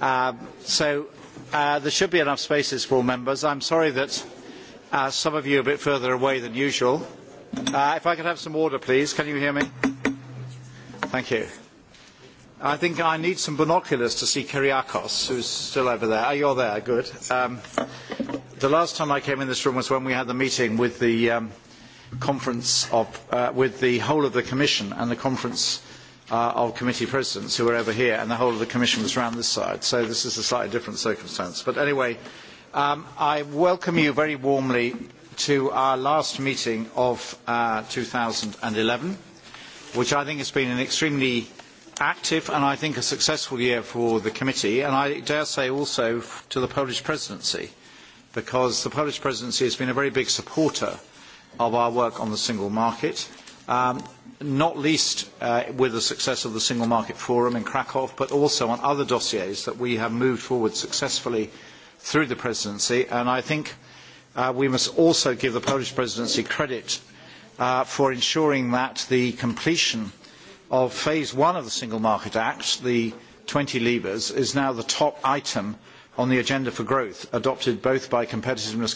Uh, so uh, there should be enough spaces for all members. i am sorry that uh, some of you are a bit further away than usual. if I could have some order, please. Can you hear me? Thank you. I think I need some binoculars to see Kyriakos, who is still over there. you oh, you're there. Good. Um, the last time I came in this room was when we had the meeting with the um, conference of, uh, with the whole of the Commission and the conference uh, of committee presidents who were over here, and the whole of the commission was round this side. So this is a slightly different circumstance. But anyway, um, I welcome you very warmly to our last meeting of uh, 2011, which I think has been an extremely active and I think a successful year for the committee, and I dare say also to the Polish presidency, because the Polish presidency has been a very big supporter of our work on the single market. Um, not least uh, with the success of the Single Market Forum in Krakow, but also on other dossiers that we have moved forward successfully through the presidency. And I think uh, we must also give the Polish presidency credit uh, for ensuring that the completion of phase one of the Single Market Act, the 20 levers, is now the top item on the agenda for growth, adopted both by competitiveness.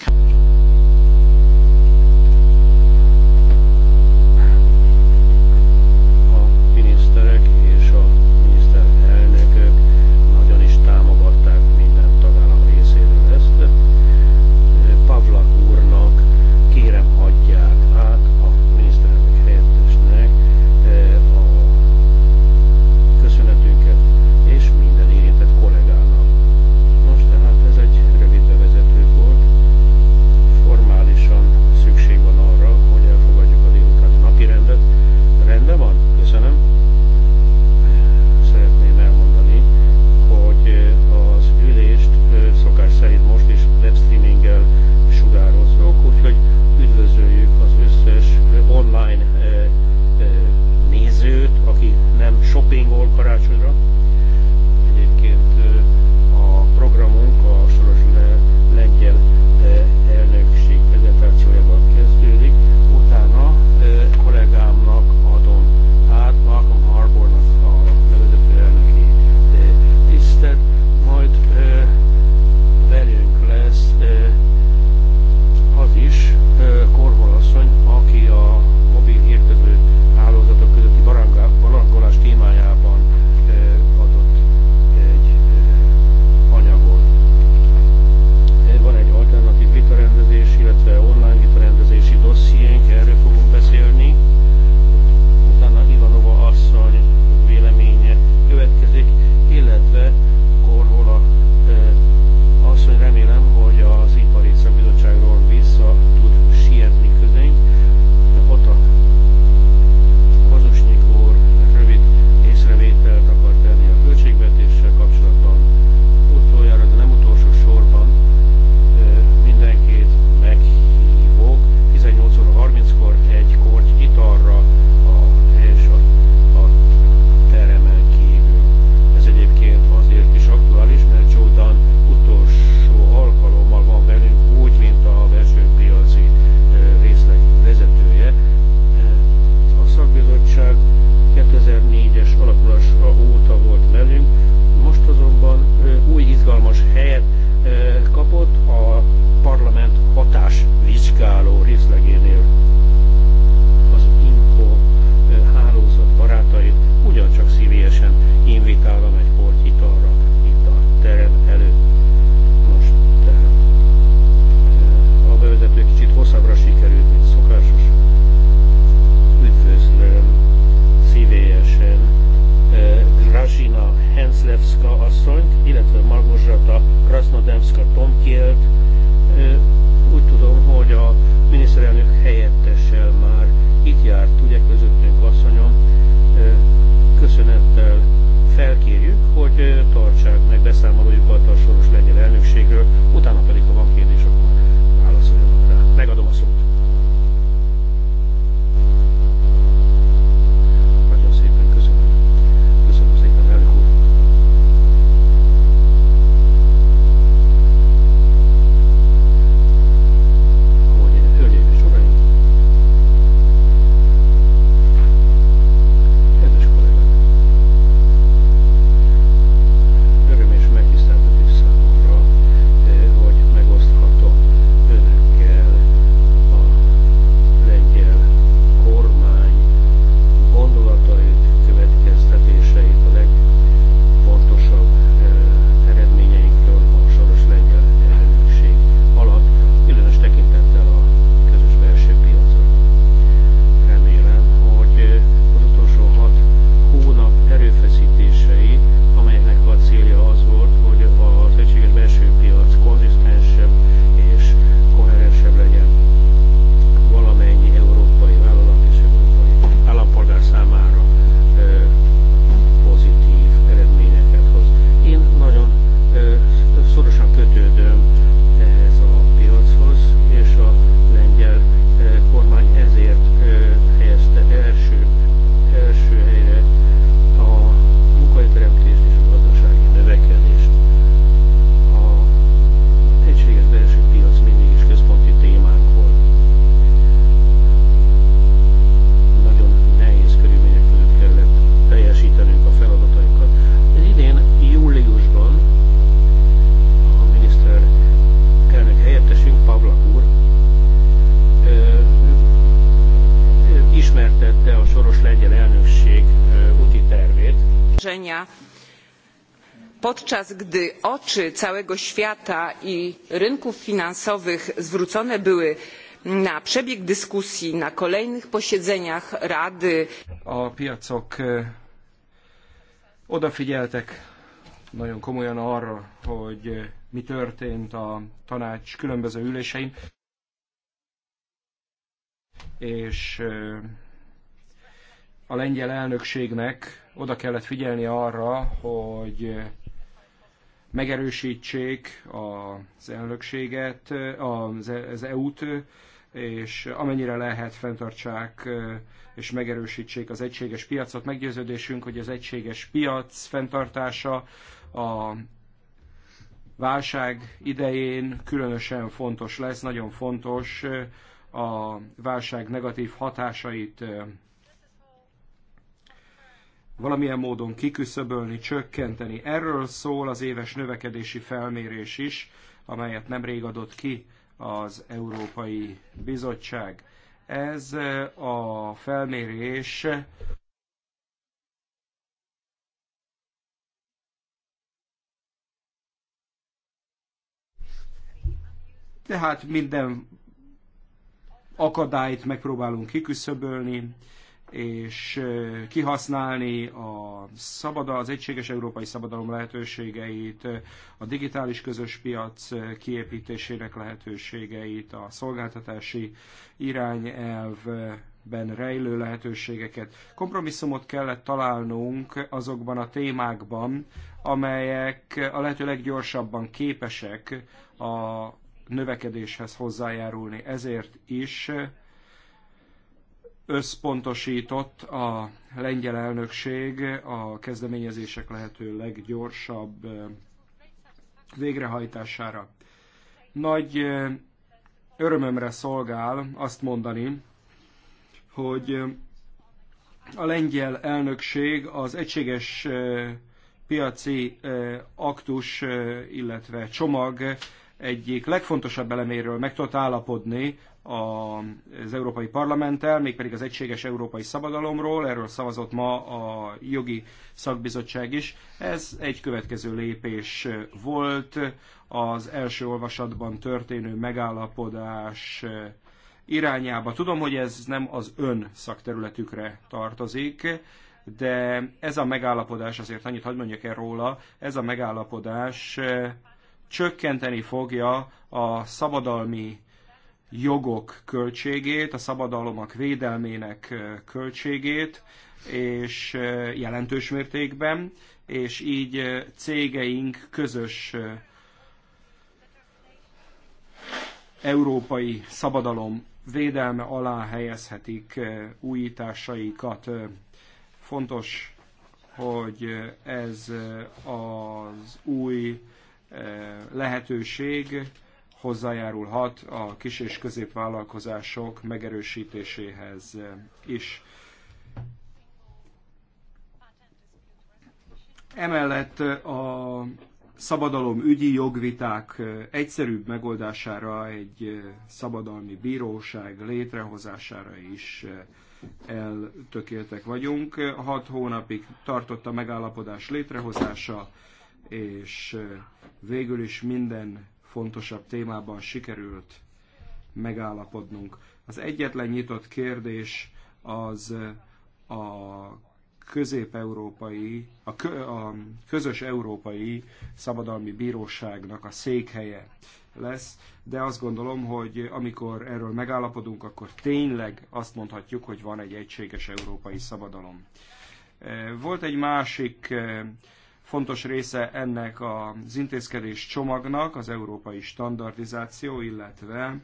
podczas gdy oczy całego świata i rynków finansowych zwrócone były na przebieg dyskusji na kolejnych posiedzeniach rady a piacok e, odafigyeltek nagyon komolyan arra, hogy e, mi történt a tanács különböző ülésein, és e, a lengyel elnökségnek oda kellett figyelni arra, hogy megerősítsék az elnökséget, az EU-t, és amennyire lehet fenntartsák és megerősítsék az egységes piacot. Meggyőződésünk, hogy az egységes piac fenntartása a válság idején különösen fontos lesz, nagyon fontos a válság negatív hatásait valamilyen módon kiküszöbölni, csökkenteni. Erről szól az éves növekedési felmérés is, amelyet nemrég adott ki az Európai Bizottság. Ez eh, a felmérés tehát minden akadályt megpróbálunk kiküszöbölni, és kihasználni a szabada, az egységes európai szabadalom lehetőségeit, a digitális közös piac kiépítésének lehetőségeit, a szolgáltatási irányelvben rejlő lehetőségeket. Kompromisszumot kellett találnunk azokban a témákban, amelyek a lehető leggyorsabban képesek a növekedéshez hozzájárulni. Ezért is összpontosított a lengyel elnökség a kezdeményezések lehető leggyorsabb végrehajtására. Nagy örömömre szolgál azt mondani, hogy a lengyel elnökség az egységes piaci aktus, illetve csomag egyik legfontosabb eleméről meg tudott állapodni az Európai Parlamenttel, mégpedig az Egységes Európai Szabadalomról, erről szavazott ma a jogi szakbizottság is. Ez egy következő lépés volt az első olvasatban történő megállapodás irányába. Tudom, hogy ez nem az ön szakterületükre tartozik, de ez a megállapodás, azért annyit hagyd mondjak el róla, ez a megállapodás csökkenteni fogja a szabadalmi jogok költségét, a szabadalomak védelmének költségét, és jelentős mértékben, és így cégeink közös európai szabadalom védelme alá helyezhetik újításaikat. Fontos, hogy ez az új lehetőség hozzájárulhat a kis- és középvállalkozások megerősítéséhez is. Emellett a szabadalom ügyi jogviták egyszerűbb megoldására egy szabadalmi bíróság létrehozására is eltökéltek vagyunk. Hat hónapig tartott a megállapodás létrehozása, és végül is minden fontosabb témában sikerült megállapodnunk. Az egyetlen nyitott kérdés az eh, a közép-európai, a, kö, a közös európai szabadalmi bíróságnak a székhelye lesz, de azt gondolom, hogy amikor erről megállapodunk, akkor tényleg azt mondhatjuk, hogy van egy egységes európai szabadalom. Eh, volt egy másik eh, Fontos része ennek az intézkedés csomagnak az európai standardizáció, illetve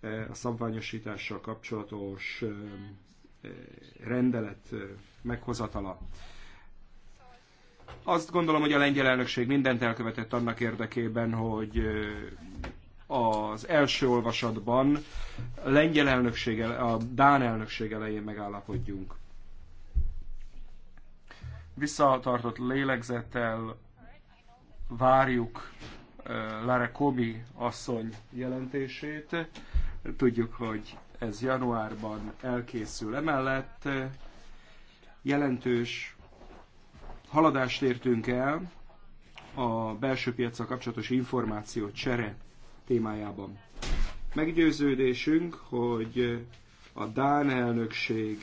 e, a szabványosítással kapcsolatos e, e, rendelet meghozatala. Azt gondolom, hogy a lengyel elnökség mindent elkövetett annak érdekében, hogy az első olvasatban a lengyel elnökség, a dán elnökség elején megállapodjunk. Visszatartott lélegzettel várjuk eh, Lara Komi asszony jelentését. Tudjuk, hogy ez januárban elkészül. Emellett jelentős haladást értünk el a belső piacra kapcsolatos információ csere témájában. Meggyőződésünk, hogy a Dán elnökség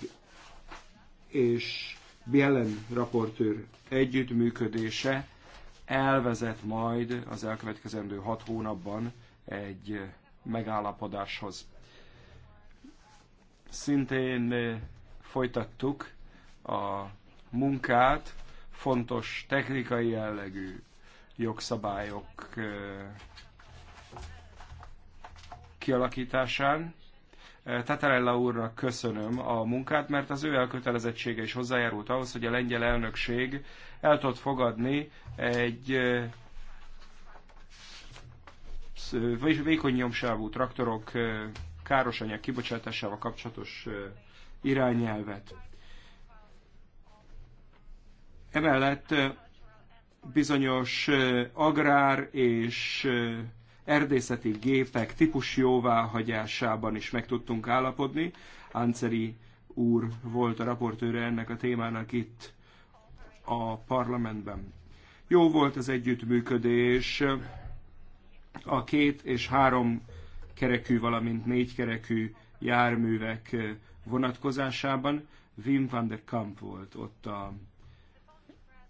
és Bielen raportőr együttműködése elvezet majd az elkövetkezendő hat hónapban egy megállapodáshoz. Szintén eh, folytattuk a munkát, fontos technikai jellegű jogszabályok eh, kialakításán, Eh, Tatarella úrnak köszönöm a munkát, mert az ő elkötelezettsége is hozzájárult ahhoz, hogy a lengyel elnökség el tudott fogadni egy eh, eh, vékony nyomsávú traktorok károsanyag kibocsátásával kapcsolatos irányelvet. Emellett bizonyos agrár és erdészeti gépek típus jóváhagyásában is meg tudtunk állapodni. Ánceri úr volt a raportőre ennek a témának itt a parlamentben. Jó volt az együttműködés. A két és három kerekű, valamint négy kerekű járművek vonatkozásában Wim van der Kamp volt ott a,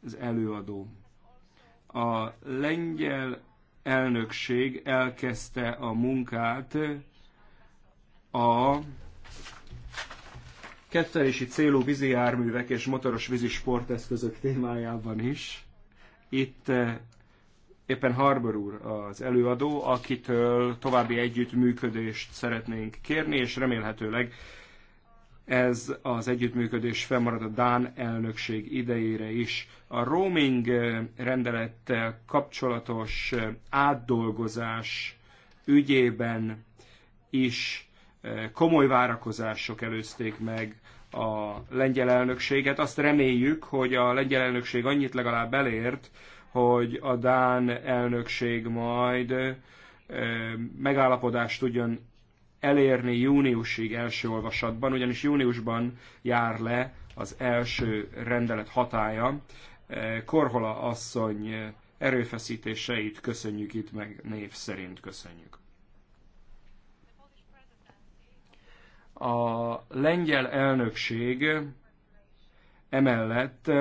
az előadó. A lengyel elnökség elkezdte a munkát a kettelési célú vízi járművek és motoros vízi sporteszközök témájában is. Itt eh, éppen Harbor úr az előadó, akitől további együttműködést szeretnénk kérni, és remélhetőleg ez az együttműködés fennmarad a Dán elnökség idejére is. A roaming eh, rendelettel kapcsolatos eh, átdolgozás ügyében is eh, komoly várakozások előzték meg a lengyel elnökséget. Azt reméljük, hogy a lengyel elnökség annyit legalább elért, hogy a Dán elnökség majd megállapodást tudjon elérni júniusig első olvasatban, ugyanis júniusban jár le az első rendelet hatája. E, Korhola asszony erőfeszítéseit köszönjük itt meg név szerint köszönjük. A lengyel elnökség emellett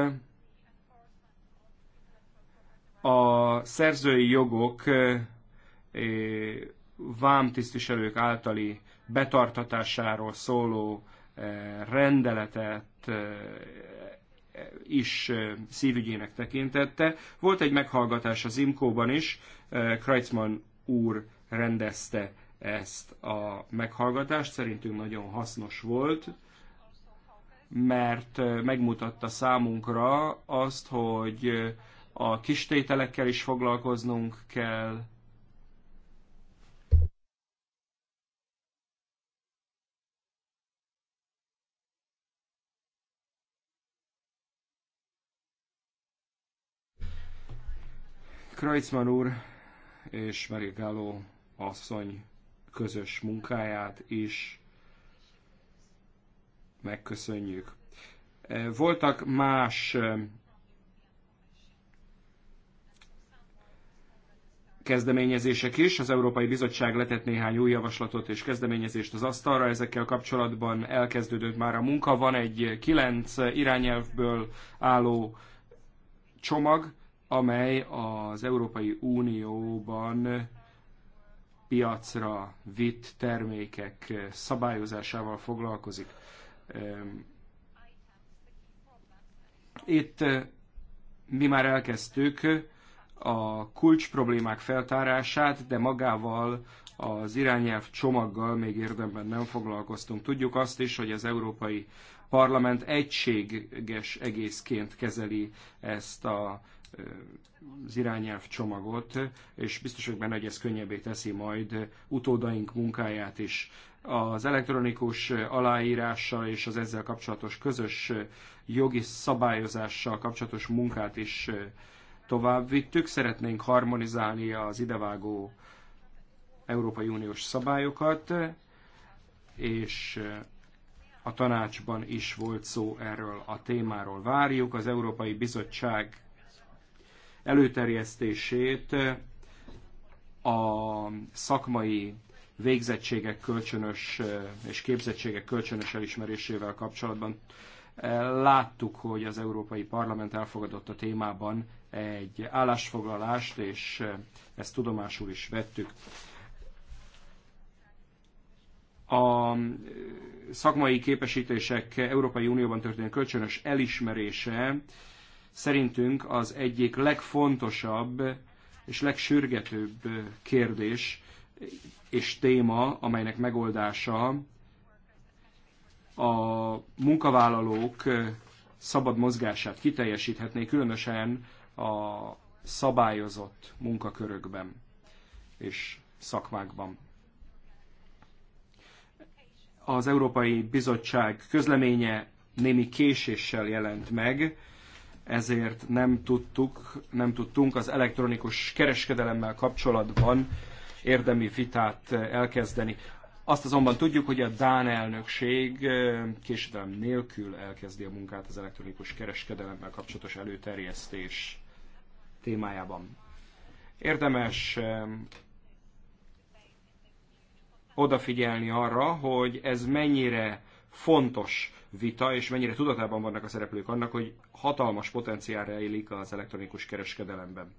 a szerzői jogok e, vámtisztviselők általi betartatásáról szóló eh, rendeletet eh, is eh, szívügyének tekintette. Volt egy meghallgatás az Imkóban is, Kreitzmann úr rendezte ezt a meghallgatást, szerintünk nagyon hasznos volt, mert megmutatta számunkra azt, hogy a kis tételekkel is foglalkoznunk kell, Kreutzmann úr és Mary Gallo asszony közös munkáját is megköszönjük. E, voltak más e, kezdeményezések is. Az Európai Bizottság letett néhány új javaslatot és kezdeményezést az asztalra. Ezekkel kapcsolatban elkezdődött már a munka. Van egy kilenc irányelvből álló csomag, amely az Európai Unióban piacra vitt termékek szabályozásával foglalkozik. Itt eh, mi már elkezdtük a kulcs problémák feltárását, de magával az irányelv csomaggal még érdemben nem foglalkoztunk. Tudjuk azt is, hogy az Európai Parlament egységes egészként kezeli ezt a az irányelv csomagot, és biztos vagyok benne, hogy ez könnyebbé teszi majd utódaink munkáját is. Az elektronikus aláírással és az ezzel kapcsolatos közös jogi szabályozással kapcsolatos munkát is tovább vittük. Szeretnénk harmonizálni az idevágó Európai Uniós szabályokat, és a tanácsban is volt szó erről a témáról. Várjuk az Európai Bizottság előterjesztését a szakmai végzettségek kölcsönös eh, és képzettségek kölcsönös elismerésével kapcsolatban. Eh, láttuk, hogy az Európai Parlament elfogadott a témában egy állásfoglalást, és eh, ezt tudomásul is vettük. A szakmai képesítések Európai Unióban történő kölcsönös elismerése szerintünk az egyik legfontosabb és legsürgetőbb kérdés és téma, amelynek megoldása a munkavállalók szabad mozgását kiteljesíthetné, különösen a szabályozott munkakörökben és szakmákban. Az Európai Bizottság közleménye némi késéssel jelent meg, ezért nem tudtuk, nem tudtunk az elektronikus kereskedelemmel kapcsolatban érdemi vitát eh, elkezdeni. Azt azonban tudjuk, hogy a Dán elnökség eh, késedelem nélkül elkezdi a munkát az elektronikus kereskedelemmel kapcsolatos előterjesztés témájában. Érdemes eh, odafigyelni arra, hogy ez mennyire fontos vita, és mennyire tudatában vannak a szereplők annak, hogy hatalmas potenciál rejlik az elektronikus kereskedelemben.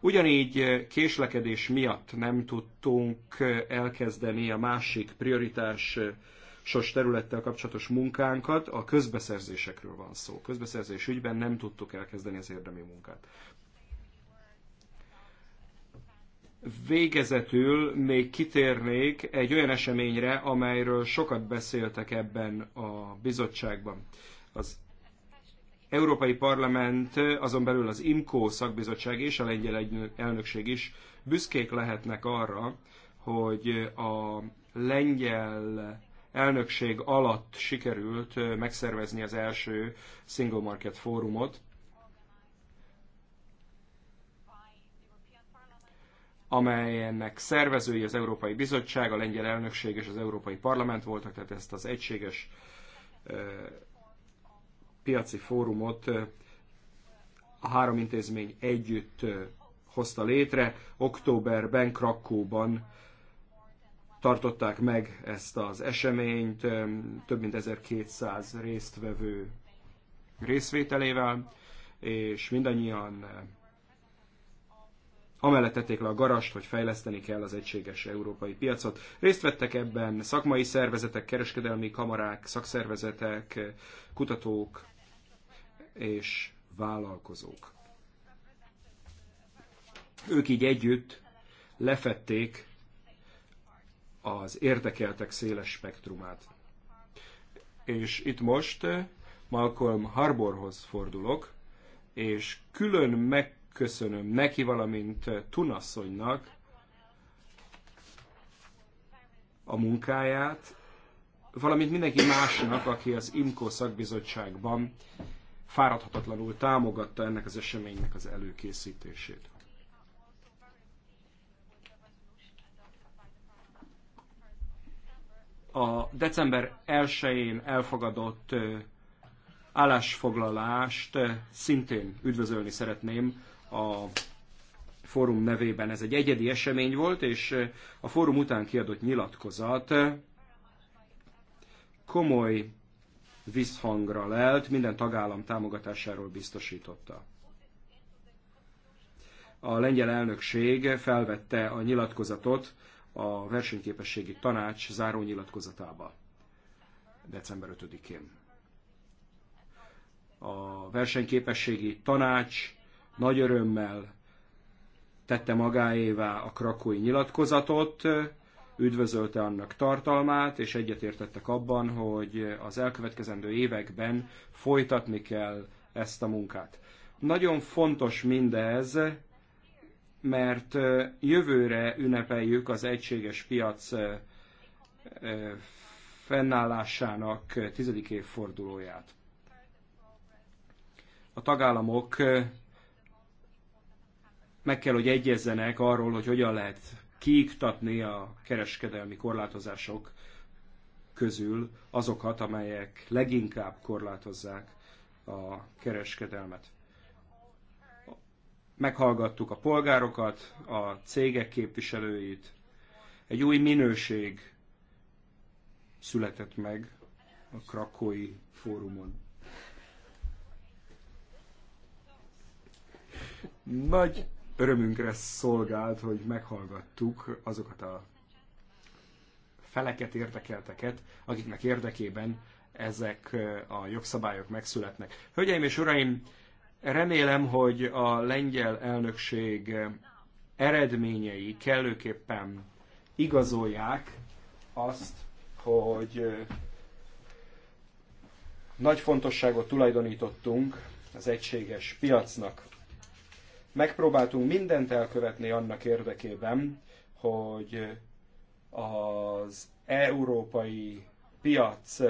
Ugyanígy eh, késlekedés miatt nem tudtunk eh, elkezdeni a másik prioritás eh, sos területtel kapcsolatos munkánkat, a közbeszerzésekről van szó. Közbeszerzés ügyben nem tudtuk elkezdeni az érdemi munkát. Végezetül még kitérnék egy olyan eseményre, amelyről sokat beszéltek ebben a bizottságban. Az Európai Parlament, azon belül az IMCO szakbizottság és a lengyel elnökség is büszkék lehetnek arra, hogy a lengyel elnökség alatt sikerült megszervezni az első Single Market Fórumot, amelynek szervezői az Európai Bizottság, a Lengyel Elnökség és az Európai Parlament voltak, tehát ezt az egységes piaci fórumot a három intézmény együtt hozta létre. Októberben Krakóban tartották meg ezt az eseményt több mint 1200 résztvevő részvételével, és mindannyian amellett tették le a garast, hogy fejleszteni kell az egységes európai piacot. Részt vettek ebben szakmai szervezetek, kereskedelmi kamarák, szakszervezetek, kutatók és vállalkozók. Ők így együtt lefették az érdekeltek széles spektrumát. És itt most Malcolm Harborhoz fordulok, és külön meg köszönöm neki, valamint Tunasszonynak a munkáját, valamint mindenki másnak, aki az IMKO szakbizottságban fáradhatatlanul támogatta ennek az eseménynek az előkészítését. a december 1-én elfogadott állásfoglalást szintén üdvözölni szeretném a fórum nevében. Ez egy egyedi esemény volt, és a fórum után kiadott nyilatkozat komoly visszhangra lelt, minden tagállam támogatásáról biztosította. A lengyel elnökség felvette a nyilatkozatot a versenyképességi tanács záró nyilatkozatába december 5-én. A versenyképességi tanács nagy örömmel tette magáévá a krakói nyilatkozatot, üdvözölte annak tartalmát, és egyetértettek abban, hogy az elkövetkezendő években folytatni kell ezt a munkát. Nagyon fontos mindez, mert jövőre ünnepeljük az egységes piac fennállásának tizedik évfordulóját. A tagállamok meg kell, hogy egyezzenek arról, hogy hogyan lehet kiiktatni a kereskedelmi korlátozások közül azokat, amelyek leginkább korlátozzák a kereskedelmet. Meghallgattuk a polgárokat, a cégek képviselőit. Egy új minőség született meg a Krakói fórumon. Nagy örömünkre szolgált, hogy meghallgattuk azokat a feleket, érdekelteket, akiknek érdekében ezek a jogszabályok megszületnek. Hölgyeim és uraim, remélem, hogy a lengyel elnökség eredményei kellőképpen igazolják azt, hogy nagy fontosságot tulajdonítottunk az egységes piacnak. Megpróbáltunk mindent elkövetni annak érdekében, hogy az európai piac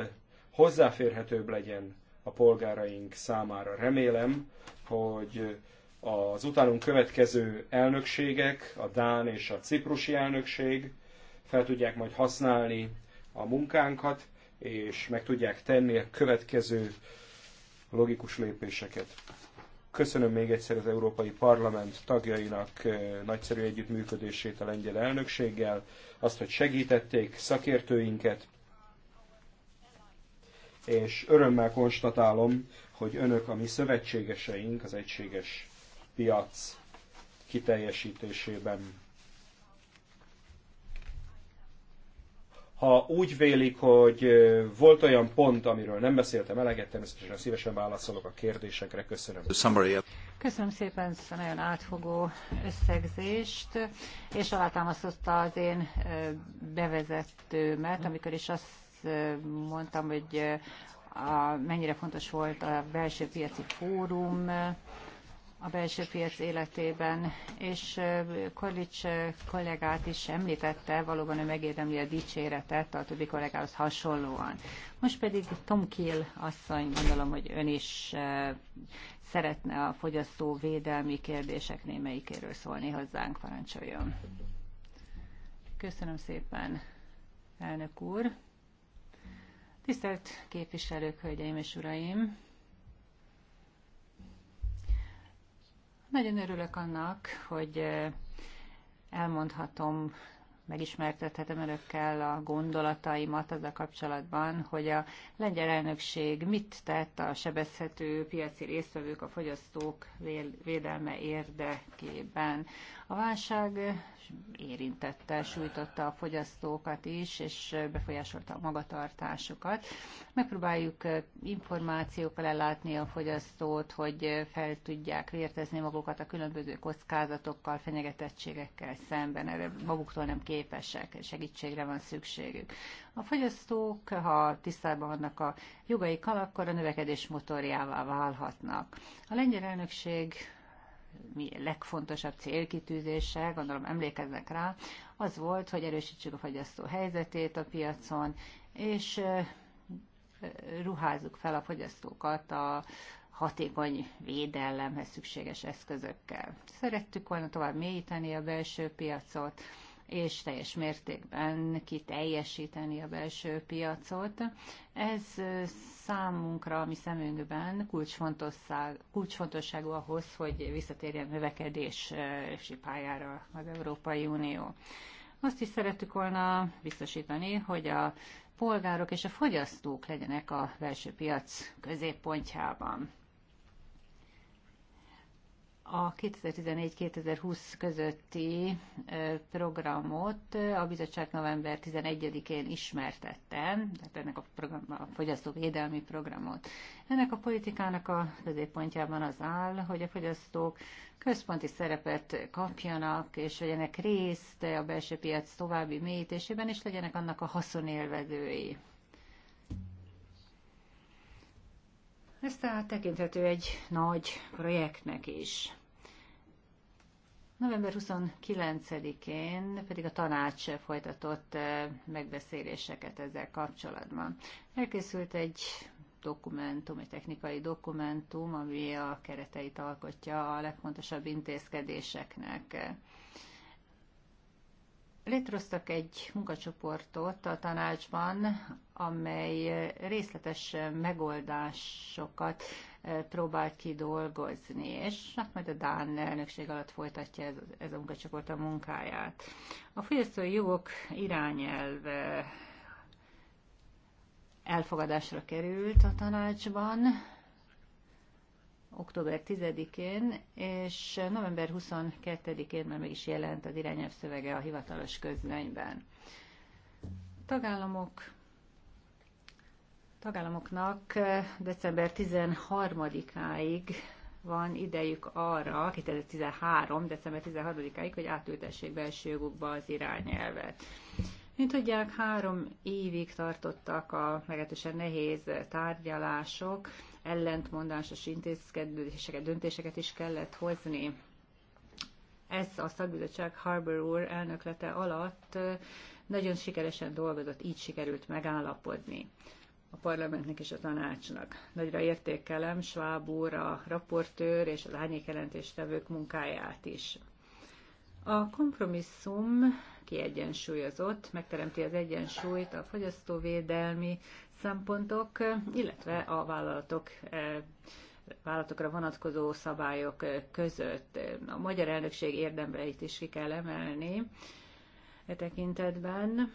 hozzáférhetőbb legyen a polgáraink számára. Remélem, hogy az utánunk következő elnökségek, a Dán és a Ciprusi elnökség fel tudják majd használni a munkánkat, és meg tudják tenni a következő logikus lépéseket. Köszönöm még egyszer az Európai Parlament tagjainak eh, nagyszerű együttműködését a lengyel elnökséggel, azt, hogy segítették szakértőinket, és örömmel konstatálom, hogy önök, a mi szövetségeseink az egységes piac kiteljesítésében Ha úgy vélik, hogy volt olyan pont, amiről nem beszéltem eleget, természetesen szívesen válaszolok a kérdésekre. Köszönöm. Köszönöm szépen ezt a nagyon átfogó összegzést, és alátámasztotta az én bevezetőmet, amikor is azt mondtam, hogy a, mennyire fontos volt a belső piaci fórum, a belső piac életében, és Kolics kollégát is említette, valóban ő megérdemli a dicséretet a többi kollégához hasonlóan. Most pedig Tom Kill asszony, gondolom, hogy ön is szeretne a fogyasztó védelmi kérdések némelyikéről szólni hozzánk, parancsoljon. Köszönöm szépen, elnök úr. Tisztelt képviselők, hölgyeim és uraim! Nagyon örülök annak, hogy elmondhatom, megismertethetem önökkel a gondolataimat a kapcsolatban, hogy a lengyel elnökség mit tett a sebezhető piaci résztvevők, a fogyasztók védelme érdekében. A válság érintette, sújtotta a fogyasztókat is, és befolyásolta a magatartásukat. Megpróbáljuk eh, információkkal ellátni a fogyasztót, hogy eh, fel tudják vértezni magukat a különböző kockázatokkal, fenyegetettségekkel szemben. Erre maguktól nem képesek, segítségre van szükségük. A fogyasztók, ha tisztában vannak a jogaikkal, akkor a növekedés motorjává válhatnak. A lengyel elnökség mi legfontosabb célkitűzése, gondolom emlékeznek rá, az volt, hogy erősítsük a fogyasztó helyzetét a piacon, és ruházzuk fel a fogyasztókat a hatékony védelemhez szükséges eszközökkel. Szerettük volna tovább mélyíteni a belső piacot, és teljes mértékben kiteljesíteni a belső piacot. Ez számunkra, mi szemünkben kulcsfontosságú ahhoz, hogy visszatérjen növekedési pályára az Európai Unió. Azt is szerettük volna biztosítani, hogy a polgárok és a fogyasztók legyenek a belső piac középpontjában a 2014-2020 közötti programot a bizottság november 11-én ismertette, tehát ennek a, program, a fogyasztóvédelmi programot. Ennek a politikának a középpontjában az áll, hogy a fogyasztók központi szerepet kapjanak, és legyenek részt a belső piac további mélyítésében, és legyenek annak a haszonélvezői. Ez tehát tekinthető egy nagy projektnek is. November 29-én pedig a tanács folytatott eh, megbeszéléseket ezzel kapcsolatban. Elkészült egy dokumentum, egy technikai dokumentum, ami a kereteit alkotja a legfontosabb intézkedéseknek. Létrehoztak egy munkacsoportot a tanácsban, amely részletes megoldásokat eh, próbált kidolgozni, és hát majd a Dán elnökség alatt folytatja ez, ez a munkacsoport a munkáját. A fogyasztói jogok irányelv elfogadásra került a tanácsban, október 10-én, és november 22-én már meg is jelent az irányelv szövege a hivatalos közlönyben. Tagállamok tagállamoknak eh, december 13-áig van idejük arra, 2013. december 13-áig, hogy átültessék belső jogukba az irányelvet. Mint tudják, három évig tartottak a meglehetősen nehéz tárgyalások, ellentmondásos intézkedéseket, döntéseket is kellett hozni. Ez a szakbizottság Harbour úr elnöklete alatt nagyon sikeresen dolgozott, így sikerült megállapodni a parlamentnek és a tanácsnak. Nagyra értékelem Schwab úr, a raportőr és az árnyékjelentéstevők munkáját is. A kompromisszum kiegyensúlyozott, megteremti az egyensúlyt a fogyasztóvédelmi szempontok, illetve a vállalatok eh, vállalatokra vonatkozó szabályok eh, között. A magyar elnökség érdemeit is ki kell emelni e tekintetben.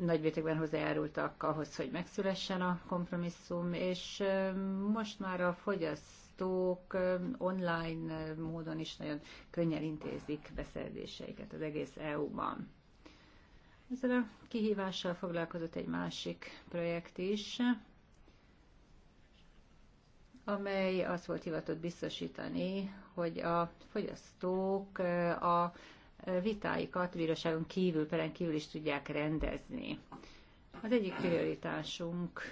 Nagyvétekben hozzájárultak ahhoz, hogy megszülessen a kompromisszum, és eh, most már a fogyasztók online módon is nagyon könnyen intézik beszerzéseiket az egész EU-ban. Ezzel a kihívással foglalkozott egy másik projekt is, amely azt volt hivatott biztosítani, hogy a fogyasztók a vitáikat bíróságon kívül, peren kívül is tudják rendezni. Az egyik prioritásunk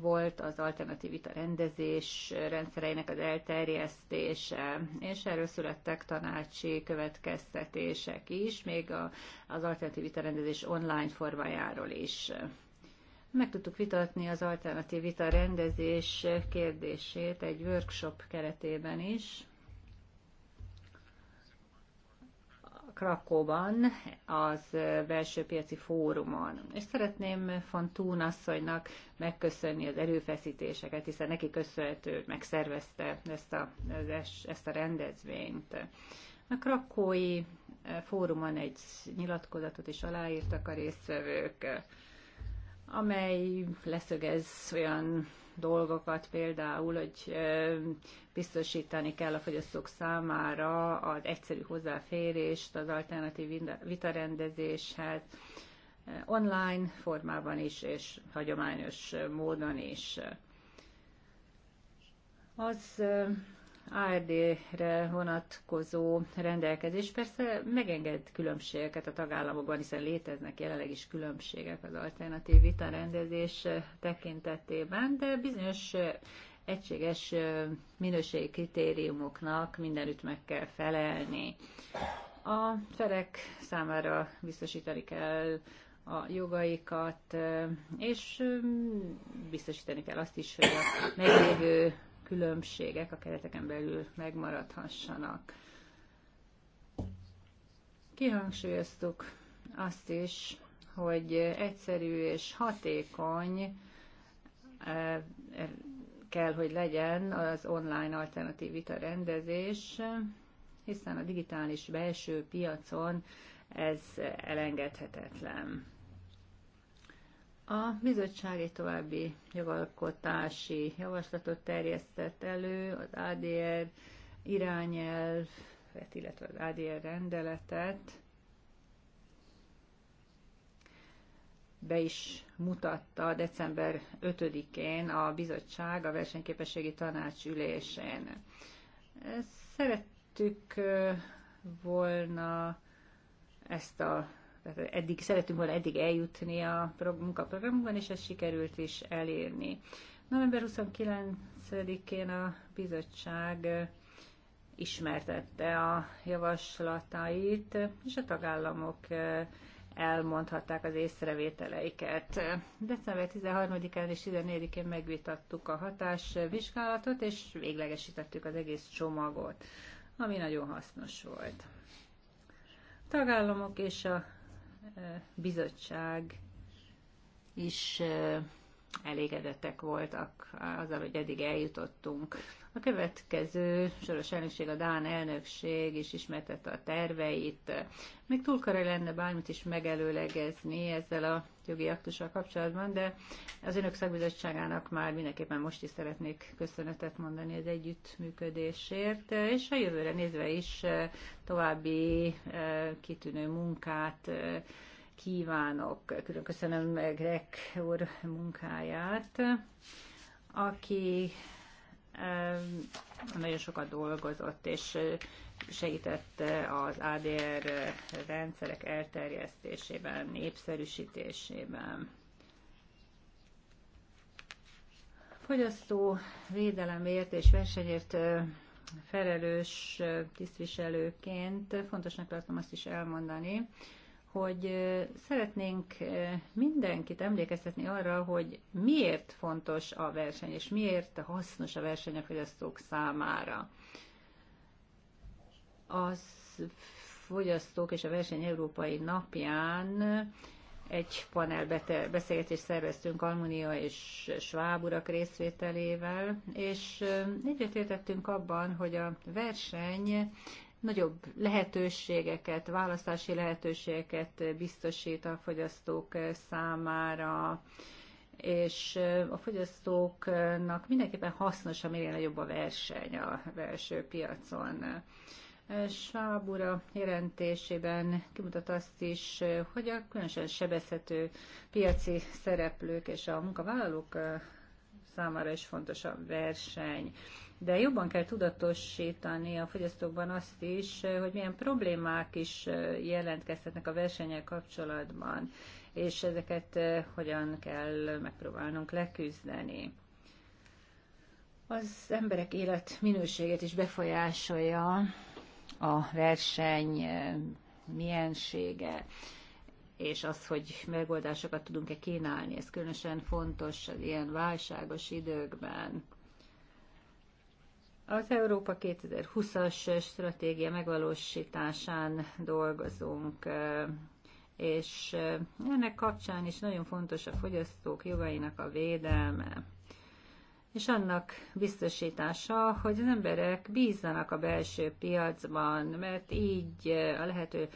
volt az alternatív vita rendezés rendszereinek az elterjesztése, és erről születtek tanácsi következtetések is, még a, az alternatív vita rendezés online formájáról is. Meg tudtuk vitatni az alternatív vita rendezés kérdését egy workshop keretében is, Krakóban, az belső piaci fórumon. És szeretném Fontún asszonynak megköszönni az erőfeszítéseket, hiszen neki köszönhető, megszervezte ezt a, ezt a rendezvényt. A krakói e, fórumon egy nyilatkozatot is aláírtak a résztvevők, amely leszögez olyan dolgokat, például, hogy biztosítani kell a fogyasztók számára az egyszerű hozzáférést az alternatív vitarendezéshez, online formában is, és hagyományos módon is. Az ARD-re vonatkozó rendelkezés persze megenged különbségeket a tagállamokban, hiszen léteznek jelenleg is különbségek az alternatív vita rendezés tekintetében, de bizonyos egységes minőségi kritériumoknak mindenütt meg kell felelni. A felek számára biztosítani kell a jogaikat, és mm, biztosítani kell azt is, hogy a meglévő különbségek a kereteken belül megmaradhassanak. Kihangsúlyoztuk azt is, hogy egyszerű és hatékony e, e, kell, hogy legyen az online alternatív vita rendezés, hiszen a digitális belső piacon ez elengedhetetlen. A bizottság egy további jogalkotási javaslatot terjesztett elő, az ADR irányelv, illetve az ADR rendeletet be is mutatta december 5-én a bizottság a versenyképességi tanács ülésén. Szerettük volna ezt a eddig szeretünk volna eddig eljutni a munkaprogramban és ezt sikerült is elérni. November 29-én a bizottság ismertette a javaslatait, és a tagállamok elmondhatták az észrevételeiket. December 13-án és 14-én megvitattuk a hatásvizsgálatot, és véglegesítettük az egész csomagot, ami nagyon hasznos volt. A tagállamok és a bizottság is elégedettek voltak azzal, hogy eddig eljutottunk. A következő soros elnökség, a Dán elnökség is ismertette a terveit. Még túl lenne bármit is megelőlegezni ezzel a jogi aktussal kapcsolatban, de az önök szakbizottságának már mindenképpen most is szeretnék köszönetet mondani az együttműködésért, és a jövőre nézve is további kitűnő munkát kívánok. Külön köszönöm Greg úr munkáját, aki nagyon sokat dolgozott, és segítette eh, az ADR rendszerek elterjesztésében, népszerűsítésében. Fogyasztó védelemért és versenyért eh, felelős eh, tisztviselőként fontosnak tartom azt is elmondani, hogy szeretnénk mindenkit emlékeztetni arra, hogy miért fontos a verseny, és miért hasznos a verseny a fogyasztók számára az fogyasztók és a verseny európai napján egy panel beszélgetést szerveztünk Almunia és Schwab urak részvételével, és egyetértettünk abban, hogy a verseny nagyobb lehetőségeket, választási lehetőségeket biztosít a fogyasztók számára, és a fogyasztóknak mindenképpen hasznos, ha minél nagyobb a verseny a belső piacon. Sábura jelentésében kimutat azt is, hogy a különösen sebezhető piaci szereplők és a munkavállalók számára is fontos a verseny. De jobban kell tudatosítani a fogyasztókban azt is, hogy milyen problémák is jelentkezhetnek a versenyel kapcsolatban, és ezeket hogyan kell megpróbálnunk leküzdeni. Az emberek élet minőségét is befolyásolja a verseny eh, miensége, és az, hogy megoldásokat tudunk-e kínálni, ez különösen fontos az ilyen válságos időkben. Az Európa 2020-as stratégia megvalósításán dolgozunk, eh, és eh, ennek kapcsán is nagyon fontos a fogyasztók jogainak a védelme és annak biztosítása, hogy az emberek bízzanak a belső piacban, mert így a lehető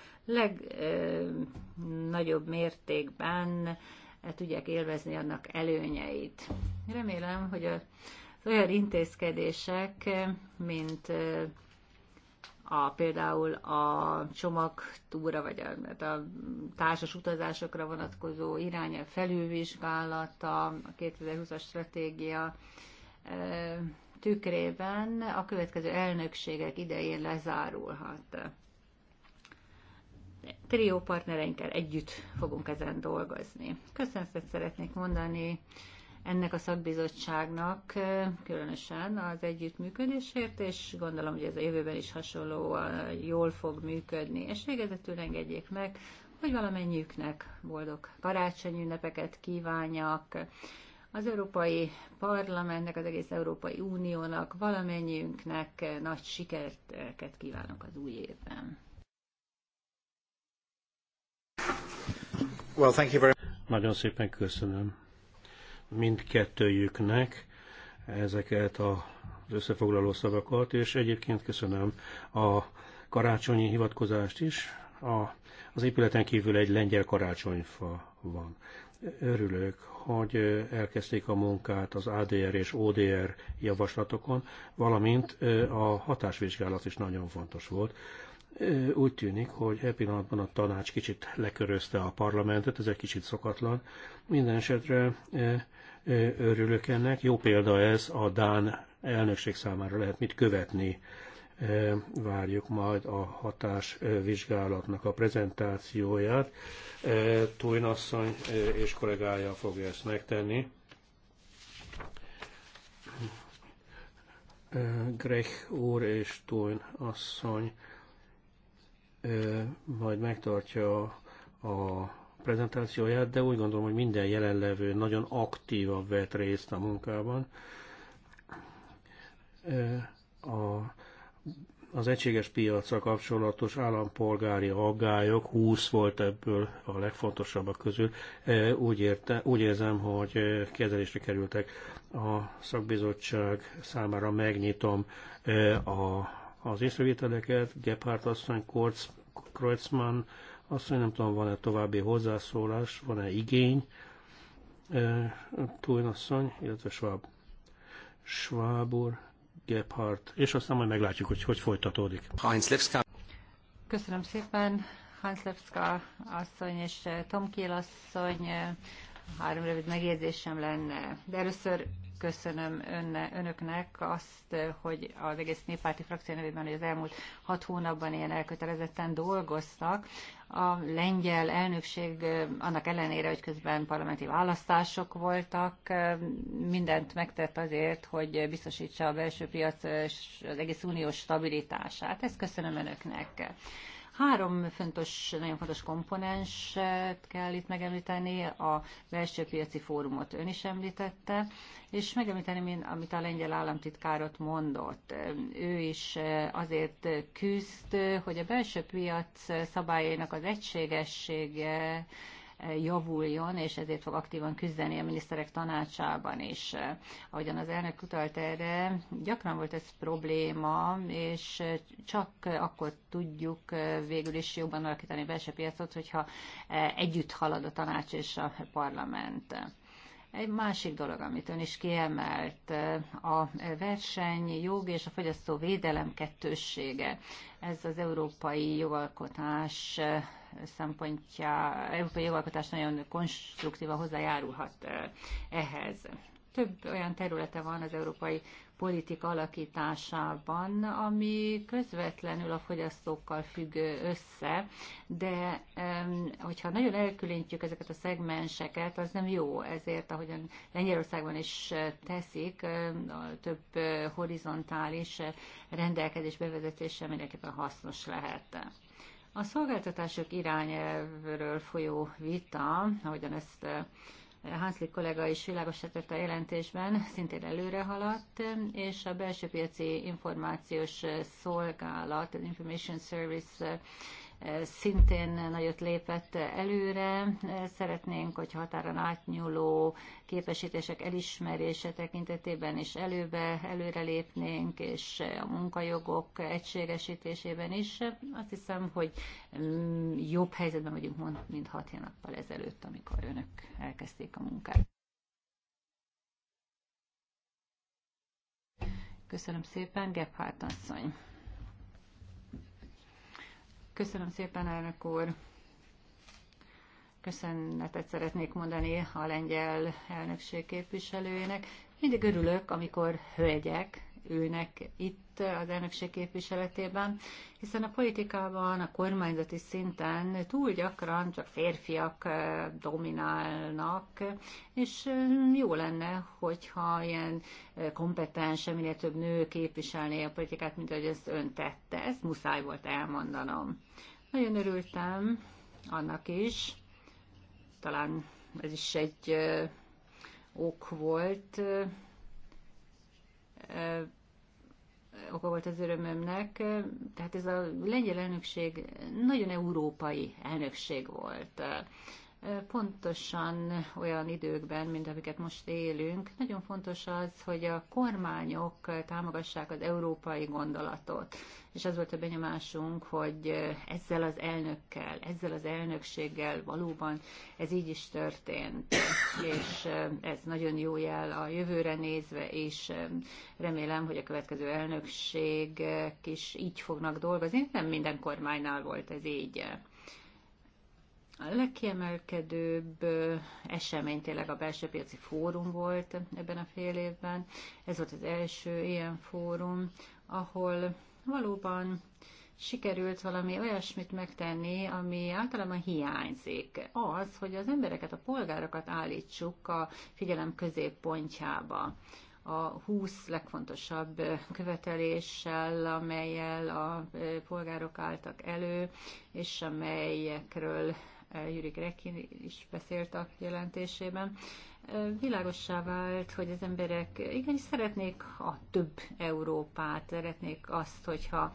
legnagyobb mértékben tudják élvezni annak előnyeit. Remélem, hogy az olyan intézkedések, mint a, például a csomagtúra, vagy a, a társas utazásokra vonatkozó irányel felülvizsgálata, a 2020-as stratégia tükrében a következő elnökségek idején lezárulhat. Trió partnereinkkel együtt fogunk ezen dolgozni. Köszönetet szeretnék mondani ennek a szakbizottságnak különösen az együttműködésért, és gondolom, hogy ez a jövőben is hasonlóan jól fog működni. És végezetül engedjék meg, hogy valamennyiüknek boldog karácsony ünnepeket kívánjak. Az Európai Parlamentnek, az egész Európai Uniónak, valamennyiünknek nagy sikereket kívánok az új évben. Well, thank you very... Nagyon szépen köszönöm mindkettőjüknek ezeket az összefoglaló szavakat, és egyébként köszönöm a karácsonyi hivatkozást is. A, az épületen kívül egy lengyel karácsonyfa van. Örülök, hogy elkezdték a munkát az ADR és ODR javaslatokon, valamint a hatásvizsgálat is nagyon fontos volt. Úgy tűnik, hogy e pillanatban a tanács kicsit lekörözte a parlamentet, ez egy kicsit szokatlan. Minden esetre örülök ennek. Jó példa ez, a Dán elnökség számára lehet mit követni. Várjuk majd a hatásvizsgálatnak a prezentációját. Tújnasszony és kollégája fogja ezt megtenni. Grech úr és Tóin asszony majd megtartja a prezentációját, de úgy gondolom, hogy minden jelenlevő nagyon aktívan vett részt a munkában. A, az egységes piacra kapcsolatos állampolgári aggályok, 20 volt ebből a legfontosabbak közül, úgy, érte, úgy érzem, hogy kezelésre kerültek. A szakbizottság számára megnyitom a, az észrevételeket, Gephardt asszony, Kreuzmann, azt, hogy nem tudom, van-e további hozzászólás, van-e igény, Túlnasszony, illetve Schwab. Schwab úr, Gebhardt, és aztán majd meglátjuk, hogy hogy folytatódik. Heinz Levska. Köszönöm szépen, Hans Levska asszony és Tom Kiel asszony. Három rövid megjegyzésem lenne, de először köszönöm önne, önöknek azt, hogy az egész néppárti frakció nevében, hogy az elmúlt hat hónapban ilyen elkötelezetten dolgoztak a lengyel elnökség annak ellenére, hogy közben parlamenti választások voltak, mindent megtett azért, hogy biztosítsa a belső piac és az egész unió stabilitását. Ezt köszönöm önöknek. Három fontos, nagyon fontos komponenset kell itt megemlíteni, a belső piaci fórumot ön is említette, és megemlíteni, amit a lengyel államtitkár ott mondott. Ő is azért küzd, hogy a belső piac szabályainak az egységessége javuljon, és ezért fog aktívan küzdeni a miniszterek tanácsában is. Ahogyan az elnök utalt erre, gyakran volt ez probléma, és csak akkor tudjuk végül is jobban alakítani a belső piacot, hogyha együtt halad a tanács és a parlament. Egy másik dolog, amit ön is kiemelt, a verseny, jog és a fogyasztó védelem kettőssége. Ez az európai jogalkotás szempontja, európai jogalkotás nagyon konstruktíva hozzájárulhat ehhez. Több olyan területe van az Európai politika alakításában, ami közvetlenül a fogyasztókkal függ össze, de hogyha nagyon elkülönítjük ezeket a szegmenseket, az nem jó, ezért ahogyan Lengyelországban is teszik, a több eh, horizontális eh, rendelkezés bevezetése mindenképpen hasznos lehet. A szolgáltatások irányelvről folyó vita, ahogyan ezt eh, Hanslik kollega is világosra a jelentésben, szintén előre haladt, és a belső piaci információs szolgálat, az Information Service szintén nagyot lépett előre. Szeretnénk, hogy határon átnyúló képesítések elismerése tekintetében is előbe, lépnénk, és a munkajogok egységesítésében is. Azt hiszem, hogy mm, jobb helyzetben vagyunk, mint hat hónappal ezelőtt, amikor önök elkezdték a munkát. Köszönöm szépen, Gebhardt asszony. Köszönöm szépen, elnök úr! Köszönetet szeretnék mondani a lengyel elnökség képviselőjének. Mindig örülök, amikor hölgyek ülnek itt az elnökség képviseletében, hiszen a politikában, a kormányzati szinten túl gyakran csak férfiak dominálnak, és jó lenne, hogyha ilyen kompetens, minél több nő képviselné a politikát, mint ahogy ezt ön tette. Ezt muszáj volt elmondanom. Nagyon örültem annak is, talán ez is egy ok volt, oka volt az örömömnek. Tehát ez a lengyel elnökség nagyon európai elnökség volt pontosan olyan időkben, mint amiket most élünk, nagyon fontos az, hogy a kormányok támogassák az európai gondolatot. És az volt a benyomásunk, hogy ezzel az elnökkel, ezzel az elnökséggel valóban ez így is történt. És ez nagyon jó jel a jövőre nézve, és remélem, hogy a következő elnökség is így fognak dolgozni. Nem minden kormánynál volt ez így. A legkiemelkedőbb esemény tényleg a belső piaci fórum volt ebben a fél évben. Ez volt az első ilyen fórum, ahol valóban sikerült valami olyasmit megtenni, ami általában hiányzik. Az, hogy az embereket, a polgárokat állítsuk a figyelem középpontjába a 20 legfontosabb követeléssel, amelyel a polgárok álltak elő, és amelyekről Jüri Grekin is beszélt a jelentésében, világossá vált, hogy az emberek igenis szeretnék a több Európát, szeretnék azt, hogyha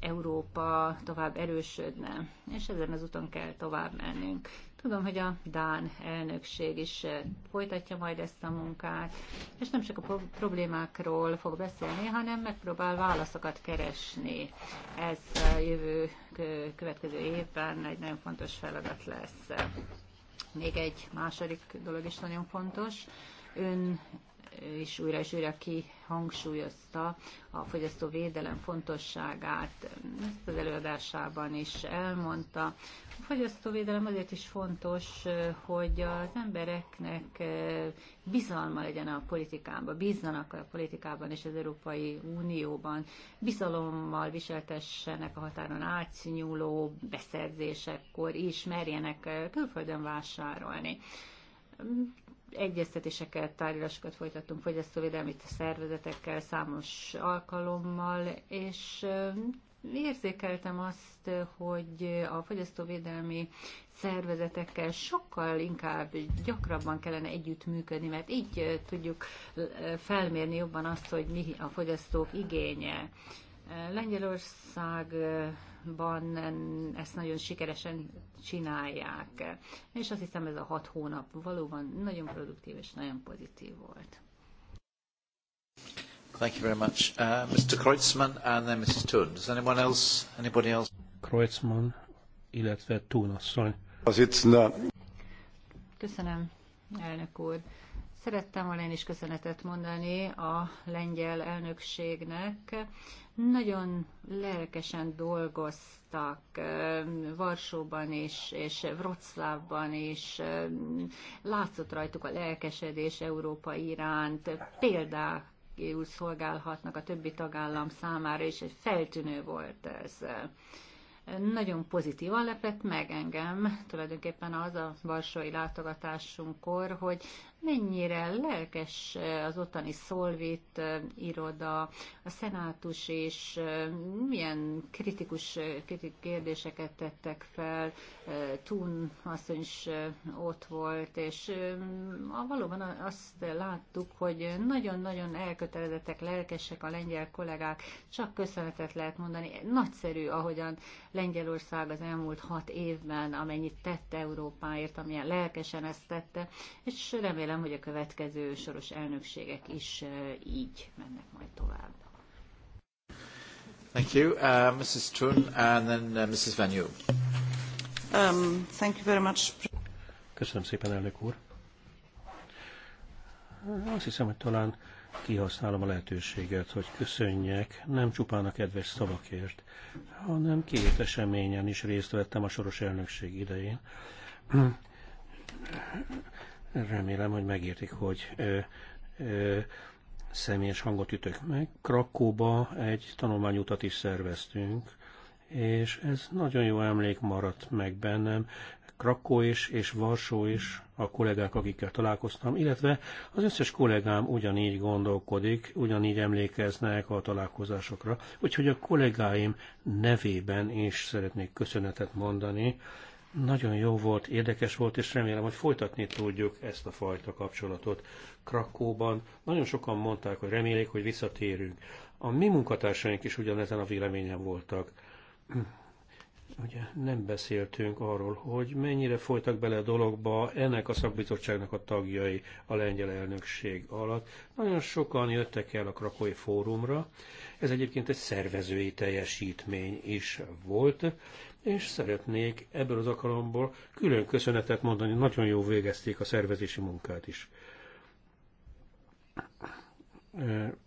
Európa tovább erősödne, és ezen az úton kell tovább mennünk. Tudom, hogy a Dán elnökség is eh, folytatja majd ezt a munkát, és nem csak a problémákról fog beszélni, hanem megpróbál válaszokat keresni. Ez a jövő következő évben egy nagyon fontos feladat lesz. Még egy második dolog is nagyon fontos. Ön is újra és újra kihangsúlyozta a fogyasztóvédelem fontosságát, ezt az előadásában is elmondta. A fogyasztóvédelem azért is fontos, hogy az embereknek eh, bizalma legyen a politikában, bízzanak a politikában és az Európai Unióban, bizalommal viseltessenek a határon átnyúló beszerzésekkor is, merjenek eh, külföldön vásárolni egyeztetéseket, tárgyalásokat folytattunk fogyasztóvédelmi szervezetekkel számos alkalommal, és érzékeltem azt, hogy a fogyasztóvédelmi szervezetekkel sokkal inkább gyakrabban kellene együttműködni, mert így tudjuk felmérni jobban azt, hogy mi a fogyasztók igénye. Lengyelország Ban ezt nagyon sikeresen csinálják. És azt hiszem ez a hat hónap valóban nagyon produktív és nagyon pozitív volt. Thank you very much. Uh, Mr. Kreutzmann and then Mrs. Thun. Does anyone else, anybody else? Kreutzmann, illetve Thun asszony. Köszönöm, elnök úr. Szerettem volna én is köszönetet mondani a lengyel elnökségnek. Nagyon lelkesen dolgoztak Varsóban is, és Wroclawban is. Látszott rajtuk a lelkesedés Európa iránt. Példák szolgálhatnak a többi tagállam számára, és egy feltűnő volt ez. Nagyon pozitívan lepett meg engem tulajdonképpen az a varsói látogatásunkkor, hogy mennyire lelkes eh, az ottani szolvét eh, iroda, a szenátus és eh, milyen kritikus kritik kérdéseket tettek fel, Thun asszony is ott volt, és valóban azt láttuk, hogy nagyon-nagyon elkötelezettek, lelkesek a lengyel kollégák, csak köszönetet lehet mondani. Nagyszerű, ahogyan Lengyelország az elmúlt hat évben, amennyit tette Európáért, amilyen lelkesen ezt tette, és remélem, remélem, hogy a következő soros elnökségek is így mennek majd tovább. Thank you, uh, Mrs. Trun, and then uh, Mrs. Van Um, thank you very much. Köszönöm szépen, elnök úr. Azt hiszem, hogy talán kihasználom a lehetőséget, hogy köszönjek nem csupán a kedves szavakért, hanem két eseményen is részt vettem a soros elnökség idején. Remélem, hogy megértik, hogy ö, ö, személyes hangot ütök meg. Krakóba egy tanulmányutat is szerveztünk, és ez nagyon jó emlék maradt meg bennem. Krakó is, és Varsó is, a kollégák, akikkel találkoztam, illetve az összes kollégám ugyanígy gondolkodik, ugyanígy emlékeznek a találkozásokra. Úgyhogy a kollégáim nevében is szeretnék köszönetet mondani nagyon jó volt, érdekes volt, és remélem, hogy folytatni tudjuk ezt a fajta kapcsolatot. Krakóban nagyon sokan mondták, hogy remélik, hogy visszatérünk. A mi munkatársaink is ugyanezen a véleményen voltak. Ugye nem beszéltünk arról, hogy mennyire folytak bele a dologba ennek a szakbizottságnak a tagjai a lengyel elnökség alatt. Nagyon sokan jöttek el a Krakói Fórumra. Ez egyébként egy szervezői teljesítmény is volt és szeretnék ebből az alkalomból külön köszönetet mondani, nagyon jó végezték a szervezési munkát is.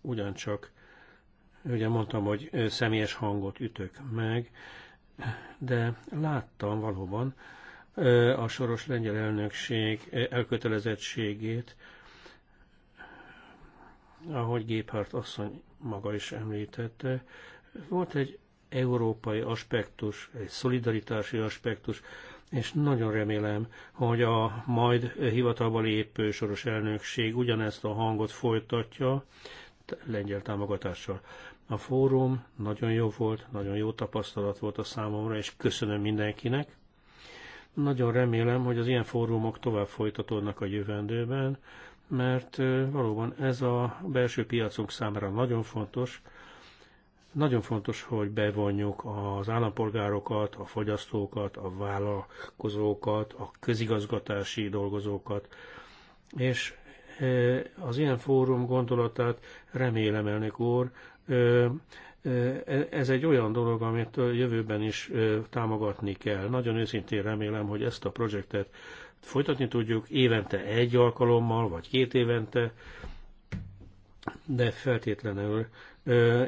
Ugyancsak, ugye mondtam, hogy személyes hangot ütök meg, de láttam valóban a soros lengyel elnökség elkötelezettségét, ahogy Géphárt asszony maga is említette, volt egy európai aspektus, egy szolidaritási aspektus, és nagyon remélem, hogy a majd hivatalba lépő soros elnökség ugyanezt a hangot folytatja lengyel támogatással. A fórum nagyon jó volt, nagyon jó tapasztalat volt a számomra, és köszönöm mindenkinek. Nagyon remélem, hogy az ilyen fórumok tovább folytatódnak a jövendőben, mert valóban ez a belső piacunk számára nagyon fontos, nagyon fontos, hogy bevonjuk az állampolgárokat, a fogyasztókat, a vállalkozókat, a közigazgatási dolgozókat, és e, az ilyen fórum gondolatát remélem, elnök úr, e, e, ez egy olyan dolog, amit a jövőben is támogatni kell. Nagyon őszintén remélem, hogy ezt a projektet folytatni tudjuk évente egy alkalommal, vagy két évente, de feltétlenül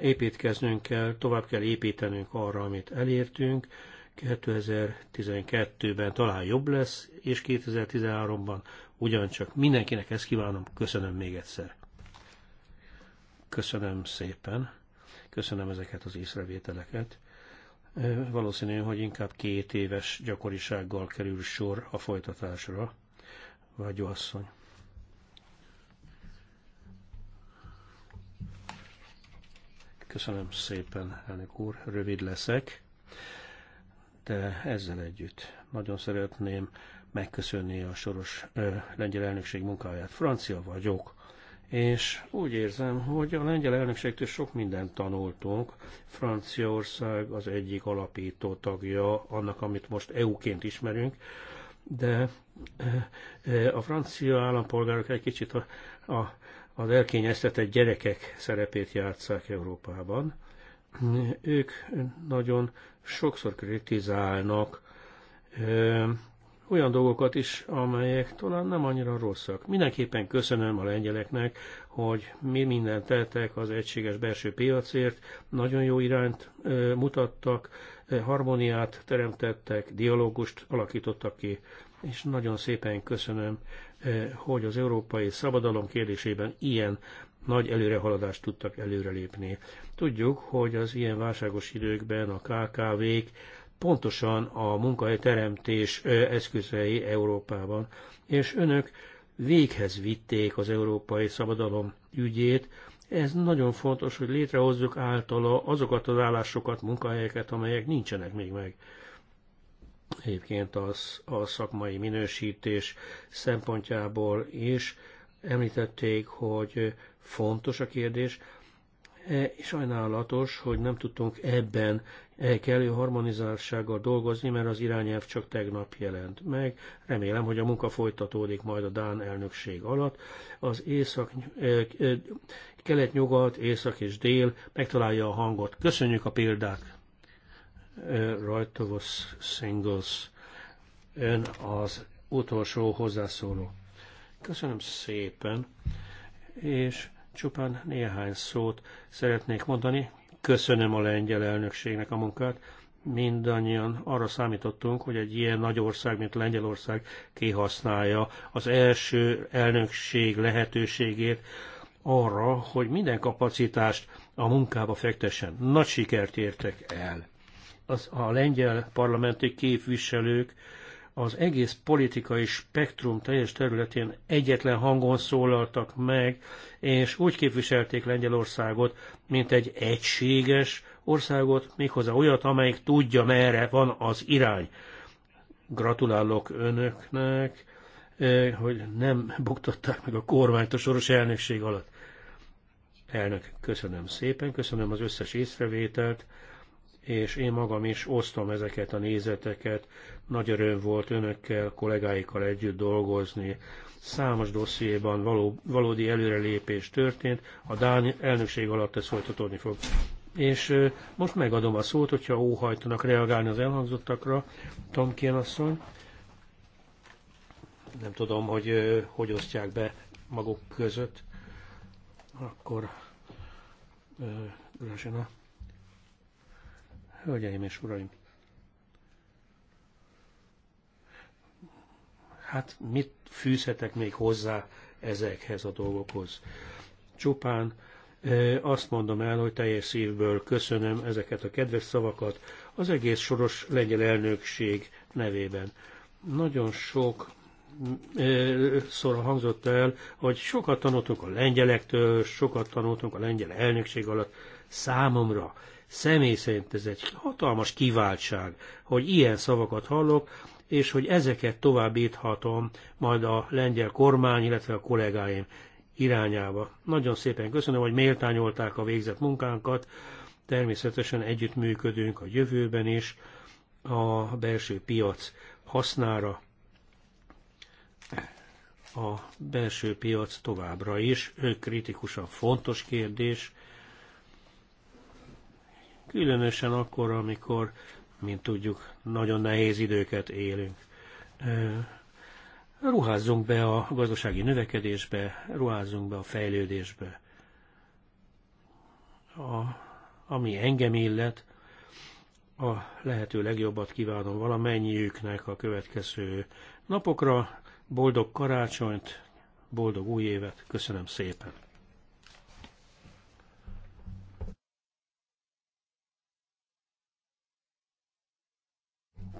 építkeznünk kell, tovább kell építenünk arra, amit elértünk. 2012-ben talán jobb lesz, és 2013-ban ugyancsak mindenkinek ezt kívánom. Köszönöm még egyszer. Köszönöm szépen. Köszönöm ezeket az észrevételeket. Valószínű, hogy inkább két éves gyakorisággal kerül sor a folytatásra. Vagy asszony. Köszönöm szépen, elnök úr, rövid leszek, de ezzel együtt nagyon szeretném megköszönni a soros ö, lengyel elnökség munkáját. Francia vagyok, és úgy érzem, hogy a lengyel elnökségtől sok mindent tanultunk. Franciaország az egyik alapító tagja annak, amit most EU-ként ismerünk, de a francia állampolgárok egy kicsit a, a az elkényeztetett gyerekek szerepét játszák Európában. Ők nagyon sokszor kritizálnak ö, olyan dolgokat is, amelyek talán nem annyira rosszak. Mindenképpen köszönöm a lengyeleknek, hogy mi mindent tettek az egységes belső piacért, nagyon jó irányt ö, mutattak, ö, harmóniát teremtettek, dialógust alakítottak ki, és nagyon szépen köszönöm Eh, hogy az európai szabadalom kérdésében ilyen nagy előrehaladást tudtak előrelépni. Tudjuk, hogy az ilyen válságos időkben a KKV-k pontosan a munkahelyteremtés eh, eszközei Európában, és önök véghez vitték az európai szabadalom ügyét. Ez nagyon fontos, hogy létrehozzuk általa azokat az állásokat, munkahelyeket, amelyek nincsenek még meg egyébként az a szakmai minősítés szempontjából is említették, hogy fontos a kérdés, e, és sajnálatos, hogy nem tudtunk ebben kellő harmonizálsággal dolgozni, mert az irányelv csak tegnap jelent meg. Remélem, hogy a munka folytatódik majd a Dán elnökség alatt. Az észak, e, e, kelet-nyugat, észak és dél megtalálja a hangot. Köszönjük a példát! Right to Singles. Ön az utolsó hozzászóló. Köszönöm szépen, és csupán néhány szót szeretnék mondani. Köszönöm a lengyel elnökségnek a munkát. Mindannyian arra számítottunk, hogy egy ilyen nagy ország, mint Lengyelország kihasználja az első elnökség lehetőségét arra, hogy minden kapacitást a munkába fektessen. Nagy sikert értek el az, a lengyel parlamenti képviselők az egész politikai spektrum teljes területén egyetlen hangon szólaltak meg, és úgy képviselték Lengyelországot, mint egy egységes országot, méghozzá olyat, amelyik tudja, merre van az irány. Gratulálok önöknek, hogy nem buktatták meg a kormányt a soros elnökség alatt. Elnök, köszönöm szépen, köszönöm az összes észrevételt és én magam is osztom ezeket a nézeteket. Nagy öröm volt önökkel, kollégáikkal együtt dolgozni. Számos dossziéban való, valódi előrelépés történt, a Dán elnökség alatt ez folytatódni fog. És most megadom a szót, hogyha óhajtanak reagálni az elhangzottakra, Tomkén asszony. Nem tudom, hogy hogy osztják be maguk között. Akkor Grasina. Uh, Hölgyeim és uraim! Hát mit fűzhetek még hozzá ezekhez a dolgokhoz? Csupán azt mondom el, hogy teljes szívből köszönöm ezeket a kedves szavakat az egész soros lengyel elnökség nevében. Nagyon sok szóra hangzott el, hogy sokat tanultunk a lengyelektől, sokat tanultunk a lengyel elnökség alatt. Számomra Személy szerint ez egy hatalmas kiváltság, hogy ilyen szavakat hallok, és hogy ezeket továbbíthatom majd a lengyel kormány, illetve a kollégáim irányába. Nagyon szépen köszönöm, hogy méltányolták a végzett munkánkat. Természetesen együttműködünk a jövőben is a belső piac hasznára. A belső piac továbbra is kritikusan fontos kérdés, különösen akkor, amikor, mint tudjuk, nagyon nehéz időket élünk. Ruházzunk be a gazdasági növekedésbe, ruházzunk be a fejlődésbe. A, ami engem illet, a lehető legjobbat kívánom valamennyiüknek a következő napokra. Boldog karácsonyt, boldog új évet, köszönöm szépen!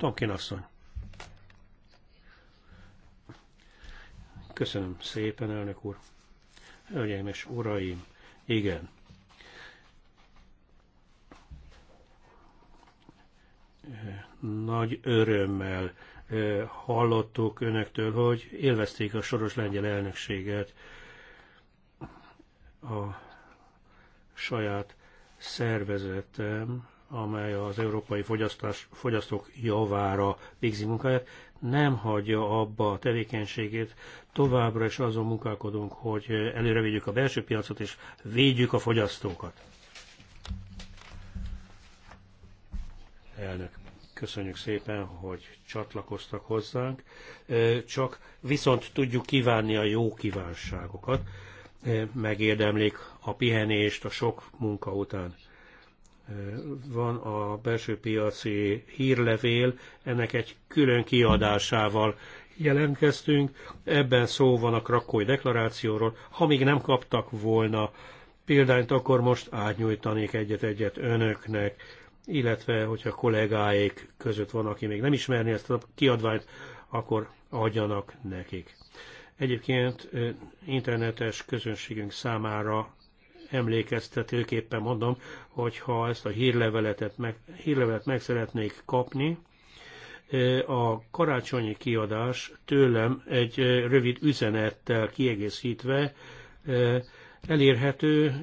Tonkin asszony. Köszönöm szépen, elnök úr. Hölgyeim és uraim, igen. Nagy örömmel eh, hallottuk önöktől, hogy élvezték a soros lengyel elnökséget a saját szervezetem, amely az európai fogyasztás, fogyasztók javára végzi munkáját, nem hagyja abba a tevékenységét, továbbra is azon munkálkodunk, hogy előrevédjük a belső piacot és védjük a fogyasztókat. Elnök, köszönjük szépen, hogy csatlakoztak hozzánk. Csak viszont tudjuk kívánni a jó kívánságokat. Megérdemlik a pihenést a sok munka után van a belső piaci hírlevél, ennek egy külön kiadásával jelentkeztünk, ebben szó van a krakói deklarációról, ha még nem kaptak volna példányt, akkor most átnyújtanék egyet-egyet önöknek, illetve hogyha kollégáik között van, aki még nem ismerni ezt a kiadványt, akkor adjanak nekik. Egyébként internetes közönségünk számára emlékeztetőképpen mondom, hogy ha ezt a hírlevelet meg, hírlevelet meg szeretnék kapni, a karácsonyi kiadás tőlem egy rövid üzenettel kiegészítve elérhető,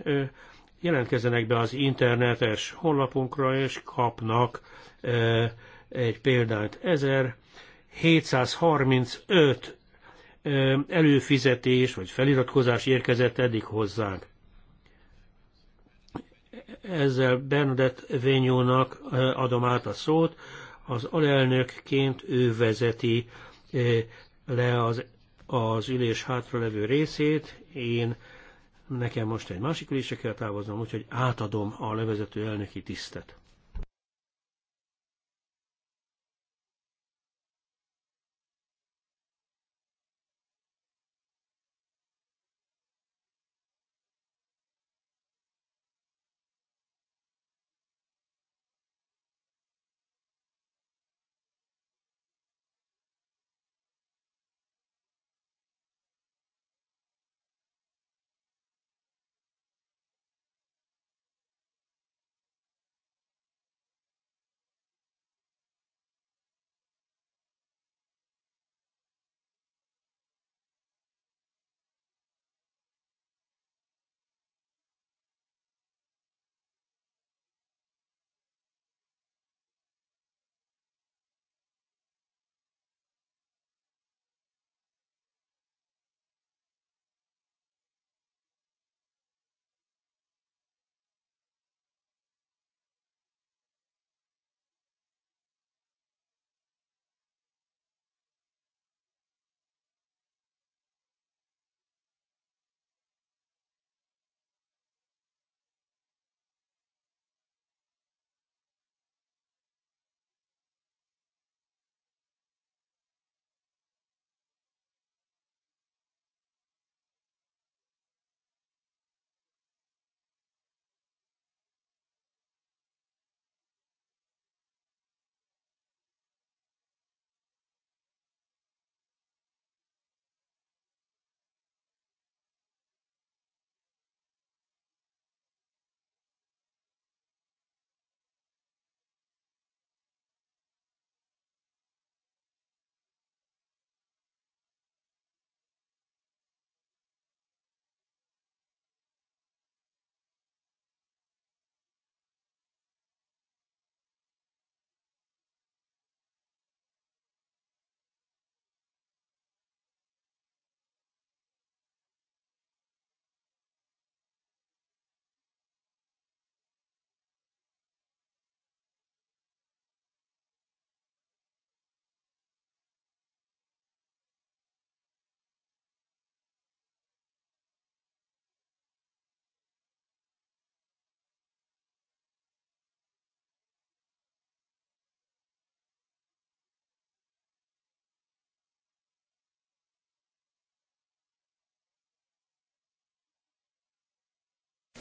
jelentkezzenek be az internetes honlapunkra, és kapnak egy példányt. 1735 előfizetés vagy feliratkozás érkezett eddig hozzánk. Ezzel Bernadette Vényónak eh, adom át a szót. Az alelnökként ő vezeti eh, le az, az ülés levő részét. Én nekem most egy másik ülésre kell távoznom, úgyhogy átadom a levezető elnöki tisztet.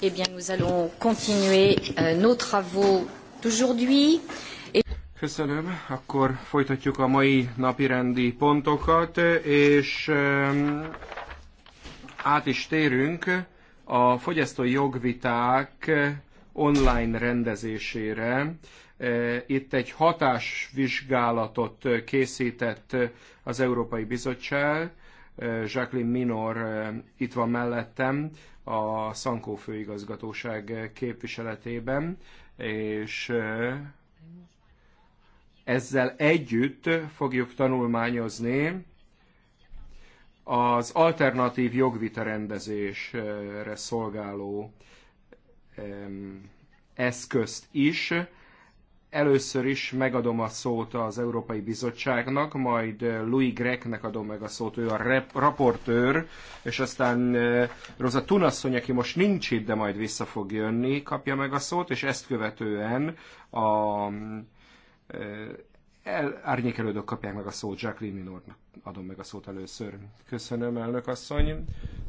Eh bien, nous allons continuer euh, nos travaux d'aujourd'hui. Köszönöm. Akkor folytatjuk a mai napi rendi pontokat, és ehm, át is térünk a fogyasztói jogviták online rendezésére. Eh, itt egy hatásvizsgálatot készített az Európai Bizottság, Jacqueline Minor itt van mellettem a Szankó főigazgatóság képviseletében, és ezzel együtt fogjuk tanulmányozni az alternatív jogvita rendezésre szolgáló eszközt is, Először is megadom a szót az Európai Bizottságnak, majd eh, Louis Greknek adom meg a szót, ő a rep- raportőr, és aztán eh, Rosa Tunasszony, aki most nincs itt, de majd vissza fog jönni, kapja meg a szót, és ezt követően a eh, el, kapják meg a szót, Jacqueline Minornak adom meg a szót először. Köszönöm, elnök asszony.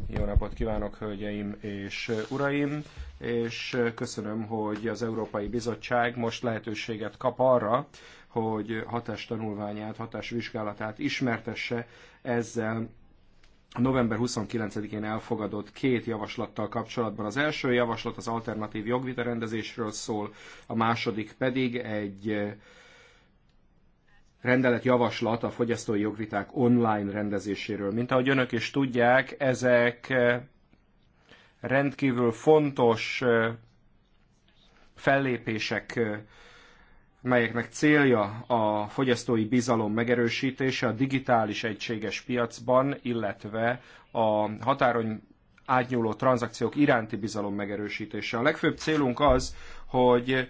Jó napot kívánok, hölgyeim és uraim és köszönöm, hogy az Európai Bizottság most lehetőséget kap arra, hogy hatástanulványát, hatásvizsgálatát ismertesse ezzel a november 29-én elfogadott két javaslattal kapcsolatban. Az első javaslat az alternatív jogvitarendezésről szól, a második pedig egy rendelet javaslat a fogyasztói jogviták online rendezéséről. Mint ahogy önök is tudják, ezek rendkívül fontos fellépések, melyeknek célja a fogyasztói bizalom megerősítése a digitális egységes piacban, illetve a határon átnyúló tranzakciók iránti bizalom megerősítése. A legfőbb célunk az, hogy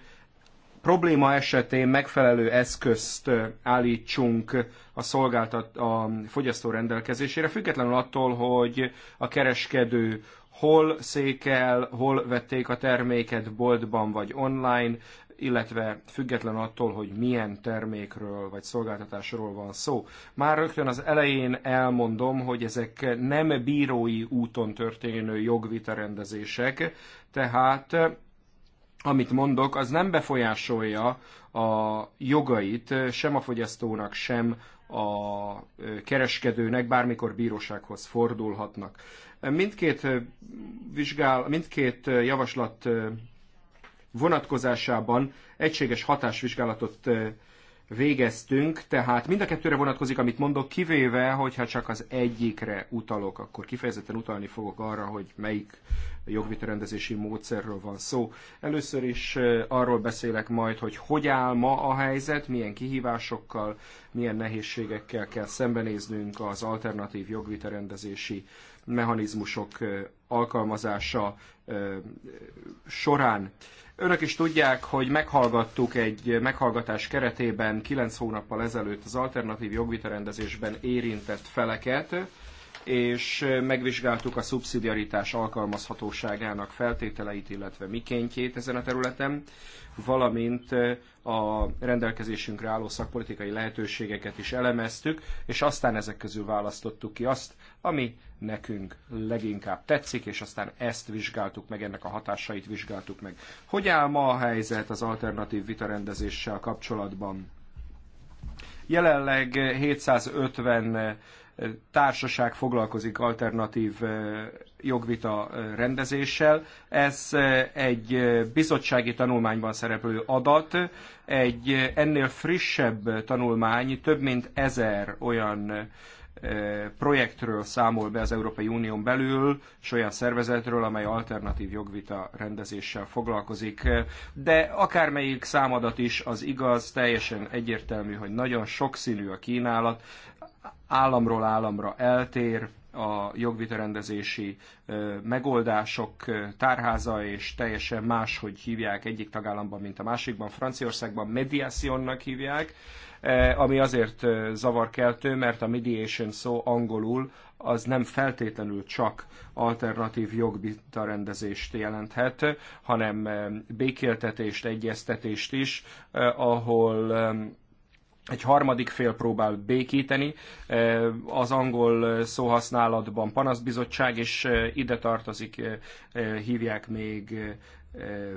probléma esetén megfelelő eszközt állítsunk a szolgáltat a fogyasztó rendelkezésére, függetlenül attól, hogy a kereskedő hol székel, hol vették a terméket boltban vagy online, illetve független attól, hogy milyen termékről vagy szolgáltatásról van szó. Már rögtön az elején elmondom, hogy ezek nem bírói úton történő jogvitarendezések, tehát amit mondok, az nem befolyásolja a jogait sem a fogyasztónak, sem a kereskedőnek bármikor bírósághoz fordulhatnak. Mindkét, vizsgál, mindkét javaslat vonatkozásában egységes hatásvizsgálatot végeztünk, tehát mind a kettőre vonatkozik, amit mondok, kivéve, hogyha csak az egyikre utalok, akkor kifejezetten utalni fogok arra, hogy melyik jogvitarendezési módszerről van szó. Először is arról beszélek majd, hogy hogy áll ma a helyzet, milyen kihívásokkal, milyen nehézségekkel kell szembenéznünk az alternatív jogvitarendezési mechanizmusok alkalmazása során. Önök is tudják, hogy meghallgattuk egy meghallgatás keretében 9 hónappal ezelőtt az alternatív jogvitarendezésben érintett feleket, és megvizsgáltuk a szubszidiaritás alkalmazhatóságának feltételeit, illetve mikéntjét ezen a területen, valamint a rendelkezésünkre álló szakpolitikai lehetőségeket is elemeztük, és aztán ezek közül választottuk ki azt, ami nekünk leginkább tetszik, és aztán ezt vizsgáltuk meg, ennek a hatásait vizsgáltuk meg. Hogy áll ma a helyzet az alternatív vitarendezéssel kapcsolatban? Jelenleg 750 társaság foglalkozik alternatív jogvita rendezéssel. Ez egy bizottsági tanulmányban szereplő adat, egy ennél frissebb tanulmány több mint ezer olyan projektről számol be az Európai Unión belül, és olyan szervezetről, amely alternatív jogvita rendezéssel foglalkozik. De akármelyik számadat is az igaz, teljesen egyértelmű, hogy nagyon sokszínű a kínálat, államról államra eltér, a jogvitarendezési megoldások tárháza, és teljesen más, hogy hívják egyik tagállamban, mint a másikban. Franciaországban mediationnak hívják, ami azért zavarkeltő, mert a mediation szó angolul az nem feltétlenül csak alternatív jogvitarendezést jelenthet, hanem békéltetést, egyeztetést is, ahol egy harmadik fél próbál békíteni. Az angol szóhasználatban panaszbizottság, és ide tartozik, hívják még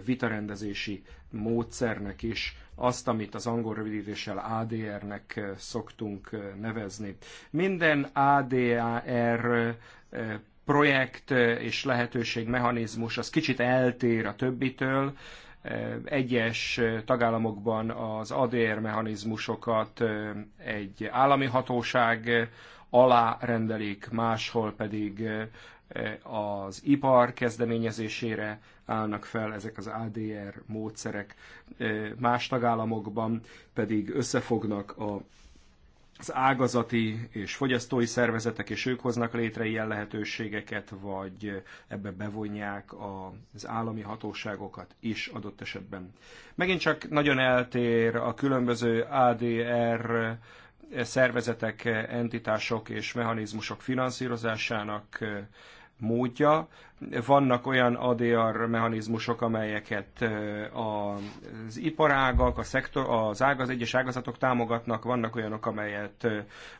vitarendezési módszernek is azt, amit az angol rövidítéssel ADR-nek szoktunk nevezni. Minden ADR projekt és lehetőség mechanizmus az kicsit eltér a többitől, egyes tagállamokban az ADR mechanizmusokat egy állami hatóság alá rendelik, máshol pedig az ipar kezdeményezésére állnak fel ezek az ADR módszerek, más tagállamokban pedig összefognak a az ágazati és fogyasztói szervezetek, és ők hoznak létre ilyen lehetőségeket, vagy ebbe bevonják az állami hatóságokat is adott esetben. Megint csak nagyon eltér a különböző ADR szervezetek, entitások és mechanizmusok finanszírozásának módja. Vannak olyan ADR mechanizmusok, amelyeket az iparágak, a szektor, az ágaz, egyes ágazatok támogatnak, vannak olyanok, amelyet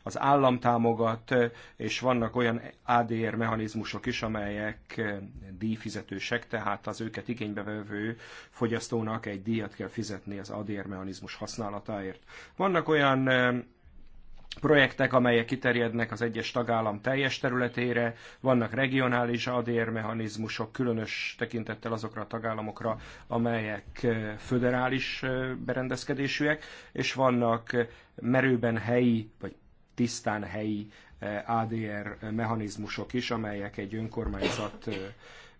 az állam támogat, és vannak olyan ADR mechanizmusok is, amelyek díjfizetősek, tehát az őket igénybe vevő fogyasztónak egy díjat kell fizetni az ADR mechanizmus használatáért. Vannak olyan projektek, amelyek kiterjednek az egyes tagállam teljes területére, vannak regionális adérmechanizmusok, különös tekintettel azokra a tagállamokra, amelyek föderális berendezkedésűek, és vannak merőben helyi, vagy tisztán helyi ADR mechanizmusok is, amelyek egy önkormányzat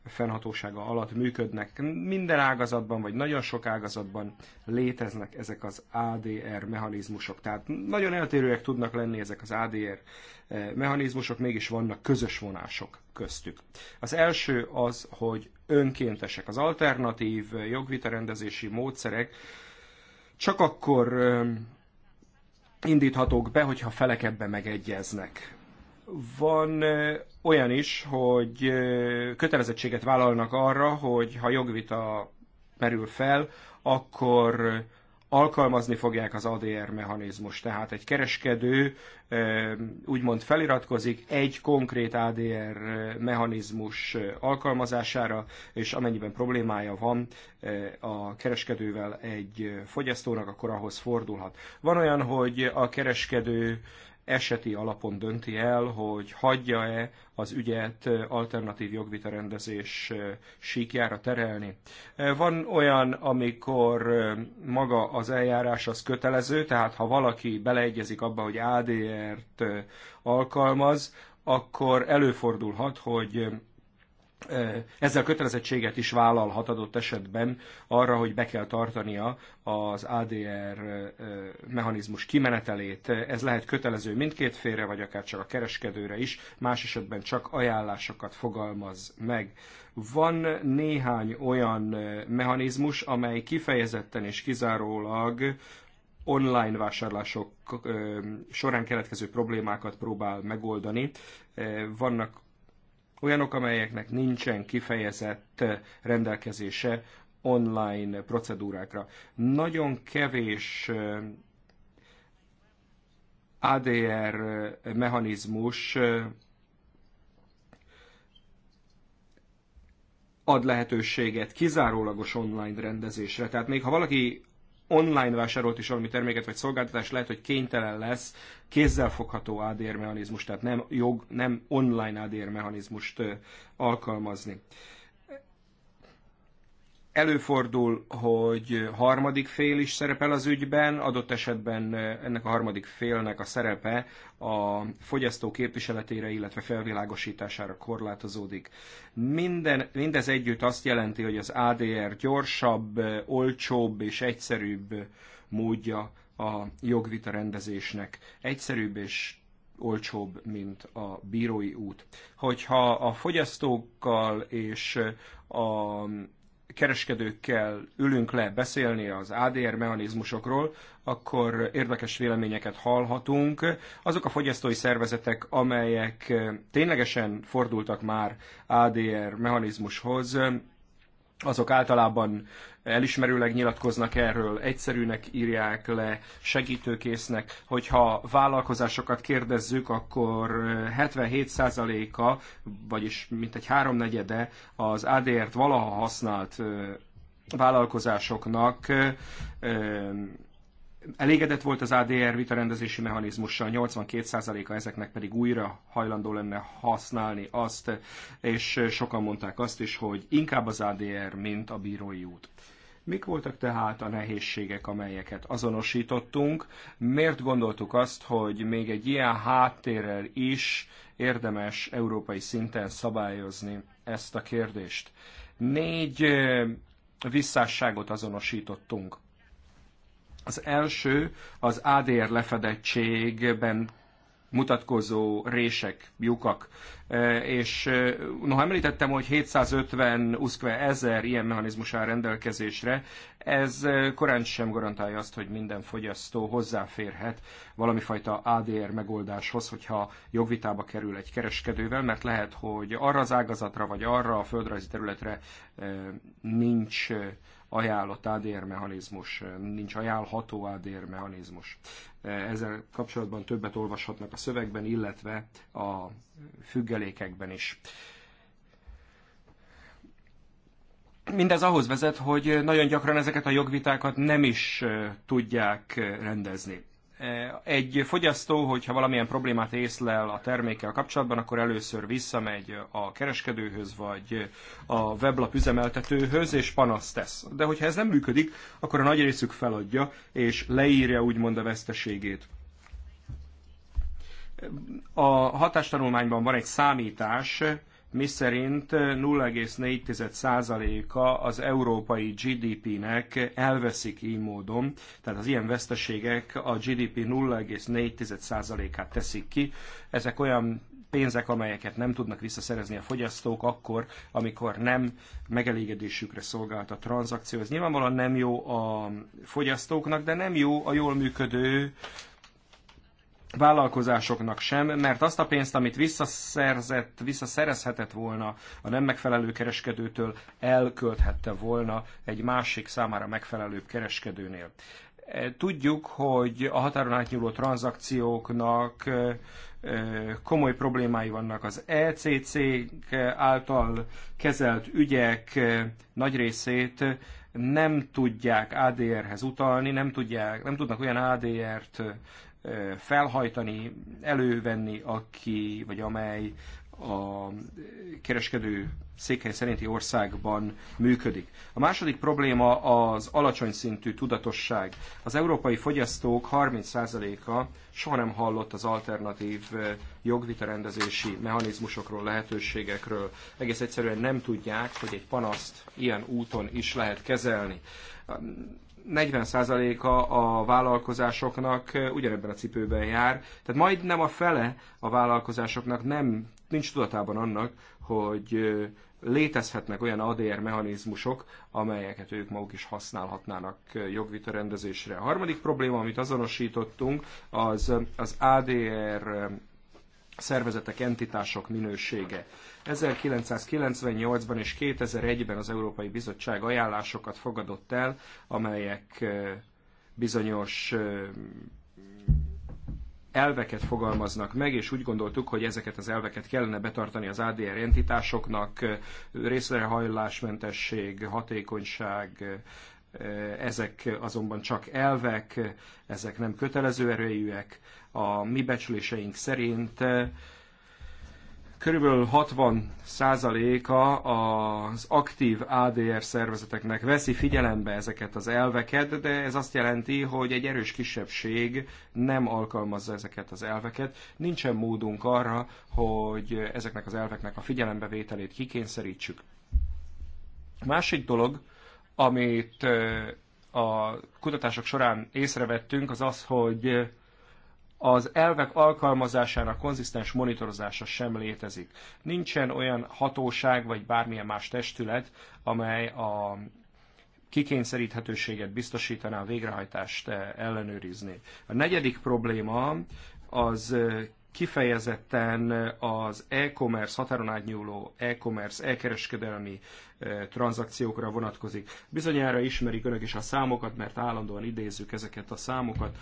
fennhatósága alatt működnek. Minden ágazatban, vagy nagyon sok ágazatban léteznek ezek az ADR mechanizmusok. Tehát nagyon eltérőek tudnak lenni ezek az ADR eh, mechanizmusok, mégis vannak közös vonások köztük. Az első az, hogy önkéntesek. Az alternatív eh, jogvitarendezési módszerek csak akkor eh, indíthatók be, hogyha felek ebbe megegyeznek. Van olyan is, hogy kötelezettséget vállalnak arra, hogy ha jogvita merül fel, akkor alkalmazni fogják az ADR mechanizmus. Tehát egy kereskedő úgymond feliratkozik egy konkrét ADR mechanizmus alkalmazására, és amennyiben problémája van a kereskedővel egy fogyasztónak, akkor ahhoz fordulhat. Van olyan, hogy a kereskedő eseti alapon dönti el, hogy hagyja-e az ügyet alternatív jogvita rendezés síkjára terelni. Van olyan, amikor maga az eljárás az kötelező, tehát ha valaki beleegyezik abba, hogy ADR-t alkalmaz, akkor előfordulhat, hogy ezzel kötelezettséget is vállalhat adott esetben arra, hogy be kell tartania az ADR mechanizmus kimenetelét. Ez lehet kötelező mindkét félre, vagy akár csak a kereskedőre is, más esetben csak ajánlásokat fogalmaz meg. Van néhány olyan mechanizmus, amely kifejezetten és kizárólag online vásárlások során keletkező problémákat próbál megoldani. Vannak olyanok, amelyeknek nincsen kifejezett eh, rendelkezése online procedúrákra. Nagyon kevés eh, ADR eh, mechanizmus ad lehetőséget kizárólagos online rendezésre. Tehát még ha valaki online vásárolt is valami terméket vagy szolgáltatást, lehet, hogy kénytelen lesz kézzelfogható ADR mechanizmus, tehát nem jog, nem online ADR mechanizmust alkalmazni. Előfordul, hogy harmadik fél is szerepel az ügyben, adott esetben eh, ennek a harmadik félnek a szerepe a fogyasztó képviseletére, illetve felvilágosítására korlátozódik. Minden, mindez együtt azt jelenti, hogy az ADR gyorsabb, eh, olcsóbb és egyszerűbb eh, módja a jogvita rendezésnek. Egyszerűbb és olcsóbb, mint a bírói út. Hogyha a fogyasztókkal és a kereskedőkkel ülünk le beszélni az ADR mechanizmusokról, akkor érdekes véleményeket hallhatunk. Azok a fogyasztói szervezetek, amelyek ténylegesen fordultak már ADR mechanizmushoz, azok általában elismerőleg nyilatkoznak erről, egyszerűnek írják le, segítőkésznek. Hogyha vállalkozásokat kérdezzük, akkor 77%-a, eh, vagyis mintegy háromnegyede az ADR-t valaha használt eh, vállalkozásoknak eh, Elégedett volt az ADR vitarendezési mechanizmussal, 82%-a ezeknek pedig újra hajlandó lenne használni azt, és sokan mondták azt is, hogy inkább az ADR, mint a bírói út. Mik voltak tehát a nehézségek, amelyeket azonosítottunk? Miért gondoltuk azt, hogy még egy ilyen háttérrel is érdemes európai szinten szabályozni ezt a kérdést? Négy visszásságot azonosítottunk. Az első az ADR lefedettségben mutatkozó rések, lyukak. E, és e, noha említettem, hogy 750 uszkve ezer ilyen mechanizmus áll rendelkezésre, ez e, korán sem garantálja azt, hogy minden fogyasztó hozzáférhet valamifajta ADR megoldáshoz, hogyha jogvitába kerül egy kereskedővel, mert lehet, hogy arra az ágazatra vagy arra a földrajzi területre nincs ajánlott mechanizmus nincs ajánlható mechanizmus. Ezzel kapcsolatban többet olvashatnak a szövegben, illetve a függelékekben is. Mindez ahhoz vezet, hogy nagyon gyakran ezeket a jogvitákat nem is eh, tudják eh, rendezni. Eh, egy fogyasztó, hogyha valamilyen problémát észlel a termékkel kapcsolatban, akkor először visszamegy a kereskedőhöz, vagy a weblap üzemeltetőhöz, és panaszt tesz. De hogyha ez nem működik, akkor a nagy részük feladja, és leírja úgymond a veszteségét. A hatástanulmányban van egy számítás, miszerint 0,4%-a az európai GDP-nek elveszik így módon, tehát az ilyen veszteségek a GDP 0,4%-át teszik ki. Ezek olyan pénzek, amelyeket nem tudnak visszaszerezni a fogyasztók akkor, amikor nem megelégedésükre szolgált a tranzakció. Ez nyilvánvalóan nem jó a fogyasztóknak, de nem jó a jól működő vállalkozásoknak sem, mert azt a pénzt, amit visszaszerzett, visszaszerezhetett volna a nem megfelelő kereskedőtől, elkölthette volna egy másik számára megfelelőbb kereskedőnél. E, tudjuk, hogy a határon átnyúló tranzakcióknak e, e, komoly problémái vannak. Az ECC által kezelt ügyek nagy részét nem tudják ADR-hez utalni, nem, tudják, nem tudnak olyan ADR-t felhajtani, elővenni, aki vagy amely a kereskedő székhely szerinti országban működik. A második probléma az alacsony szintű tudatosság. Az európai fogyasztók 30%-a soha nem hallott az alternatív jogvitarendezési mechanizmusokról, lehetőségekről. Egész egyszerűen nem tudják, hogy egy panaszt ilyen úton is lehet kezelni. 40%-a a vállalkozásoknak eh, ugyanebben a cipőben jár, tehát majdnem a fele a vállalkozásoknak nem, nincs tudatában annak, hogy eh, létezhetnek olyan ADR mechanizmusok, amelyeket ők maguk is használhatnának eh, jogvita rendezésre. A harmadik probléma, amit azonosítottunk, az az ADR szervezetek, entitások minősége. 1998-ban és 2001-ben az Európai Bizottság ajánlásokat fogadott el, amelyek bizonyos elveket fogalmaznak meg, és úgy gondoltuk, hogy ezeket az elveket kellene betartani az ADR entitásoknak, részlehajlásmentesség, hatékonyság, ezek azonban csak elvek, ezek nem kötelező erőjűek, a mi becsléseink szerint eh, körülbelül 60%-a az aktív ADR szervezeteknek veszi figyelembe ezeket az elveket, de ez azt jelenti, hogy egy erős kisebbség nem alkalmazza ezeket az elveket. Nincsen módunk arra, hogy ezeknek az elveknek a figyelembevételét kikényszerítsük. Másik dolog, amit eh, a kutatások során észrevettünk, az az, hogy az elvek alkalmazásának konzisztens monitorozása sem létezik. Nincsen olyan hatóság vagy bármilyen más testület, amely a kikényszeríthetőséget biztosítaná, a végrehajtást eh, ellenőrizni. A negyedik probléma az eh, kifejezetten eh, az e-commerce, határon átnyúló e-commerce, e-kereskedelmi tranzakciókra vonatkozik. Bizonyára ismerik önök is a számokat, mert állandóan idézzük ezeket a számokat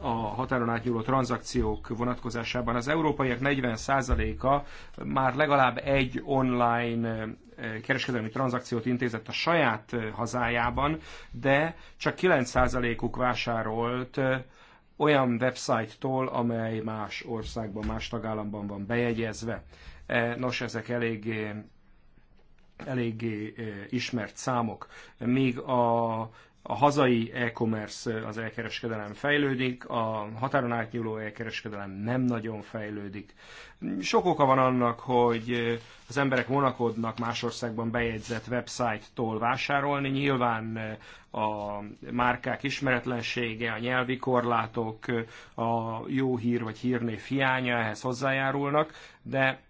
a határon átnyúló tranzakciók vonatkozásában az európaiak 40%-a már legalább egy online eh, kereskedelmi tranzakciót intézett a saját eh, hazájában, de csak 9%-uk vásárolt eh, olyan website amely más országban, más tagállamban van bejegyezve. Nos, ezek eléggé eléggé ismert számok. Még a a hazai e-commerce, az elkereskedelem fejlődik, a határon átnyúló elkereskedelem nem nagyon fejlődik. Sok oka van annak, hogy az emberek vonakodnak más országban bejegyzett websájttól vásárolni. Nyilván a márkák ismeretlensége, a nyelvi korlátok, a jó hír vagy hírnév hiánya ehhez hozzájárulnak, de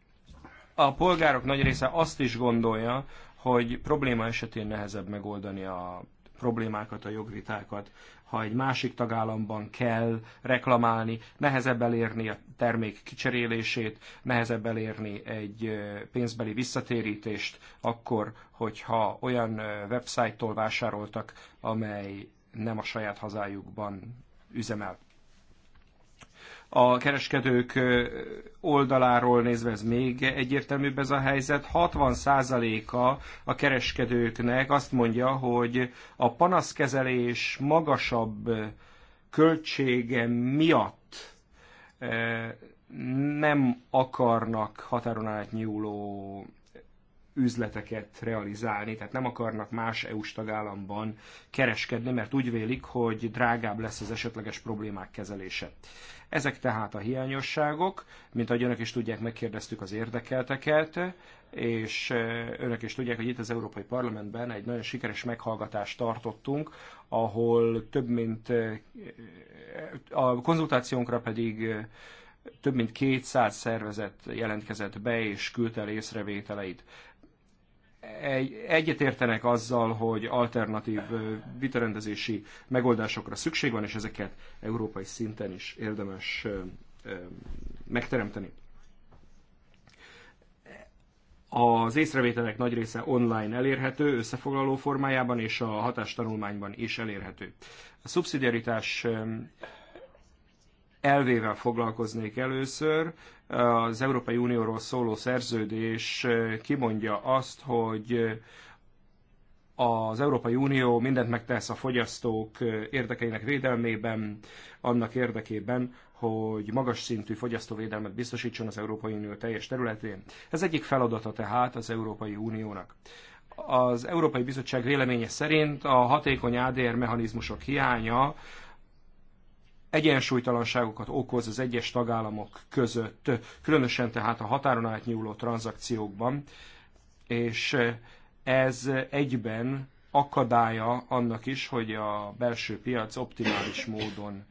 a polgárok nagy része azt is gondolja, hogy probléma esetén nehezebb megoldani a problémákat, a jogvitákat. Ha egy másik tagállamban kell reklamálni, nehezebb elérni a termék kicserélését, nehezebb elérni egy pénzbeli visszatérítést, akkor, hogyha olyan websájttól vásároltak, amely nem a saját hazájukban üzemel a kereskedők oldaláról nézve ez még egyértelműbb ez a helyzet. 60%-a a kereskedőknek azt mondja, hogy a panaszkezelés magasabb költsége miatt nem akarnak határon átnyúló üzleteket realizálni, tehát nem akarnak más EU-s tagállamban kereskedni, mert úgy vélik, hogy drágább lesz az esetleges problémák kezelése. Ezek tehát a hiányosságok, mint ahogy önök is tudják, megkérdeztük az érdekelteket, és önök is tudják, hogy itt az Európai Parlamentben egy nagyon sikeres meghallgatást tartottunk, ahol több mint a konzultációnkra pedig több mint 200 szervezet jelentkezett be és küldte el észrevételeit egyetértenek azzal, hogy alternatív vitarendezési megoldásokra szükség van, és ezeket európai szinten is érdemes megteremteni. Az észrevételek nagy része online elérhető, összefoglaló formájában és a hatástanulmányban is elérhető. A szubszidiaritás elvével foglalkoznék először. Az Európai Unióról szóló szerződés kimondja azt, hogy az Európai Unió mindent megtesz a fogyasztók érdekeinek védelmében, annak érdekében, hogy magas szintű fogyasztóvédelmet biztosítson az Európai Unió teljes területén. Ez egyik feladata tehát az Európai Uniónak. Az Európai Bizottság véleménye szerint a hatékony ADR mechanizmusok hiánya egyensúlytalanságokat okoz az egyes tagállamok között, különösen tehát a határon átnyúló tranzakciókban, és ez egyben akadálya annak is, hogy a belső piac optimális módon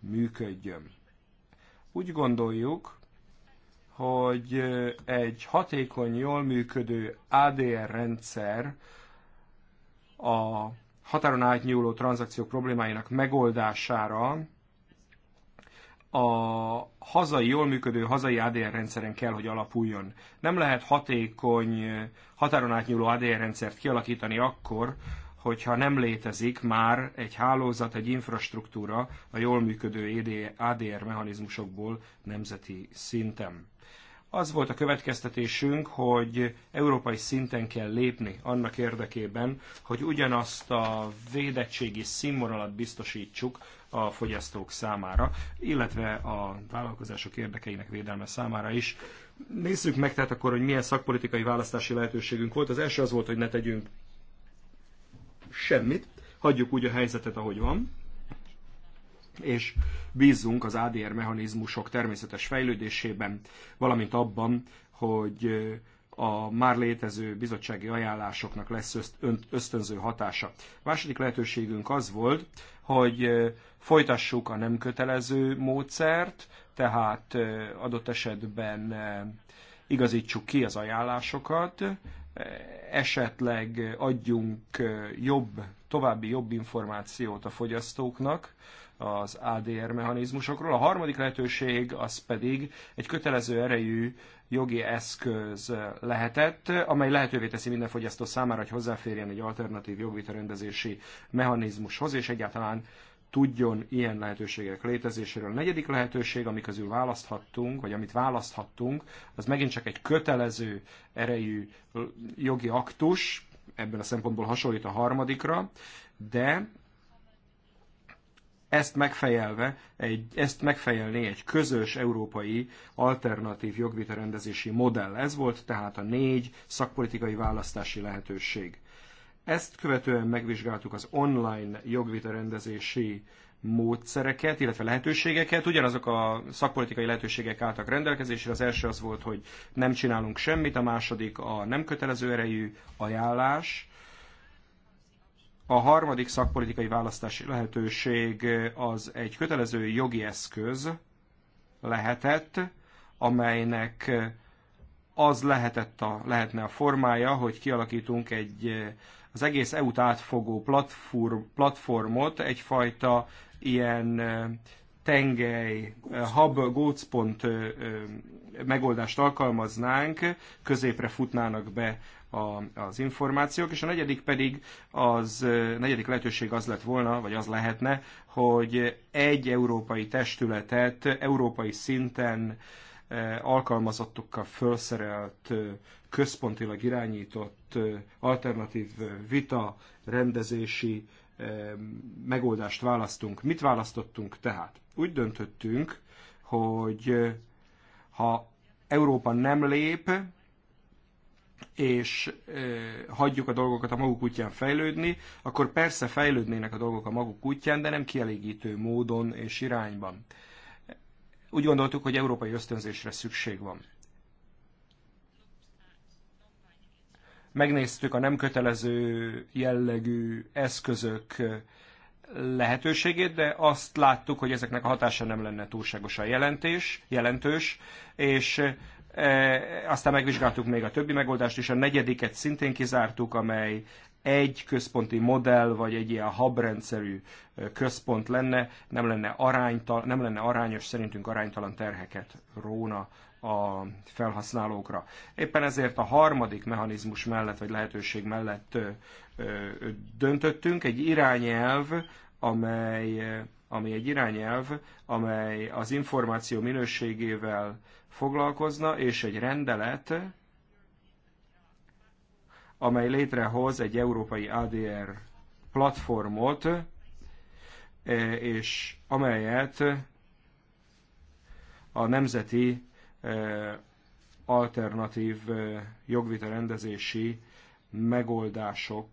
működjön. Úgy gondoljuk, hogy egy hatékony, jól működő ADR rendszer a határon átnyúló tranzakciók problémáinak megoldására a hazai, jól működő hazai ADR rendszeren kell, hogy alapuljon. Nem lehet hatékony, határon átnyúló ADR rendszert kialakítani akkor, hogyha nem létezik már egy hálózat, egy infrastruktúra a jól működő ADR mechanizmusokból nemzeti szinten. Az volt a következtetésünk, hogy európai szinten kell lépni annak érdekében, hogy ugyanazt a védettségi színvonalat biztosítsuk a fogyasztók számára, illetve a vállalkozások érdekeinek védelme számára is. Nézzük meg tehát akkor, hogy milyen szakpolitikai választási lehetőségünk volt. Az első az volt, hogy ne tegyünk semmit, hagyjuk úgy a helyzetet, ahogy van és bízunk az ADR mechanizmusok természetes fejlődésében, valamint abban, hogy a már létező bizottsági ajánlásoknak lesz ösztönző hatása. A második lehetőségünk az volt, hogy folytassuk a nem kötelező módszert, tehát adott esetben igazítsuk ki az ajánlásokat, esetleg adjunk jobb, további jobb információt a fogyasztóknak, az ADR mechanizmusokról. A harmadik lehetőség az pedig egy kötelező erejű jogi eszköz lehetett, amely lehetővé teszi minden fogyasztó számára, hogy hozzáférjen egy alternatív jogvitarendezési mechanizmushoz, és egyáltalán tudjon ilyen lehetőségek létezéséről. A negyedik lehetőség, ami közül választhattunk, vagy amit választhattunk, az megint csak egy kötelező erejű jogi aktus, ebben a szempontból hasonlít a harmadikra, de ezt megfejelve, egy, ezt megfejelni egy közös európai alternatív jogvitarendezési modell. Ez volt tehát a négy szakpolitikai választási lehetőség. Ezt követően megvizsgáltuk az online jogvitarendezési módszereket, illetve lehetőségeket. Ugyanazok a szakpolitikai lehetőségek álltak rendelkezésre. Az első az volt, hogy nem csinálunk semmit, a második a nem kötelező erejű ajánlás, a harmadik szakpolitikai választási lehetőség az egy kötelező jogi eszköz lehetett, amelynek az lehetett a, lehetne a formája, hogy kialakítunk egy az egész EU-t átfogó platform, platformot, egyfajta ilyen tengely, hub, gócpont megoldást alkalmaznánk, középre futnának be a, az információk, és a negyedik pedig az negyedik lehetőség az lett volna, vagy az lehetne, hogy egy európai testületet európai szinten alkalmazottukkal felszerelt, központilag irányított alternatív vita rendezési megoldást választunk. Mit választottunk tehát? Úgy döntöttünk, hogy ha Európa nem lép, és hagyjuk a dolgokat a maguk útján fejlődni, akkor persze fejlődnének a dolgok a maguk útján, de nem kielégítő módon és irányban. Úgy gondoltuk, hogy európai ösztönzésre szükség van. Megnéztük a nem kötelező jellegű eszközök lehetőségét, de azt láttuk, hogy ezeknek a hatása nem lenne túlságosan jelentés, jelentős, és E, aztán megvizsgáltuk még a többi megoldást, és a negyediket szintén kizártuk, amely egy központi modell, vagy egy ilyen habrendszerű e, központ lenne, nem lenne, aránytal, nem lenne arányos, szerintünk aránytalan terheket róna a felhasználókra. Éppen ezért a harmadik mechanizmus mellett, vagy lehetőség mellett e, döntöttünk, egy irányelv, amely, ami egy irányelv, amely az információ minőségével foglalkozna, és egy rendelet, amely létrehoz egy európai ADR platformot, e, és amelyet a nemzeti e, alternatív e, jogvita rendezési megoldások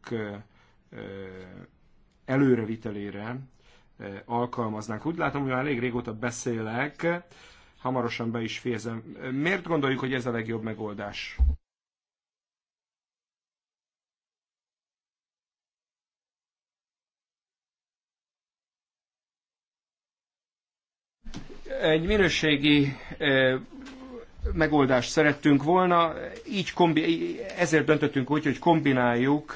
előrevitelére alkalmaznánk. Úgy látom, hogy már elég régóta beszélek, hamarosan be is fézem. Miért gondoljuk, hogy ez a legjobb megoldás? Egy minőségi megoldást szerettünk volna, így kombi, ezért döntöttünk úgy, hogy kombináljuk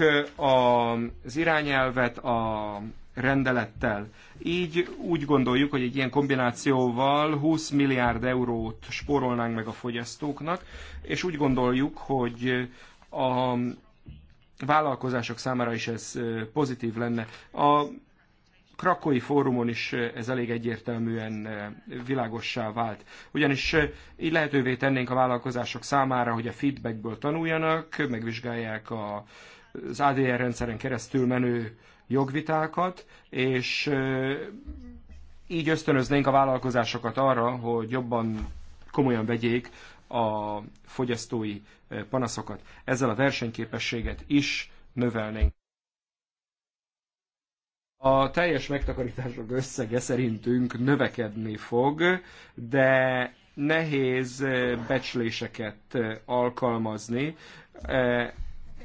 az irányelvet a rendelettel. Így úgy gondoljuk, hogy egy ilyen kombinációval 20 milliárd eurót spórolnánk meg a fogyasztóknak, és úgy gondoljuk, hogy a vállalkozások számára is ez pozitív lenne. A krakói fórumon is ez elég egyértelműen világossá vált. Ugyanis így lehetővé tennénk a vállalkozások számára, hogy a feedbackből tanuljanak, megvizsgálják a, az ADR rendszeren keresztül menő jogvitákat, és így ösztönöznénk a vállalkozásokat arra, hogy jobban komolyan vegyék a fogyasztói panaszokat. Ezzel a versenyképességet is növelnénk. A teljes megtakarítások összege szerintünk növekedni fog, de nehéz becsléseket alkalmazni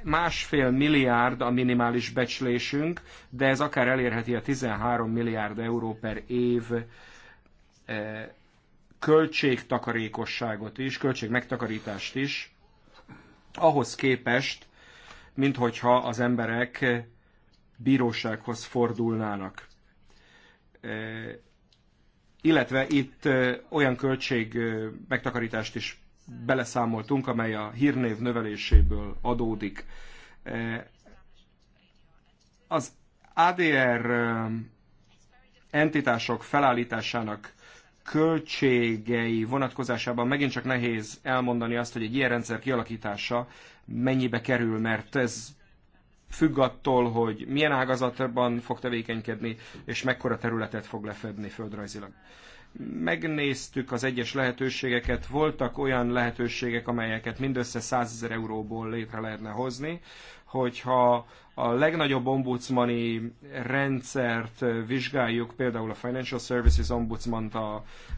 másfél milliárd a minimális becslésünk, de ez akár elérheti a 13 milliárd euró per év eh, költségtakarékosságot is, költségmegtakarítást is, ahhoz képest, mint az emberek bírósághoz fordulnának. Eh, illetve itt eh, olyan költség megtakarítást is beleszámoltunk, amely a hírnév növeléséből adódik. E, az ADR e, entitások felállításának költségei vonatkozásában megint csak nehéz elmondani azt, hogy egy ilyen rendszer kialakítása mennyibe kerül, mert ez függ attól, hogy milyen ágazatban fog tevékenykedni, és mekkora területet fog lefedni földrajzilag megnéztük az egyes lehetőségeket, voltak olyan lehetőségek, amelyeket mindössze 100 ezer euróból létre lehetne hozni, hogyha a legnagyobb ombudsmani rendszert vizsgáljuk, például a Financial Services ombudsman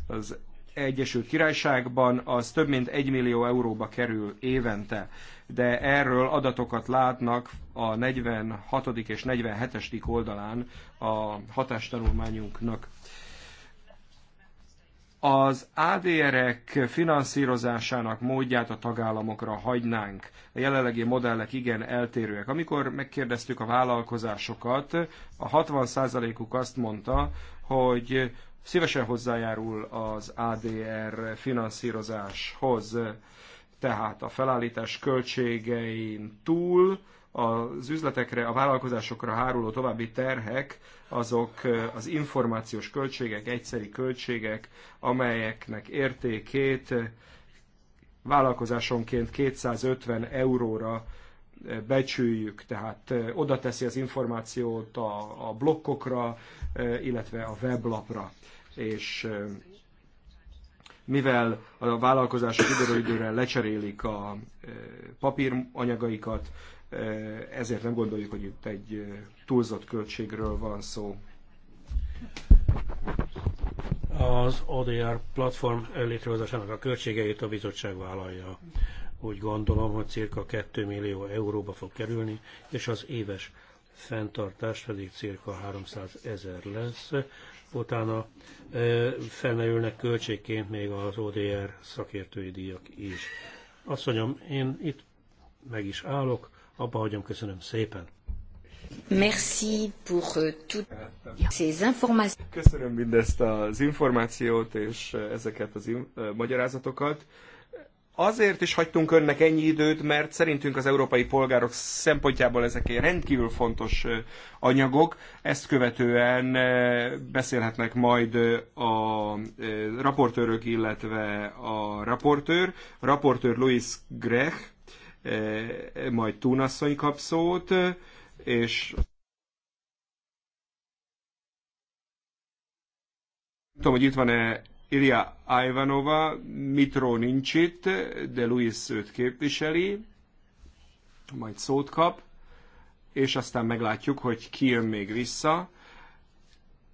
az Egyesült Királyságban, az több mint 1 millió euróba kerül évente. De erről adatokat látnak a 46. és 47. oldalán a hatástanulmányunknak az ADR-ek finanszírozásának módját a tagállamokra hagynánk. A jelenlegi modellek igen eltérőek. Amikor megkérdeztük a vállalkozásokat, a 60%-uk azt mondta, hogy szívesen hozzájárul az ADR finanszírozáshoz, tehát a felállítás költségein túl az üzletekre, a vállalkozásokra háruló további terhek, azok az információs költségek, egyszeri költségek, amelyeknek értékét vállalkozásonként 250 euróra becsüljük, tehát oda teszi az információt a, a blokkokra, illetve a weblapra. És mivel a vállalkozások időről időre lecserélik a papíranyagaikat, Eh, ezért nem gondoljuk, hogy itt egy eh, túlzott költségről van szó. Az ODR platform létrehozásának a költségeit a bizottság vállalja. Úgy gondolom, hogy cirka 2 millió euróba fog kerülni, és az éves fenntartás pedig cirka 300 ezer lesz. Utána eh, felmerülnek költségként még az ODR szakértői díjak is. Azt mondjam, én itt meg is állok, abba hagyom. Köszönöm szépen. Merci pour euh, ces informations. Köszönöm mindezt az információt és euh, ezeket az euh, magyarázatokat. Azért is hagytunk önnek ennyi időt, mert szerintünk az európai polgárok szempontjából ezek rendkívül fontos anyagok. Ezt követően beszélhetnek majd a raportőrök, illetve a raportőr. A raportőr Louis Grech, Eh, majd Túnasszony kap szót, és nem tudom, hogy itt van-e Ilya Ivanova, Mitro nincs itt, de Luis őt képviseli, majd szót kap, és aztán meglátjuk, hogy ki jön még vissza,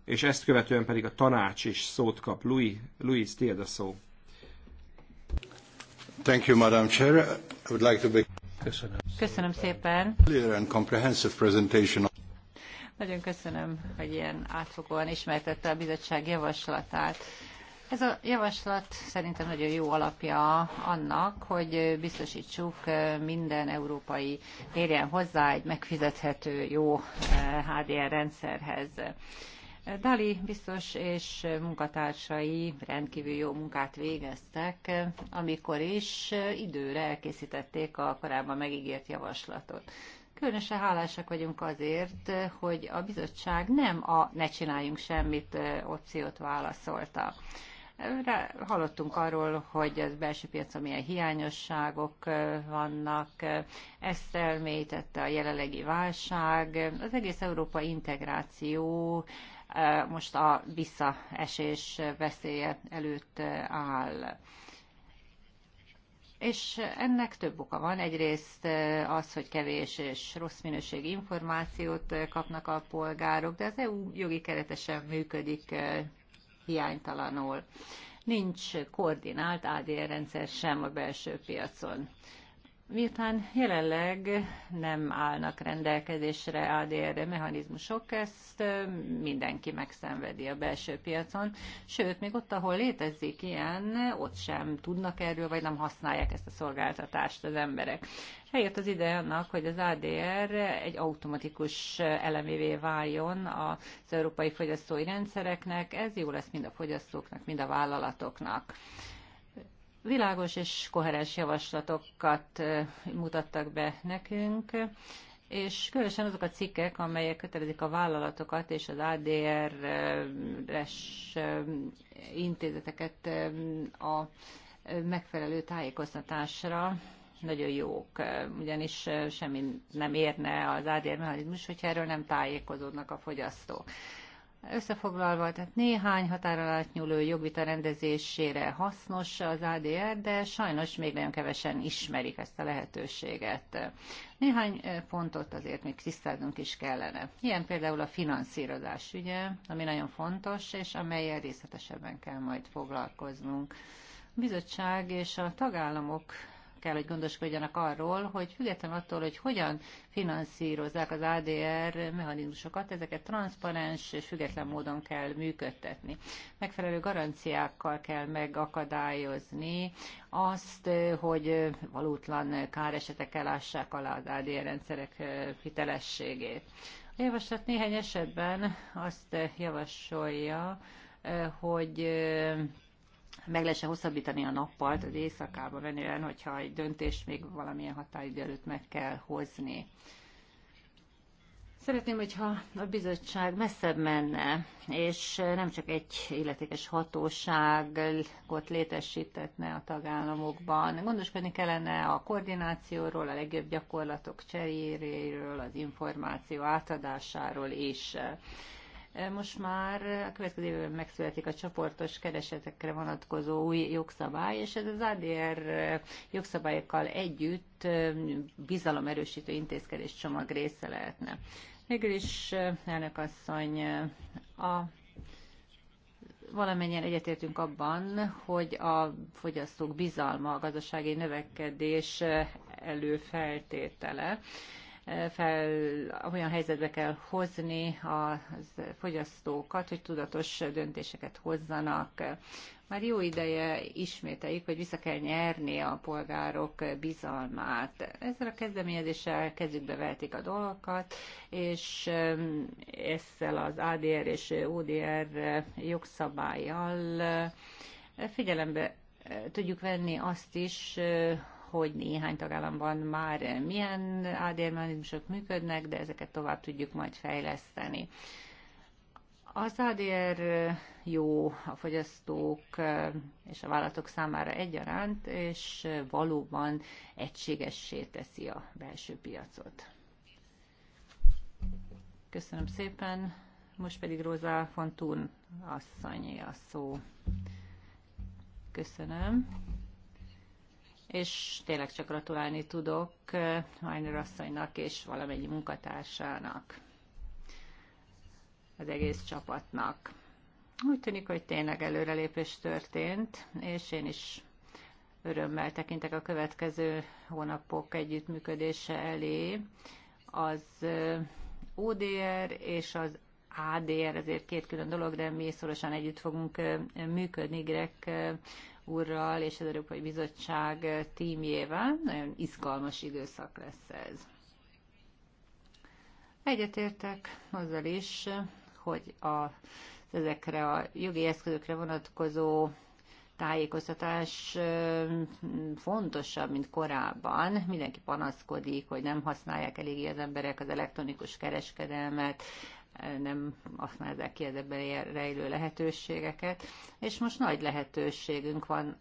és ezt követően pedig a tanács is szót kap. Louis, Louis tiéd a szó. Thank you, Madam Chair. I would like to Köszönöm. Köszönöm szépen. Clear and comprehensive presentation. Nagyon köszönöm, hogy ilyen átfogóan ismertette a bizottság javaslatát. Ez a javaslat szerintem nagyon jó alapja annak, hogy biztosítsuk eh, minden európai érjen hozzá egy megfizethető jó HDR eh, rendszerhez. Dali biztos és munkatársai rendkívül jó munkát végeztek, amikor is időre elkészítették a korábban megígért javaslatot. Különösen hálásak vagyunk azért, hogy a bizottság nem a ne csináljunk semmit opciót válaszolta. Hallottunk arról, hogy az belső piacon milyen hiányosságok vannak, ezt elmélyítette a jelenlegi válság, az egész Európa integráció most a visszaesés veszélye előtt eh, áll. És ennek több oka van. Egyrészt eh, az, hogy kevés és rossz minőségi információt eh, kapnak a polgárok, de az EU jogi keretesen működik hiánytalanul. Nincs koordinált ADR rendszer sem a belső piacon. Miután jelenleg nem állnak rendelkezésre ADR mechanizmusok, ezt mindenki megszenvedi a belső piacon, sőt, még ott, ahol létezik ilyen, ott sem tudnak erről, vagy nem használják ezt a szolgáltatást az emberek. Eljött az ide annak, hogy az ADR egy automatikus elemévé váljon az európai fogyasztói rendszereknek, ez jó lesz mind a fogyasztóknak, mind a vállalatoknak. Világos és koherens javaslatokat mutattak be nekünk, és különösen azok a cikkek, amelyek kötelezik a vállalatokat és az ADR-es intézeteket a megfelelő tájékoztatásra nagyon jók, ugyanis semmi nem érne az ADR mechanizmus, hogyha erről nem tájékozódnak a fogyasztók. Összefoglalva, tehát néhány határon átnyúló jogvita rendezésére hasznos az ADR, de sajnos még nagyon kevesen ismerik ezt a lehetőséget. Néhány eh, pontot azért még tisztáznunk is kellene. Ilyen például a finanszírozás ügye, ami nagyon fontos, és amelyel részletesebben kell majd foglalkoznunk. A bizottság és a tagállamok kell, hogy gondoskodjanak arról, hogy függetlenül attól, hogy hogyan finanszírozzák az ADR mechanizmusokat, ezeket transzparens és független módon kell működtetni. Megfelelő garanciákkal kell megakadályozni azt, hogy valótlan káresetek elássák alá az ADR rendszerek hitelességét. A javaslat néhány esetben azt javasolja, hogy meg lehessen hosszabbítani a nappalt az éjszakába menően, hogyha egy döntést még valamilyen határidő előtt meg kell hozni. Szeretném, hogyha a bizottság messzebb menne, és nem csak egy illetékes hatóságot létesítetne a tagállamokban. Gondoskodni kellene a koordinációról, a legjobb gyakorlatok cseréjéről, az információ átadásáról is. Most már a következő évben megszületik a csoportos keresetekre vonatkozó új jogszabály, és ez az ADR jogszabályokkal együtt bizalomerősítő intézkedés csomag része lehetne. Végül is, elnök asszony, a valamennyien egyetértünk abban, hogy a fogyasztók bizalma a gazdasági növekedés előfeltétele fel, olyan helyzetbe kell hozni a fogyasztókat, hogy tudatos döntéseket hozzanak. Már jó ideje ismételjük, hogy vissza kell nyerni a polgárok bizalmát. Ezzel a kezdeményezéssel kezükbe vehetik a dolgokat, és um, ezzel az ADR és ODR jogszabályjal uh, figyelembe uh, tudjuk venni azt is, uh, hogy néhány tagállamban már milyen ADR-mechanizmusok működnek, de ezeket tovább tudjuk majd fejleszteni. Az ADR jó a fogyasztók és a vállalatok számára egyaránt, és valóban egységessé teszi a belső piacot. Köszönöm szépen. Most pedig Róza Fontún asszonyé a szó. Köszönöm és tényleg csak gratulálni tudok Hajner eh, asszonynak és valamennyi munkatársának, az egész csapatnak. Úgy tűnik, hogy tényleg előrelépés történt, és én is örömmel tekintek a következő hónapok együttműködése elé. Az eh, ODR és az ADR, ezért két külön dolog, de mi szorosan együtt fogunk eh, működni Greg úrral és az Európai Bizottság tímjével. Nagyon izgalmas időszak lesz ez. Egyetértek azzal is, hogy a, ezekre a jogi eszközökre vonatkozó tájékoztatás fontosabb, mint korábban. Mindenki panaszkodik, hogy nem használják eléggé az emberek az elektronikus kereskedelmet, nem használták ki az ebben rejlő lehetőségeket, és most nagy lehetőségünk van,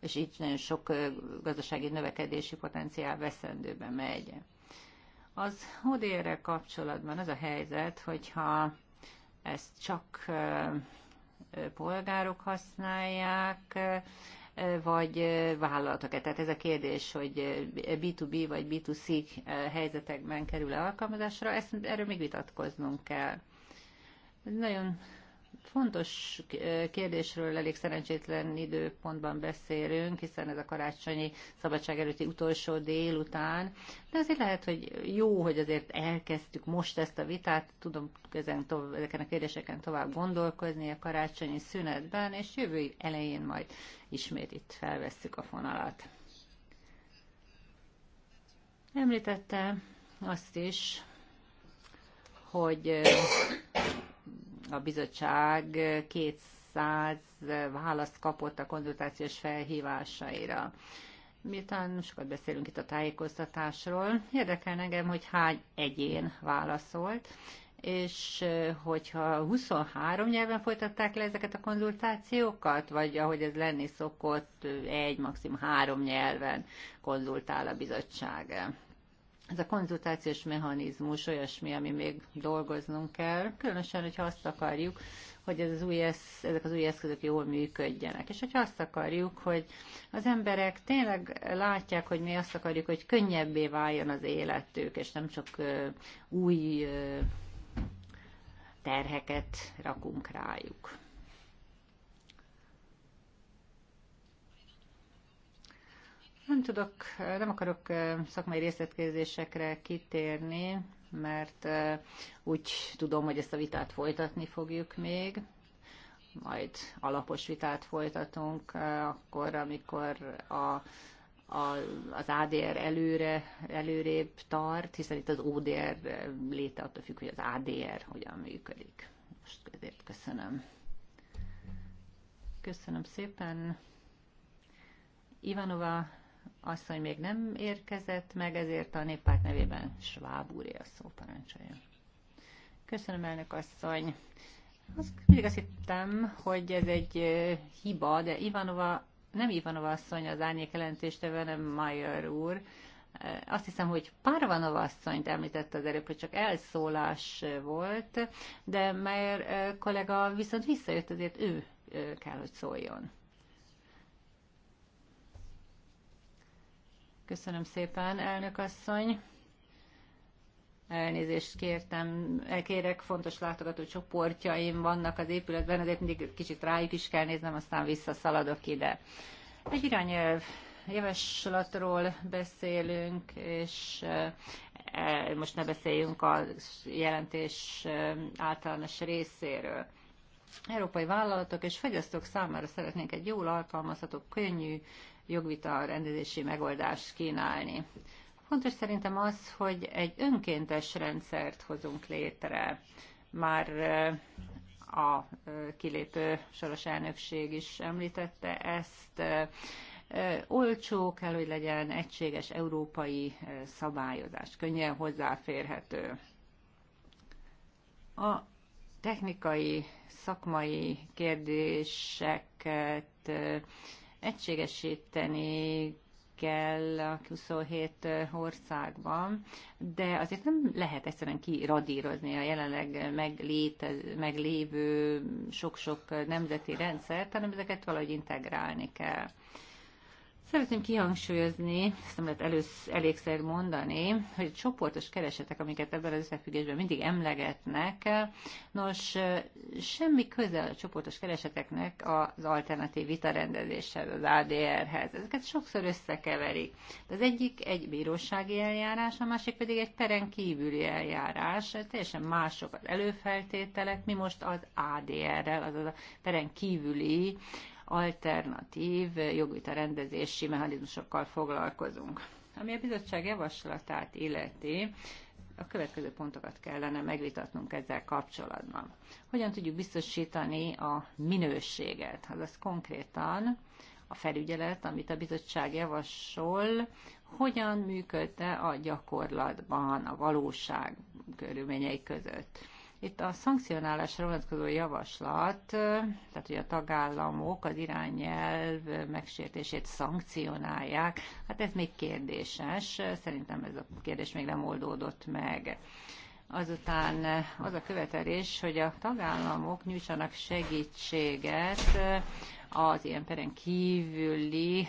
és így nagyon sok gazdasági növekedési potenciál veszendőbe megy. Az odr kapcsolatban az a helyzet, hogyha ezt csak polgárok használják, vagy vállalatokat. Tehát ez a kérdés, hogy B2B vagy B2C helyzetekben kerül-e alkalmazásra, ezt, erről még vitatkoznunk kell. Nagyon fontos kérdésről elég szerencsétlen időpontban beszélünk, hiszen ez a karácsonyi szabadság előtti utolsó délután, de azért lehet, hogy jó, hogy azért elkezdtük most ezt a vitát, tudom ezen tovább, ezeken a kérdéseken tovább gondolkozni a karácsonyi szünetben, és jövő elején majd ismét itt felvesszük a fonalat. Említette azt is, hogy a bizottság 200 választ kapott a konzultációs felhívásaira. Miután sokat beszélünk itt a tájékoztatásról, érdekel engem, hogy hány egyén válaszolt, és hogyha 23 nyelven folytatták le ezeket a konzultációkat, vagy ahogy ez lenni szokott, egy, maximum három nyelven konzultál a bizottság. Ez a konzultációs mechanizmus olyasmi, ami még dolgoznunk kell, különösen, hogyha azt akarjuk, hogy ez az új esz, ezek az új eszközök jól működjenek. És hogyha azt akarjuk, hogy az emberek tényleg látják, hogy mi azt akarjuk, hogy könnyebbé váljon az életük, és nem csak új terheket rakunk rájuk. Nem tudok, nem akarok szakmai részletkérdésekre kitérni, mert úgy tudom, hogy ezt a vitát folytatni fogjuk még, majd alapos vitát folytatunk akkor, amikor a a, az ADR előre, előrébb tart, hiszen itt az ODR léte attól függ, hogy az ADR hogyan működik. Most ezért köszönöm. Köszönöm szépen. Ivanova asszony még nem érkezett meg, ezért a néppárt nevében Schwab úr a szó parancsolja. Köszönöm, elnök asszony. Azt mindig azt hittem, hogy ez egy hiba, de Ivanova, nem Ivanova asszony az árnyék jelentéstevő, hanem Mayer úr. Azt hiszem, hogy Parvanova asszonyt említette az előbb, hogy csak elszólás volt, de Mayer kollega viszont visszajött, azért ő kell, hogy szóljon. Köszönöm szépen, elnök asszony. Elnézést kértem, kérek, fontos látogató csoportjaim vannak az épületben, azért mindig kicsit rájuk is kell néznem, aztán visszaszaladok ide. Egy irányelv javaslatról beszélünk, és e, e, most ne beszéljünk a jelentés e, általános részéről. Európai vállalatok és fogyasztók számára szeretnénk egy jól alkalmazható, könnyű jogvita rendezési megoldást kínálni. Fontos szerintem az, hogy egy önkéntes rendszert hozunk létre. Már a kilépő soros elnökség is említette ezt. Olcsó kell, hogy legyen egységes európai szabályozás, könnyen hozzáférhető. A technikai, szakmai kérdéseket egységesíteni kell a 27 országban, de azért nem lehet egyszerűen kiradírozni a jelenleg megléte, meglévő sok-sok nemzeti rendszert, hanem ezeket valahogy integrálni kell. Szeretném kihangsúlyozni, ezt nem lehet elősz, elégszer mondani, hogy csoportos keresetek, amiket ebben az összefüggésben mindig emlegetnek, nos, semmi köze a csoportos kereseteknek az alternatív vitarendezéshez, az ADR-hez. Ezeket sokszor összekeverik. De az egyik egy bírósági eljárás, a másik pedig egy peren kívüli eljárás. Teljesen mások az előfeltételek, mi most az ADR-rel, azaz a peren kívüli alternatív jogvita rendezési mechanizmusokkal foglalkozunk. Ami a bizottság javaslatát illeti, a következő pontokat kellene megvitatnunk ezzel kapcsolatban. Hogyan tudjuk biztosítani a minőséget, azaz konkrétan a felügyelet, amit a bizottság javasol, hogyan működte a gyakorlatban, a valóság körülményei között. Itt a szankcionálásra vonatkozó javaslat, tehát hogy a tagállamok az irányelv megsértését szankcionálják, hát ez még kérdéses, szerintem ez a kérdés még nem oldódott meg. Azután az a követelés, hogy a tagállamok nyújtsanak segítséget az ilyen peren kívüli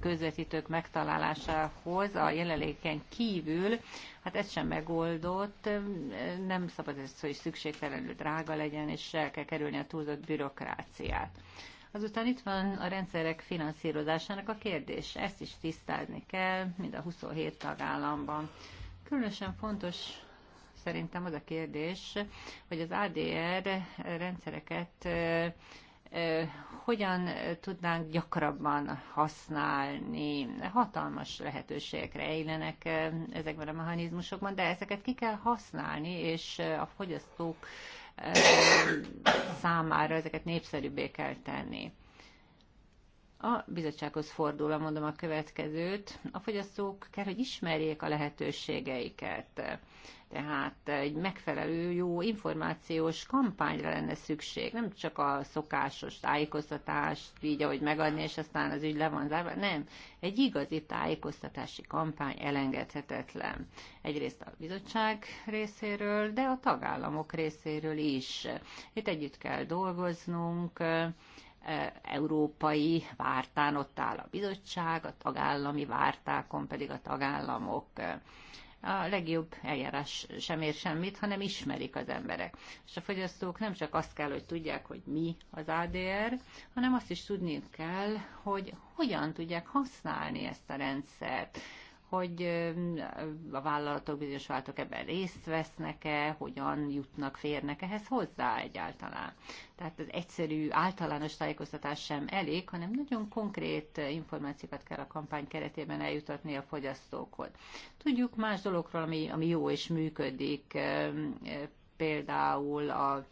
közvetítők megtalálásához a jelenléken kívül, hát ez sem megoldott, nem szabad ez, hogy szükségtelenül drága legyen, és el kell kerülni a túlzott bürokráciát. Azután itt van a rendszerek finanszírozásának a kérdés. Ezt is tisztázni kell, mind a 27 tagállamban. Különösen fontos szerintem az a kérdés, hogy az ADR rendszereket hogyan tudnánk gyakrabban használni. Hatalmas lehetőségekre élenek ezekben a mechanizmusokban, de ezeket ki kell használni, és a fogyasztók számára ezeket népszerűbbé kell tenni. A bizottsághoz fordulva mondom a következőt. A fogyasztók kell, hogy ismerjék a lehetőségeiket. Tehát egy megfelelő jó információs kampányra lenne szükség, nem csak a szokásos tájékoztatást, így ahogy megadni, és aztán az ügy le van zárva, nem. Egy igazi tájékoztatási kampány elengedhetetlen. Egyrészt a bizottság részéről, de a tagállamok részéről is. Itt együtt kell dolgoznunk, európai vártán ott áll a bizottság, a tagállami vártákon pedig a tagállamok. A legjobb eljárás sem ér semmit, hanem ismerik az emberek. És a fogyasztók nem csak azt kell, hogy tudják, hogy mi az ADR, hanem azt is tudni kell, hogy hogyan tudják használni ezt a rendszert hogy a vállalatok bizonyos váltok ebben részt vesznek-e, hogyan jutnak, férnek ehhez hozzá egyáltalán. Tehát az egyszerű általános tájékoztatás sem elég, hanem nagyon konkrét információkat kell a kampány keretében eljutatni a fogyasztókhoz. Tudjuk más dologról, ami, ami jó és működik, például a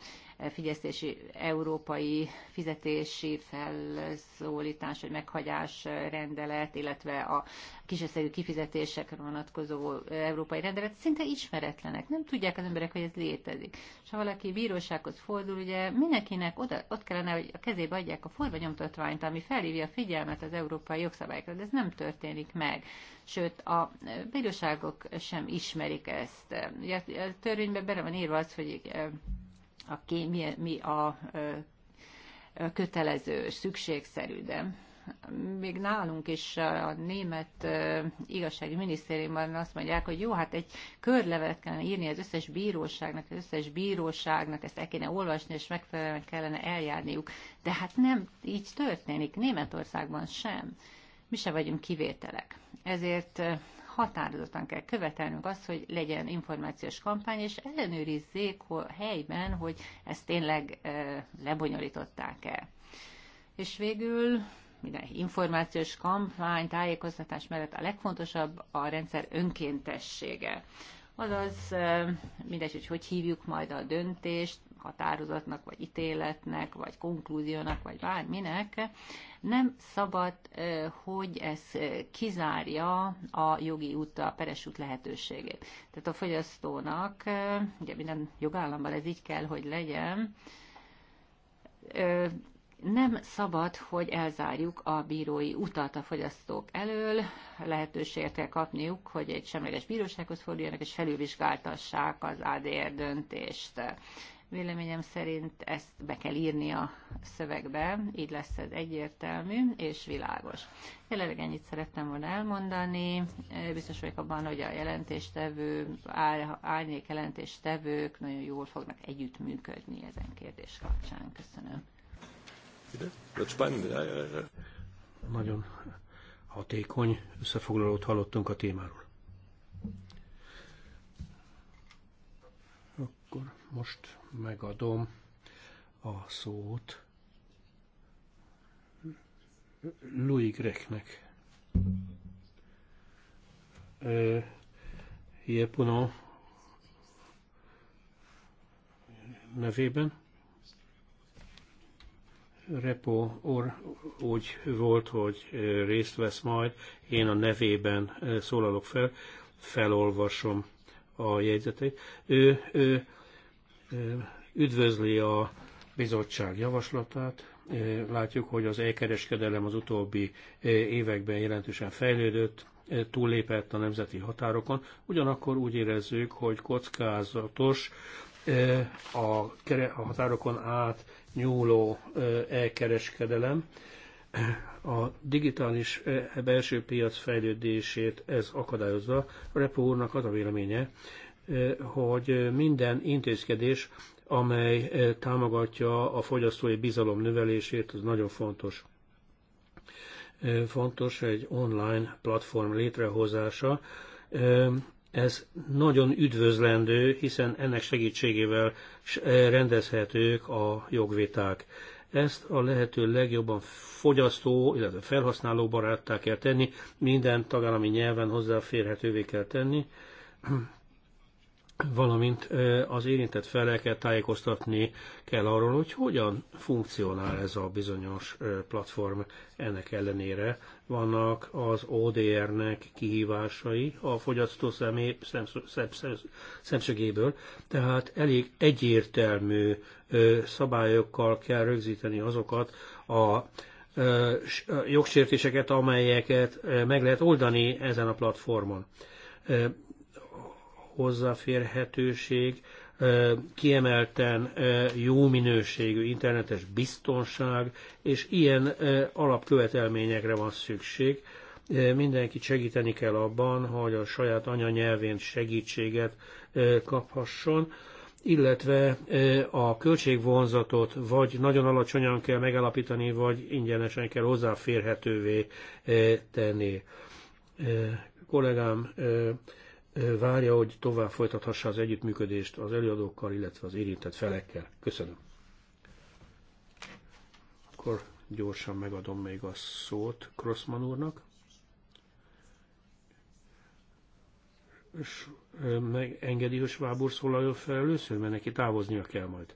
figyelzési európai fizetési felszólítás vagy meghagyás rendelet, illetve a kisösszegű kifizetésekre vonatkozó európai rendelet szinte ismeretlenek. Nem tudják az emberek, hogy ez létezik. És ha valaki bírósághoz fordul, ugye mindenkinek oda, ott kellene, hogy a kezébe adják a forvanyomtatványt, ami felhívja a figyelmet az európai jogszabályokra, de ez nem történik meg. Sőt, a bíróságok sem ismerik ezt. Ugye a törvényben bele van írva az, hogy aki mi, mi a kötelező, szükségszerű, de még nálunk is a német igazsági minisztériumban azt mondják, hogy jó, hát egy körlevelet kellene írni az összes bíróságnak, az összes bíróságnak, ezt el kéne olvasni, és megfelelően kellene eljárniuk. De hát nem így történik, Németországban sem. Mi se vagyunk kivételek. Ezért határozottan kell követelnünk azt, hogy legyen információs kampány, és ellenőrizzék hogy helyben, hogy ezt tényleg lebonyolították-e. És végül minden információs kampány, tájékoztatás mellett a legfontosabb a rendszer önkéntessége azaz mindegy, hogy hogy hívjuk majd a döntést, határozatnak, vagy ítéletnek, vagy konklúziónak, vagy bárminek, nem szabad, hogy ez kizárja a jogi út, a peres út lehetőségét. Tehát a fogyasztónak, ugye minden jogállamban ez így kell, hogy legyen, nem szabad, hogy elzárjuk a bírói utat a fogyasztók elől, lehetőséget kell kapniuk, hogy egy semleges bírósághoz forduljanak és felülvizsgáltassák az ADR döntést. Véleményem szerint ezt be kell írni a szövegbe, így lesz ez egyértelmű és világos. Jelenleg ennyit szerettem volna elmondani. Biztos vagyok abban, hogy a jelentéstevő, árnyék jelentéstevők nagyon jól fognak együttműködni ezen kérdés kapcsán. Köszönöm. Nagyon hatékony összefoglalót hallottunk a témáról. Most megadom a szót Louis Grecknek. Jepuno nevében. Repo or, úgy volt, hogy részt vesz majd, én a nevében szólalok fel, felolvasom a jegyzetét. Ő, ő üdvözli a bizottság javaslatát. Látjuk, hogy az elkereskedelem az utóbbi években jelentősen fejlődött, túllépett a nemzeti határokon, ugyanakkor úgy érezzük, hogy kockázatos a határokon át nyúló elkereskedelem. A digitális belső piac fejlődését ez akadályozza. A Repo úrnak az a véleménye, hogy minden intézkedés, amely támogatja a fogyasztói bizalom növelését, az nagyon fontos. Fontos egy online platform létrehozása. Ez nagyon üdvözlendő, hiszen ennek segítségével rendezhetők a jogviták. Ezt a lehető legjobban fogyasztó, illetve felhasználó baráttá kell tenni, minden tagállami nyelven hozzáférhetővé kell tenni valamint az érintett feleket tájékoztatni kell arról, hogy hogyan funkcionál ez a bizonyos platform. Ennek ellenére vannak az ODR-nek kihívásai a fogyasztó személy szemszögéből, tehát elég egyértelmű szabályokkal kell rögzíteni azokat a jogsértéseket, amelyeket meg lehet oldani ezen a platformon hozzáférhetőség, kiemelten jó minőségű internetes biztonság, és ilyen alapkövetelményekre van szükség. Mindenki segíteni kell abban, hogy a saját anyanyelvén segítséget kaphasson, illetve a költségvonzatot vagy nagyon alacsonyan kell megalapítani, vagy ingyenesen kell hozzáférhetővé tenni. Kollégám várja, hogy tovább folytathassa az együttműködést az előadókkal, illetve az érintett felekkel. Köszönöm. Akkor gyorsan megadom még a szót Crossman úrnak. És megengedi, hogy Schwab úr szólaljon fel először, mert neki távoznia kell majd.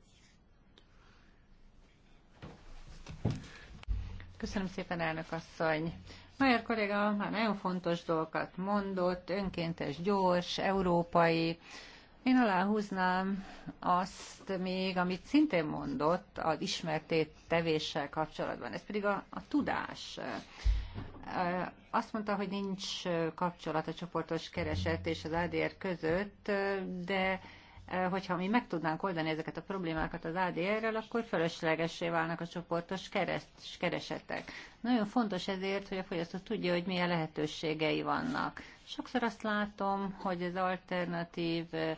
Köszönöm szépen, elnök asszony. Mayer kolléga már nagyon fontos dolgokat mondott, önkéntes, gyors, európai. Én aláhúznám azt még, amit szintén mondott az ismertét tevéssel kapcsolatban, ez pedig a, a tudás. Azt mondta, hogy nincs kapcsolat a csoportos kereset és az ADR között, de Eh, hogyha mi meg tudnánk oldani ezeket a problémákat az ADR-rel, akkor fölöslegesé válnak a csoportos keres, keresetek. Nagyon fontos ezért, hogy a fogyasztó tudja, hogy milyen lehetőségei vannak. Sokszor azt látom, hogy az alternatív eh,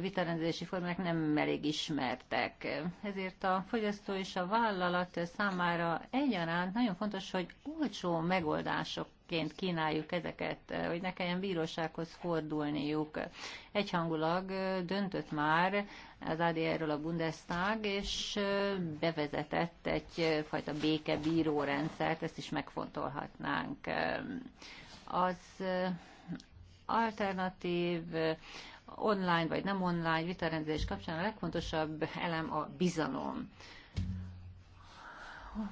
vitarendezési formák nem elég ismertek. Ezért a fogyasztó és a vállalat számára egyaránt nagyon fontos, hogy olcsó megoldások eszközként kínáljuk ezeket, eh, hogy ne kelljen bírósághoz fordulniuk. Egyhangulag eh, döntött már az ADR-ről a Bundestag, és eh, bevezetett egyfajta békebíró rendszert, ezt is megfontolhatnánk. Az alternatív online vagy nem online vitarendezés kapcsán a legfontosabb elem a bizalom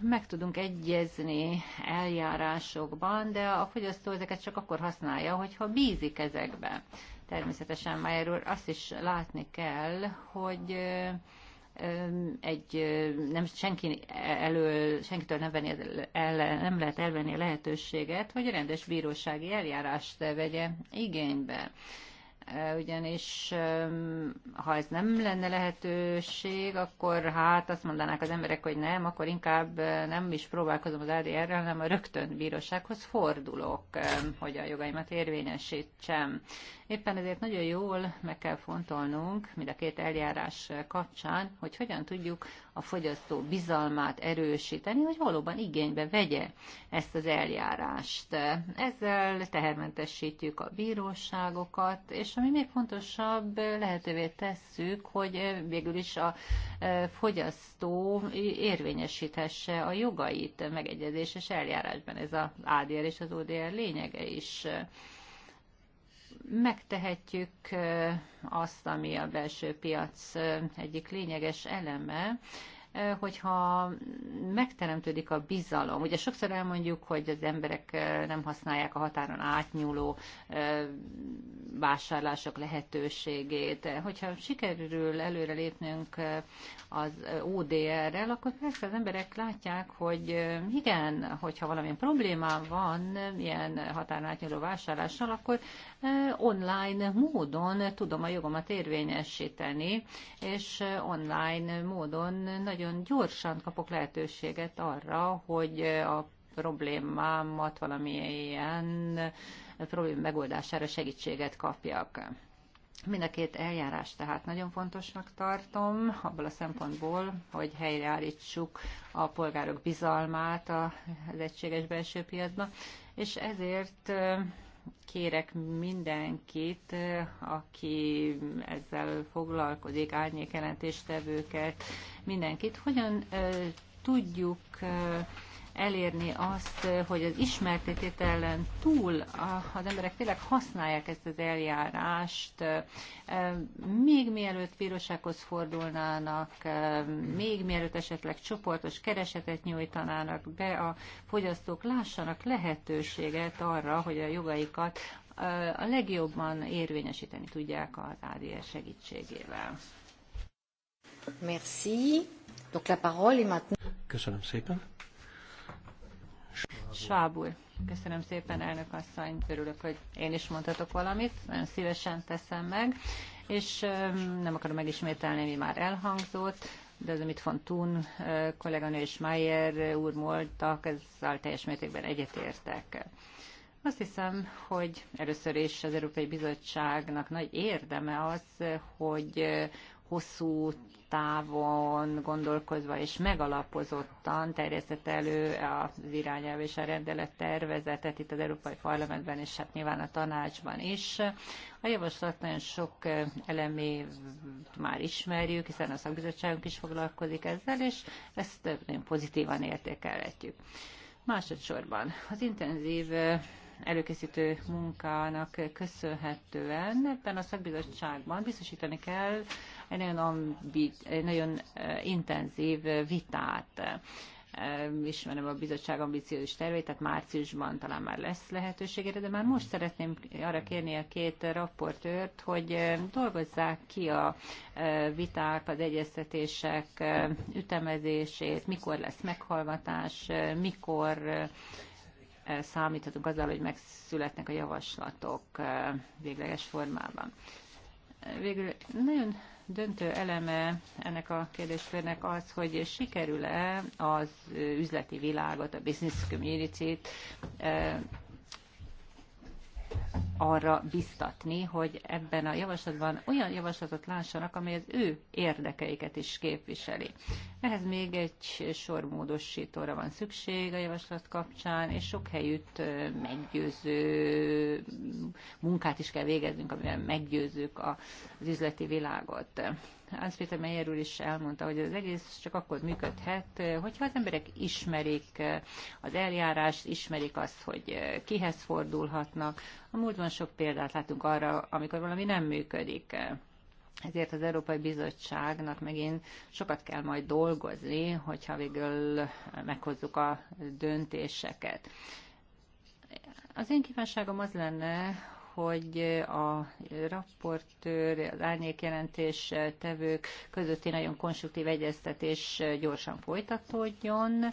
meg tudunk egyezni eljárásokban, de a fogyasztó ezeket csak akkor használja, hogyha bízik ezekben. Természetesen már úr azt is látni kell, hogy egy nem senki elől, senkitől nem, venni, el, nem lehet elvenni a lehetőséget, hogy a rendes bírósági eljárást vegye igénybe ugyanis ha ez nem lenne lehetőség, akkor hát azt mondanák az emberek, hogy nem, akkor inkább nem is próbálkozom az adr re hanem a rögtön bírósághoz fordulok, hogy a jogaimat érvényesítsem. Éppen ezért nagyon jól meg kell fontolnunk mind a két eljárás kapcsán, hogy hogyan tudjuk a fogyasztó bizalmát erősíteni, hogy valóban igénybe vegye ezt az eljárást. Ezzel tehermentesítjük a bíróságokat, és ami még fontosabb, lehetővé tesszük, hogy végül is a e, fogyasztó érvényesíthesse a jogait megegyezéses eljárásban. Ez az ADR és az ODR lényege is megtehetjük azt, ami a belső piac egyik lényeges eleme, Eh, hogyha megteremtődik a bizalom. Ugye sokszor elmondjuk, hogy az emberek eh, nem használják a határon átnyúló eh, vásárlások lehetőségét. Hogyha sikerül előre lépnünk az ODR-rel, akkor persze az emberek látják, hogy igen, hogyha valamilyen problémám van ilyen határon átnyúló vásárlással, akkor online módon tudom a jogomat érvényesíteni, és online módon nagy nagyon gyorsan kapok lehetőséget arra, hogy a problémámat valamilyen problém megoldására segítséget kapjak. Mind a két eljárás tehát nagyon fontosnak tartom, abból a szempontból, hogy helyreállítsuk a polgárok bizalmát az egységes belső piacba, és ezért kérek mindenkit, aki ezzel foglalkozik, árnyékelentéstevőket, mindenkit, hogyan tudjuk elérni azt, hogy az ismertetét ellen túl az emberek tényleg használják ezt az eljárást, még mielőtt bírósághoz fordulnának, még mielőtt esetleg csoportos keresetet nyújtanának be, a fogyasztók lássanak lehetőséget arra, hogy a jogaikat a legjobban érvényesíteni tudják az ADR segítségével. Merci. Donc la parole est maintenant... Köszönöm szépen. Sábúr. Köszönöm szépen, elnök asszony. Örülök, hogy én is mondhatok valamit. Nagyon szívesen teszem meg. És nem akarom megismételni, mi már elhangzott de az, amit von Thun kolléganő és Mayer úr mondtak, ezzel teljes mértékben egyetértek. Azt hiszem, hogy először is az Európai Bizottságnak nagy érdeme az, hogy hosszú távon gondolkozva és megalapozottan terjesztett elő az irányelv és a rendelet tervezetet itt az Európai Parlamentben, és hát nyilván a tanácsban is. A javaslat nagyon sok elemét már ismerjük, hiszen a szakbizottságunk is foglalkozik ezzel, és ezt nagyon pozitívan értékelhetjük. Másodszorban az intenzív előkészítő munkának köszönhetően ebben a szakbizottságban biztosítani kell egy nagyon, ambi, egy nagyon eh, intenzív vitát eh, ismerem a bizottság ambiciózus tervét, tehát márciusban talán már lesz lehetőségére, de már most szeretném arra kérni a két raportőrt, hogy eh, dolgozzák ki a viták, az egyeztetések ütemezését, mikor lesz meghallgatás, mikor számíthatunk azzal, hogy megszületnek a javaslatok végleges formában. Végül nagyon döntő eleme ennek a kérdéskörnek az, hogy sikerül-e az üzleti világot, a business community-t arra biztatni, hogy ebben a javaslatban olyan javaslatot lássanak, amely az ő érdekeiket is képviseli. Ehhez még egy sor módosítóra van szükség a javaslat kapcsán, és sok helyütt meggyőző munkát is kell végeznünk, amivel meggyőzzük az üzleti világot. Hans Peter Meyer úr is elmondta, hogy az egész csak akkor működhet, hogyha az emberek ismerik az eljárást, ismerik azt, hogy kihez fordulhatnak. A múltban sok példát látunk arra, amikor valami nem működik. Ezért az Európai Bizottságnak megint sokat kell majd dolgozni, hogyha végül meghozzuk a döntéseket. Az én kívánságom az lenne, hogy a raportőr, az árnyékjelentés tevők közötti nagyon konstruktív egyeztetés gyorsan folytatódjon.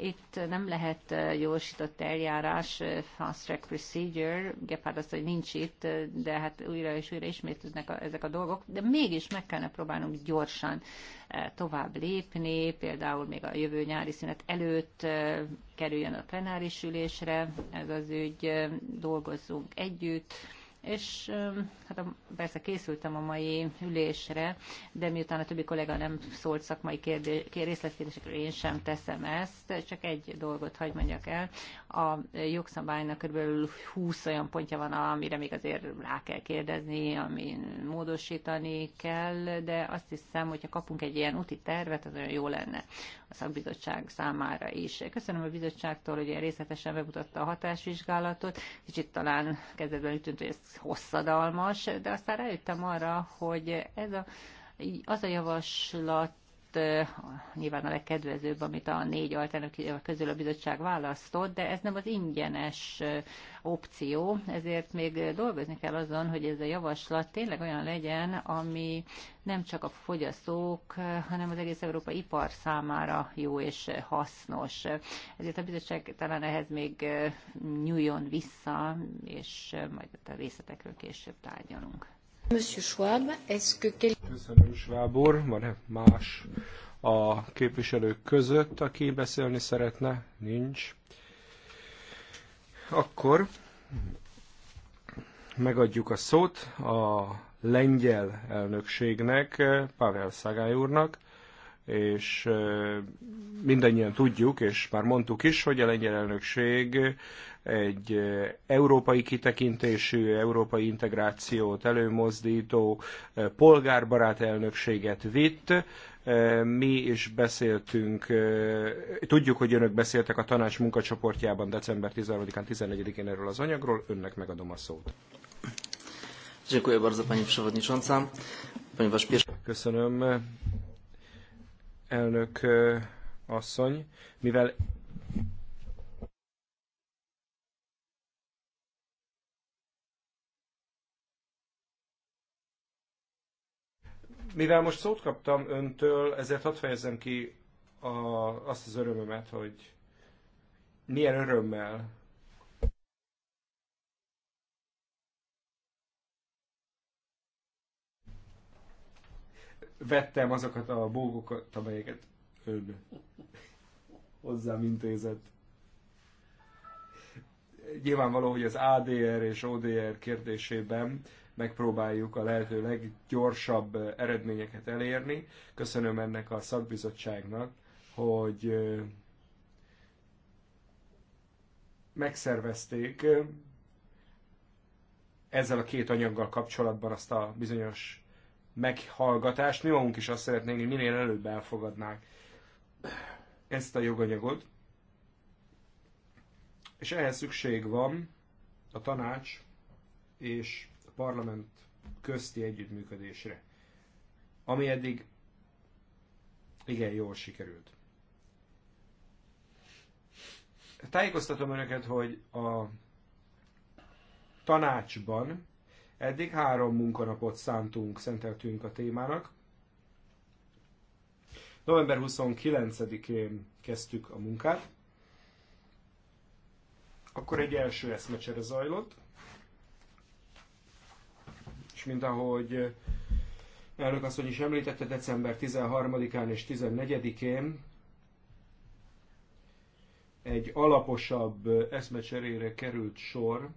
Itt nem lehet gyorsított eljárás, fast track procedure, Gepard azt, hogy nincs itt, de hát újra és újra ismétlődnek ezek a dolgok, de mégis meg kellene próbálnunk gyorsan E, tovább lépni, például még a jövő nyári szünet előtt e, kerüljön a plenáris ülésre ez az ügy, e, dolgozzunk együtt, és hát persze készültem a mai ülésre, de miután a többi kollega nem szólt szakmai részletkérdésekről, én sem teszem ezt, csak egy dolgot hagy mondjak el. A jogszabálynak kb. 20 olyan pontja van, amire még azért rá kell kérdezni, amin módosítani kell, de azt hiszem, hogyha kapunk egy ilyen úti tervet, az olyan jó lenne a szakbizottság számára is. Köszönöm a bizottságtól, hogy ilyen részletesen bemutatta a hatásvizsgálatot. Kicsit talán kezdetben úgy tűnt, hogy ez hosszadalmas, de aztán rájöttem arra, hogy ez a az a javaslat, nyilván a legkedvezőbb, amit a négy alternatív közül a bizottság választott, de ez nem az ingyenes opció, ezért még dolgozni kell azon, hogy ez a javaslat tényleg olyan legyen, ami nem csak a fogyasztók, hanem az egész európai ipar számára jó és hasznos. Ezért a bizottság talán ehhez még nyúljon vissza, és majd a részletekről később tárgyalunk. Monsieur Schwab, est-ce que quel... Köszönöm, Schwab úr. van -e más a képviselők között, aki beszélni szeretne? Nincs. Akkor megadjuk a szót a lengyel elnökségnek, Pavel Szagály úrnak és mindannyian tudjuk, és már mondtuk is, hogy a lengyel elnökség egy európai kitekintésű, európai integrációt előmozdító, polgárbarát elnökséget vitt. Mi is beszéltünk, tudjuk, hogy önök beszéltek a tanács munkacsoportjában december 13-án, 14-én erről az anyagról, önnek megadom a szót. Dziękuję Pani Przewodnicząca. Ponieważ Köszönöm, elnök asszony, mivel Mivel most szót kaptam öntől, ezért hadd fejezzem ki a, azt az örömömet, hogy milyen örömmel vettem azokat a bógokat, amelyeket ön hozzám intézett. Nyilvánvaló, hogy az ADR és ODR kérdésében megpróbáljuk a lehető leggyorsabb eredményeket elérni. Köszönöm ennek a szakbizottságnak, hogy megszervezték ezzel a két anyaggal kapcsolatban azt a bizonyos meghallgatást. Mi magunk is azt szeretnénk, hogy minél előbb elfogadnák ezt a joganyagot. És ehhez szükség van a tanács és a parlament közti együttműködésre, ami eddig igen jól sikerült. Tájékoztatom önöket, hogy a tanácsban Eddig három munkanapot szántunk, szenteltünk a témának. November 29-én kezdtük a munkát. Akkor egy első eszmecsere zajlott, és mint ahogy eh, elnök asszony is említette, december 13-án és 14-én egy alaposabb eh, eszmecserére került sor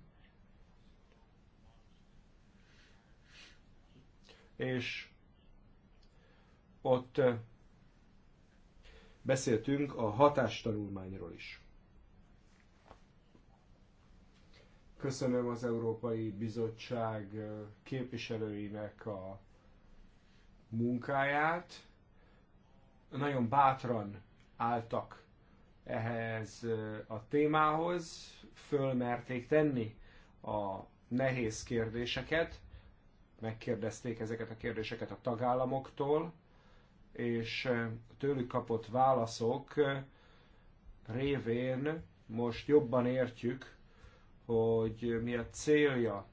és ott eh, beszéltünk a hatástanulmányról is. Köszönöm az Európai Bizottság eh, képviselőinek a munkáját. Nagyon bátran álltak ehhez eh, a témához, fölmerték tenni a nehéz kérdéseket, megkérdezték ezeket a kérdéseket a tagállamoktól, és eh, tőlük kapott válaszok eh, révén most jobban értjük, hogy mi a célja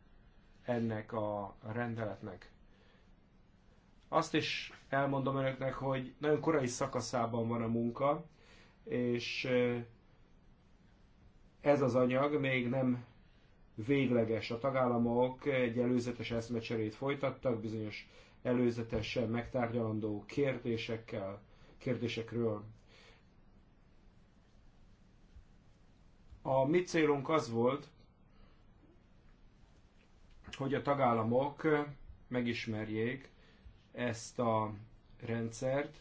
ennek a rendeletnek. Azt is elmondom önöknek, hogy nagyon korai szakaszában van a munka, és eh, ez az anyag még nem végleges. A tagállamok egy előzetes eszmecserét folytattak bizonyos előzetesen megtárgyalandó kérdésekkel, kérdésekről. A mi célunk az volt, hogy a tagállamok megismerjék ezt a rendszert.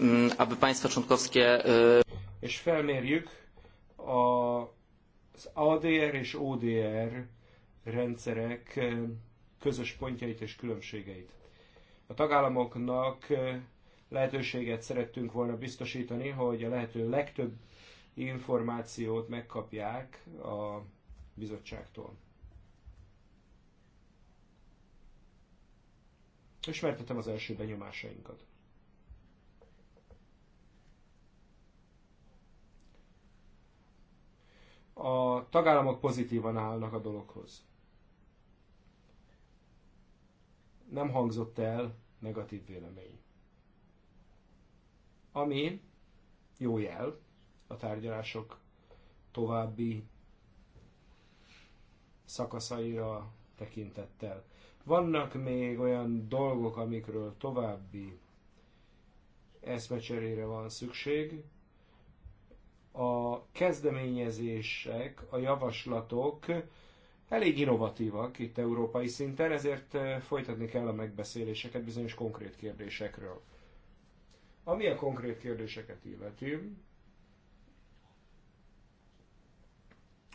Mm, aby państwa członkowskie... És felmérjük, az ADR és ODR rendszerek közös pontjait és különbségeit. A tagállamoknak lehetőséget szerettünk volna biztosítani, hogy a lehető legtöbb információt megkapják a bizottságtól. Ismertetem az első benyomásainkat. a tagállamok pozitívan állnak a dologhoz. Nem hangzott el negatív vélemény. Ami jó jel a tárgyalások további szakaszaira tekintettel. Vannak még olyan dolgok, amikről további eszmecserére van szükség, a kezdeményezések, a javaslatok elég innovatívak itt európai szinten, ezért folytatni kell a megbeszéléseket bizonyos konkrét kérdésekről. Ami a konkrét kérdéseket illeti,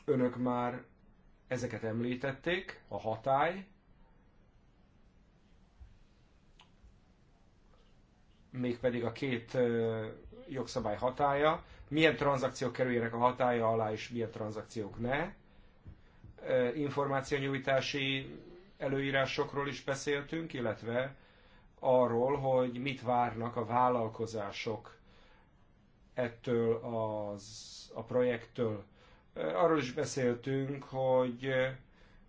önök már ezeket említették, a hatály, mégpedig a két jogszabály hatája, milyen tranzakciók kerüljenek a hatája alá, és milyen tranzakciók ne. Információnyújtási előírásokról is beszéltünk, illetve arról, hogy mit várnak a vállalkozások ettől az, a projekttől. Arról is beszéltünk, hogy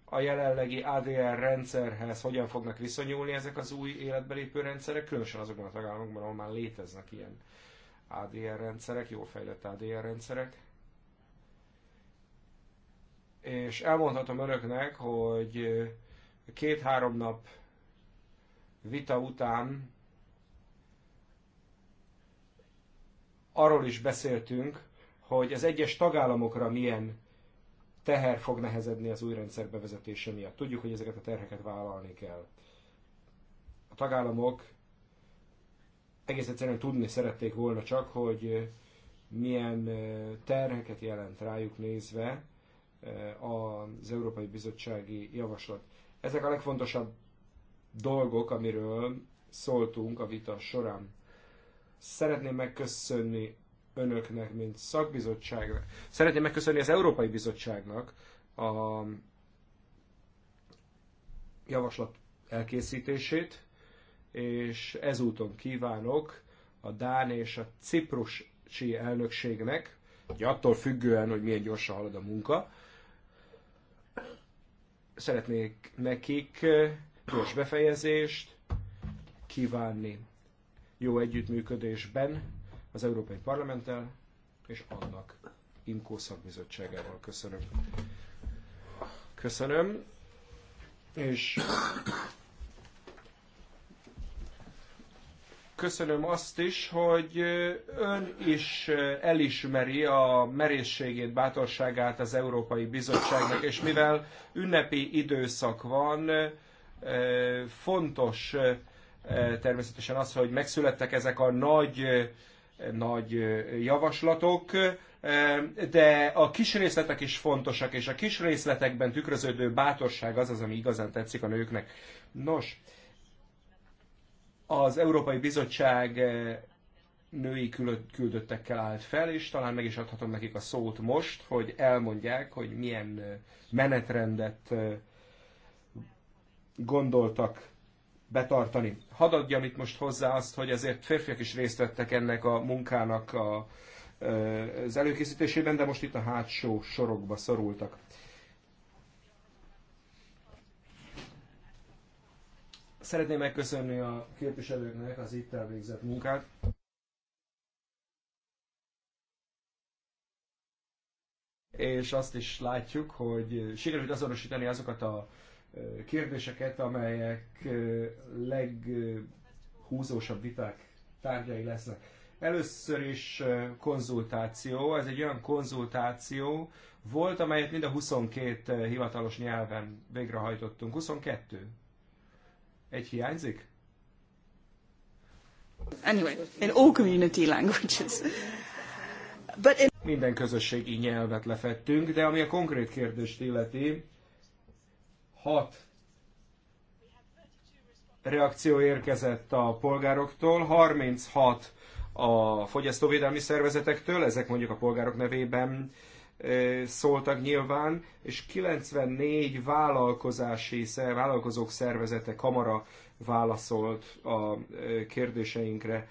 a jelenlegi ADR rendszerhez hogyan fognak viszonyulni ezek az új életbelépő rendszerek, különösen azokban a tagállamokban, ahol már léteznek ilyen ADR rendszerek, jól fejlett ADR rendszerek. És elmondhatom önöknek, hogy két-három nap vita után arról is beszéltünk, hogy az egyes tagállamokra milyen teher fog nehezedni az új rendszer bevezetése miatt. Tudjuk, hogy ezeket a terheket vállalni kell. A tagállamok egész egyszerűen tudni szerették volna csak, hogy milyen terheket jelent rájuk nézve az Európai Bizottsági Javaslat. Ezek a legfontosabb dolgok, amiről szóltunk a vita során. Szeretném megköszönni önöknek, mint szakbizottságnak. Szeretném megköszönni az Európai Bizottságnak a javaslat elkészítését, és ezúton kívánok a Dán és a Ciprusi elnökségnek, hogy attól függően, hogy milyen gyorsan halad a munka, szeretnék nekik gyors befejezést kívánni jó együttműködésben az Európai Parlamenttel és annak IMKO szakbizottságával. Köszönöm. Köszönöm. És köszönöm azt is, hogy ön is elismeri a merészségét, bátorságát az Európai Bizottságnak, és mivel ünnepi időszak van, fontos természetesen az, hogy megszülettek ezek a nagy, nagy javaslatok, de a kis részletek is fontosak, és a kis részletekben tükröződő bátorság az az, ami igazán tetszik a nőknek. Nos, az Európai Bizottság eh, női küldöttekkel állt fel, és talán meg is adhatom nekik a szót most, hogy elmondják, hogy milyen eh, menetrendet eh, gondoltak betartani. Hadd adjam itt most hozzá azt, hogy azért férfiak is részt vettek ennek a munkának a, az előkészítésében, de most itt a hátsó sorokba szorultak. Szeretném megköszönni a képviselőknek az itt elvégzett munkát. És azt is látjuk, hogy sikerült azonosítani azokat a kérdéseket, amelyek leghúzósabb viták tárgyai lesznek. Először is konzultáció, ez egy olyan konzultáció volt, amelyet mind a 22 hivatalos nyelven végrehajtottunk. 22 egy hiányzik? Anyway, in all community languages. But in... Minden közösségi nyelvet lefettünk, de ami a konkrét kérdést illeti, hat reakció érkezett a polgároktól, 36 a fogyasztóvédelmi szervezetektől, ezek mondjuk a polgárok nevében szóltak nyilván, és 94 vállalkozási, vállalkozók szervezete, kamara válaszolt a kérdéseinkre.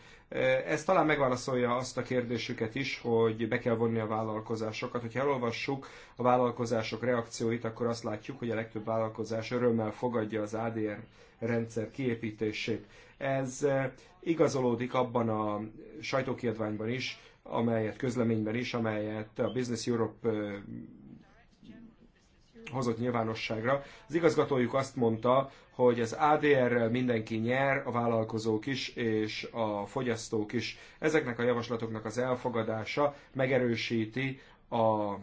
Ez talán megválaszolja azt a kérdésüket is, hogy be kell vonni a vállalkozásokat. Hogyha elolvassuk a vállalkozások reakcióit, akkor azt látjuk, hogy a legtöbb vállalkozás örömmel fogadja az ADR rendszer kiépítését. Ez igazolódik abban a sajtókiadványban is, amelyet közleményben is, amelyet a Business Europe hozott nyilvánosságra. Az igazgatójuk azt mondta, hogy az ADR-rel mindenki nyer, a vállalkozók is, és a fogyasztók is. Ezeknek a javaslatoknak az elfogadása megerősíti a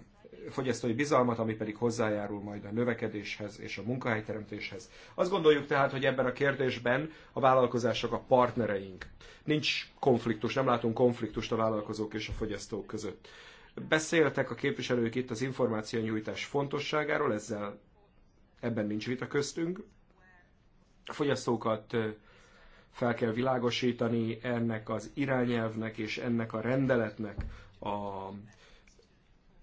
fogyasztói bizalmat, ami pedig hozzájárul majd a növekedéshez és a munkahelyteremtéshez. Azt gondoljuk tehát, hogy ebben a kérdésben a vállalkozások a partnereink. Nincs konfliktus, nem látunk konfliktust a vállalkozók és a fogyasztók között. Beszéltek a képviselők itt az információnyújtás fontosságáról, ezzel ebben nincs vita köztünk. A fogyasztókat fel kell világosítani ennek az irányelvnek és ennek a rendeletnek a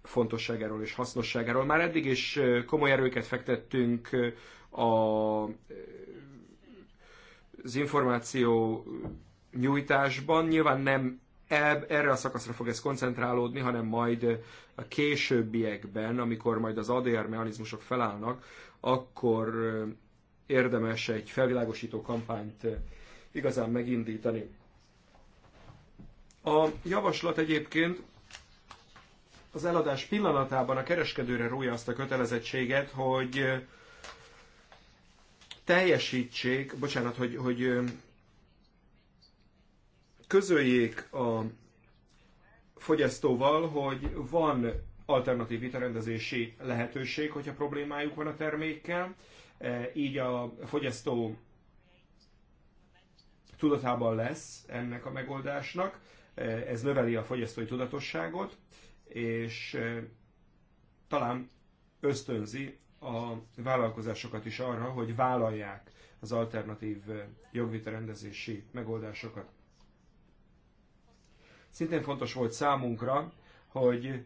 fontosságáról és hasznosságáról. Már eddig is komoly erőket fektettünk a, az információ nyújtásban. Nyilván nem erre a szakaszra fog ez koncentrálódni, hanem majd a későbbiekben, amikor majd az ADR mechanizmusok felállnak, akkor érdemes egy felvilágosító kampányt igazán megindítani. A javaslat egyébként az eladás pillanatában a kereskedőre rója azt a kötelezettséget, hogy teljesítsék, bocsánat, hogy, hogy közöljék a fogyasztóval, hogy van alternatív vitarendezési lehetőség, hogyha problémájuk van a termékkel, e, így a fogyasztó tudatában lesz ennek a megoldásnak, e, ez növeli a fogyasztói tudatosságot, és talán ösztönzi a vállalkozásokat is arra, hogy vállalják az alternatív jogvitarendezési megoldásokat. Szintén fontos volt számunkra, hogy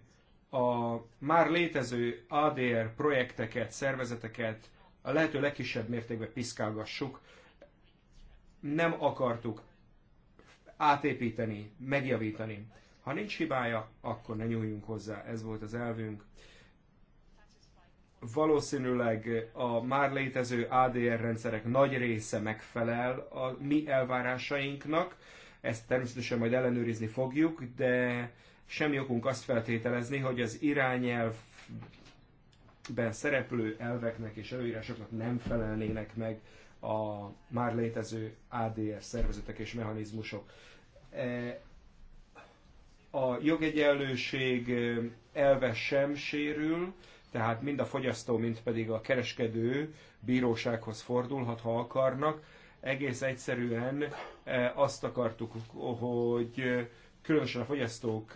a már létező ADR projekteket, szervezeteket a lehető legkisebb mértékben piszkálgassuk. Nem akartuk átépíteni, megjavítani ha nincs hibája, akkor ne nyúljunk hozzá. Ez volt az elvünk. Valószínűleg a már létező ADR rendszerek nagy része megfelel a mi elvárásainknak. Ezt természetesen majd ellenőrizni fogjuk, de semmi okunk azt feltételezni, hogy az irányelv ben szereplő elveknek és előírásoknak nem felelnének meg a már létező ADR szervezetek és mechanizmusok. E, a jogegyenlőség elve sem sérül, tehát mind a fogyasztó, mind pedig a kereskedő bírósághoz fordulhat, ha akarnak. Egész egyszerűen azt akartuk, hogy különösen a fogyasztók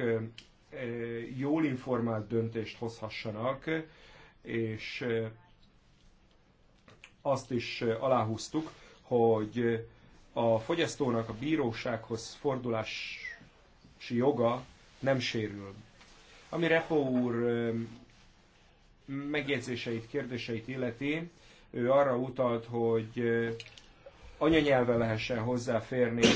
jól informált döntést hozhassanak, és azt is aláhúztuk, hogy a fogyasztónak a bírósághoz fordulás joga nem sérül. Ami Repo úr megjegyzéseit, kérdéseit illeti, ő arra utalt, hogy anyanyelven lehessen hozzáférni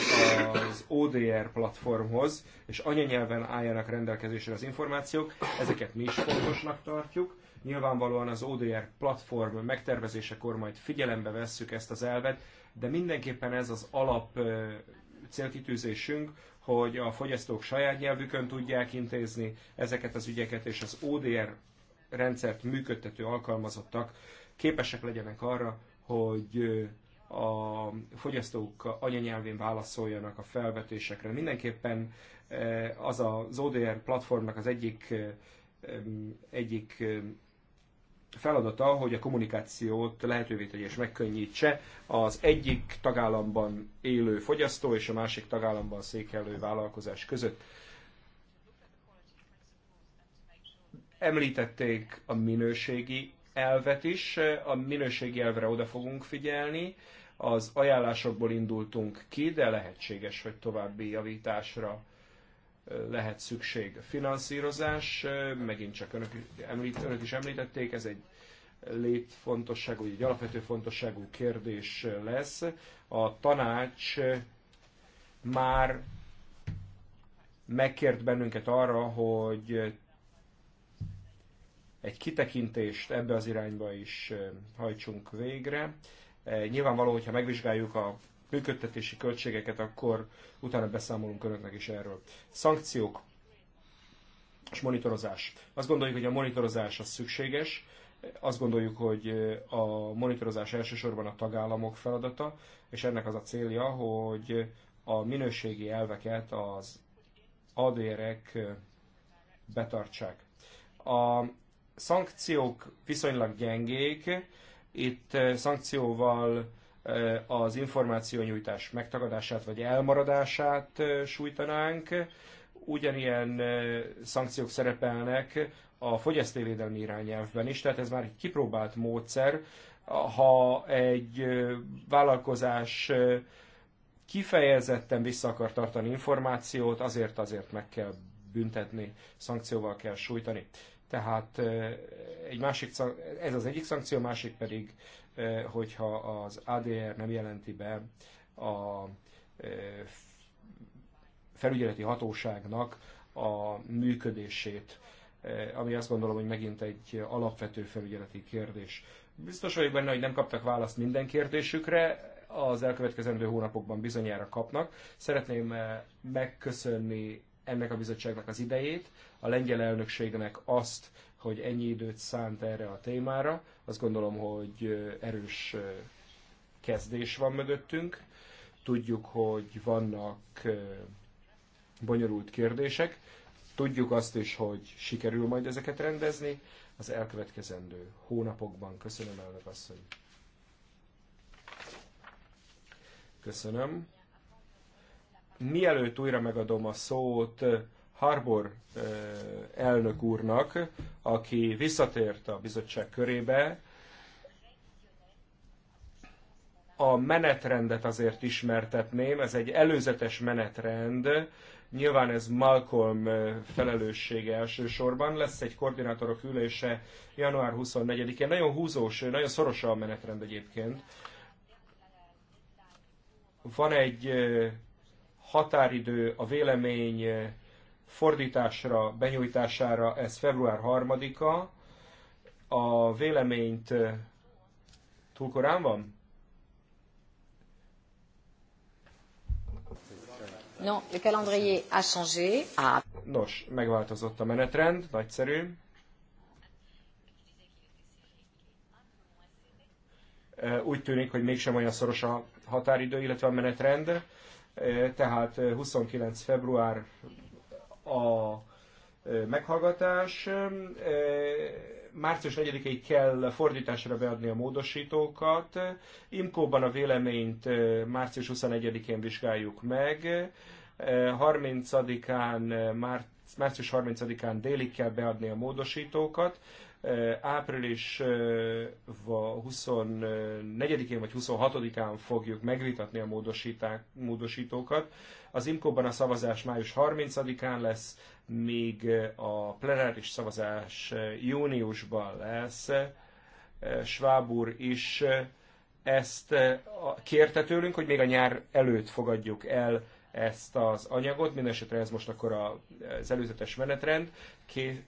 az ODR platformhoz, és anyanyelven álljanak rendelkezésre az információk, ezeket mi is fontosnak tartjuk. Nyilvánvalóan az ODR platform megtervezésekor majd figyelembe vesszük ezt az elvet, de mindenképpen ez az alap célkitűzésünk, hogy a fogyasztók saját nyelvükön tudják intézni ezeket az ügyeket, és az ODR rendszert működtető alkalmazottak képesek legyenek arra, hogy a fogyasztók anyanyelvén válaszoljanak a felvetésekre. Mindenképpen az az ODR platformnak az egyik, egyik feladata, hogy a kommunikációt lehetővé tegye és megkönnyítse az egyik tagállamban élő fogyasztó és a másik tagállamban székelő vállalkozás között. Említették a minőségi elvet is, a minőségi elvre oda fogunk figyelni, az ajánlásokból indultunk ki, de lehetséges, hogy további javításra lehet szükség. Finanszírozás, megint csak önök, említ, önök is említették, ez egy létfontosságú, egy alapvető fontosságú kérdés lesz. A tanács már megkért bennünket arra, hogy egy kitekintést ebbe az irányba is hajtsunk végre. Nyilvánvaló, hogyha megvizsgáljuk a működtetési költségeket, akkor utána beszámolunk önöknek is erről. Szankciók és monitorozás. Azt gondoljuk, hogy a monitorozás az szükséges, azt gondoljuk, hogy a monitorozás elsősorban a tagállamok feladata, és ennek az a célja, hogy a minőségi elveket az adérek betartsák. A szankciók viszonylag gyengék, itt szankcióval az információnyújtás megtagadását vagy elmaradását sújtanánk. Ugyanilyen szankciók szerepelnek a fogyasztóvédelmi irányelvben is, tehát ez már egy kipróbált módszer. Ha egy vállalkozás kifejezetten vissza akar tartani információt, azért azért meg kell büntetni, szankcióval kell sújtani. Tehát egy másik, ez az egyik szankció, másik pedig hogyha az ADR nem jelenti be a felügyeleti hatóságnak a működését, ami azt gondolom, hogy megint egy alapvető felügyeleti kérdés. Biztos vagyok benne, hogy nem kaptak választ minden kérdésükre, az elkövetkezendő hónapokban bizonyára kapnak. Szeretném megköszönni ennek a bizottságnak az idejét, a lengyel elnökségnek azt, hogy ennyi időt szánt erre a témára. Azt gondolom, hogy erős kezdés van mögöttünk. Tudjuk, hogy vannak bonyolult kérdések. Tudjuk azt is, hogy sikerül majd ezeket rendezni az elkövetkezendő hónapokban. Köszönöm, elnök asszony! Köszönöm. Mielőtt újra megadom a szót Harbour elnök úrnak, aki visszatért a bizottság körébe, a menetrendet azért ismertetném, ez egy előzetes menetrend, nyilván ez Malcolm felelőssége elsősorban, lesz egy koordinátorok ülése január 24-én, nagyon húzós, nagyon szoros a menetrend egyébként. Van egy határidő a vélemény fordításra, benyújtására ez február 3-a. A véleményt túl korán van? No, le calendrier a changé. Ah. Nos, megváltozott a menetrend, nagyszerű. Úgy tűnik, hogy mégsem olyan szoros a határidő, illetve a menetrend. Tehát 29. február a meghallgatás. Március 4-ig kell fordításra beadni a módosítókat. Imkóban a véleményt március 21-én vizsgáljuk meg. 30-án, március 30-án délig kell beadni a módosítókat április 24-én vagy 26-án fogjuk megvitatni a módosítókat. Az IMKO-ban a szavazás május 30-án lesz, míg a plenáris szavazás júniusban lesz. Svábúr is ezt kérte tőlünk, hogy még a nyár előtt fogadjuk el ezt az anyagot. Mindenesetre ez most akkor az előzetes menetrend.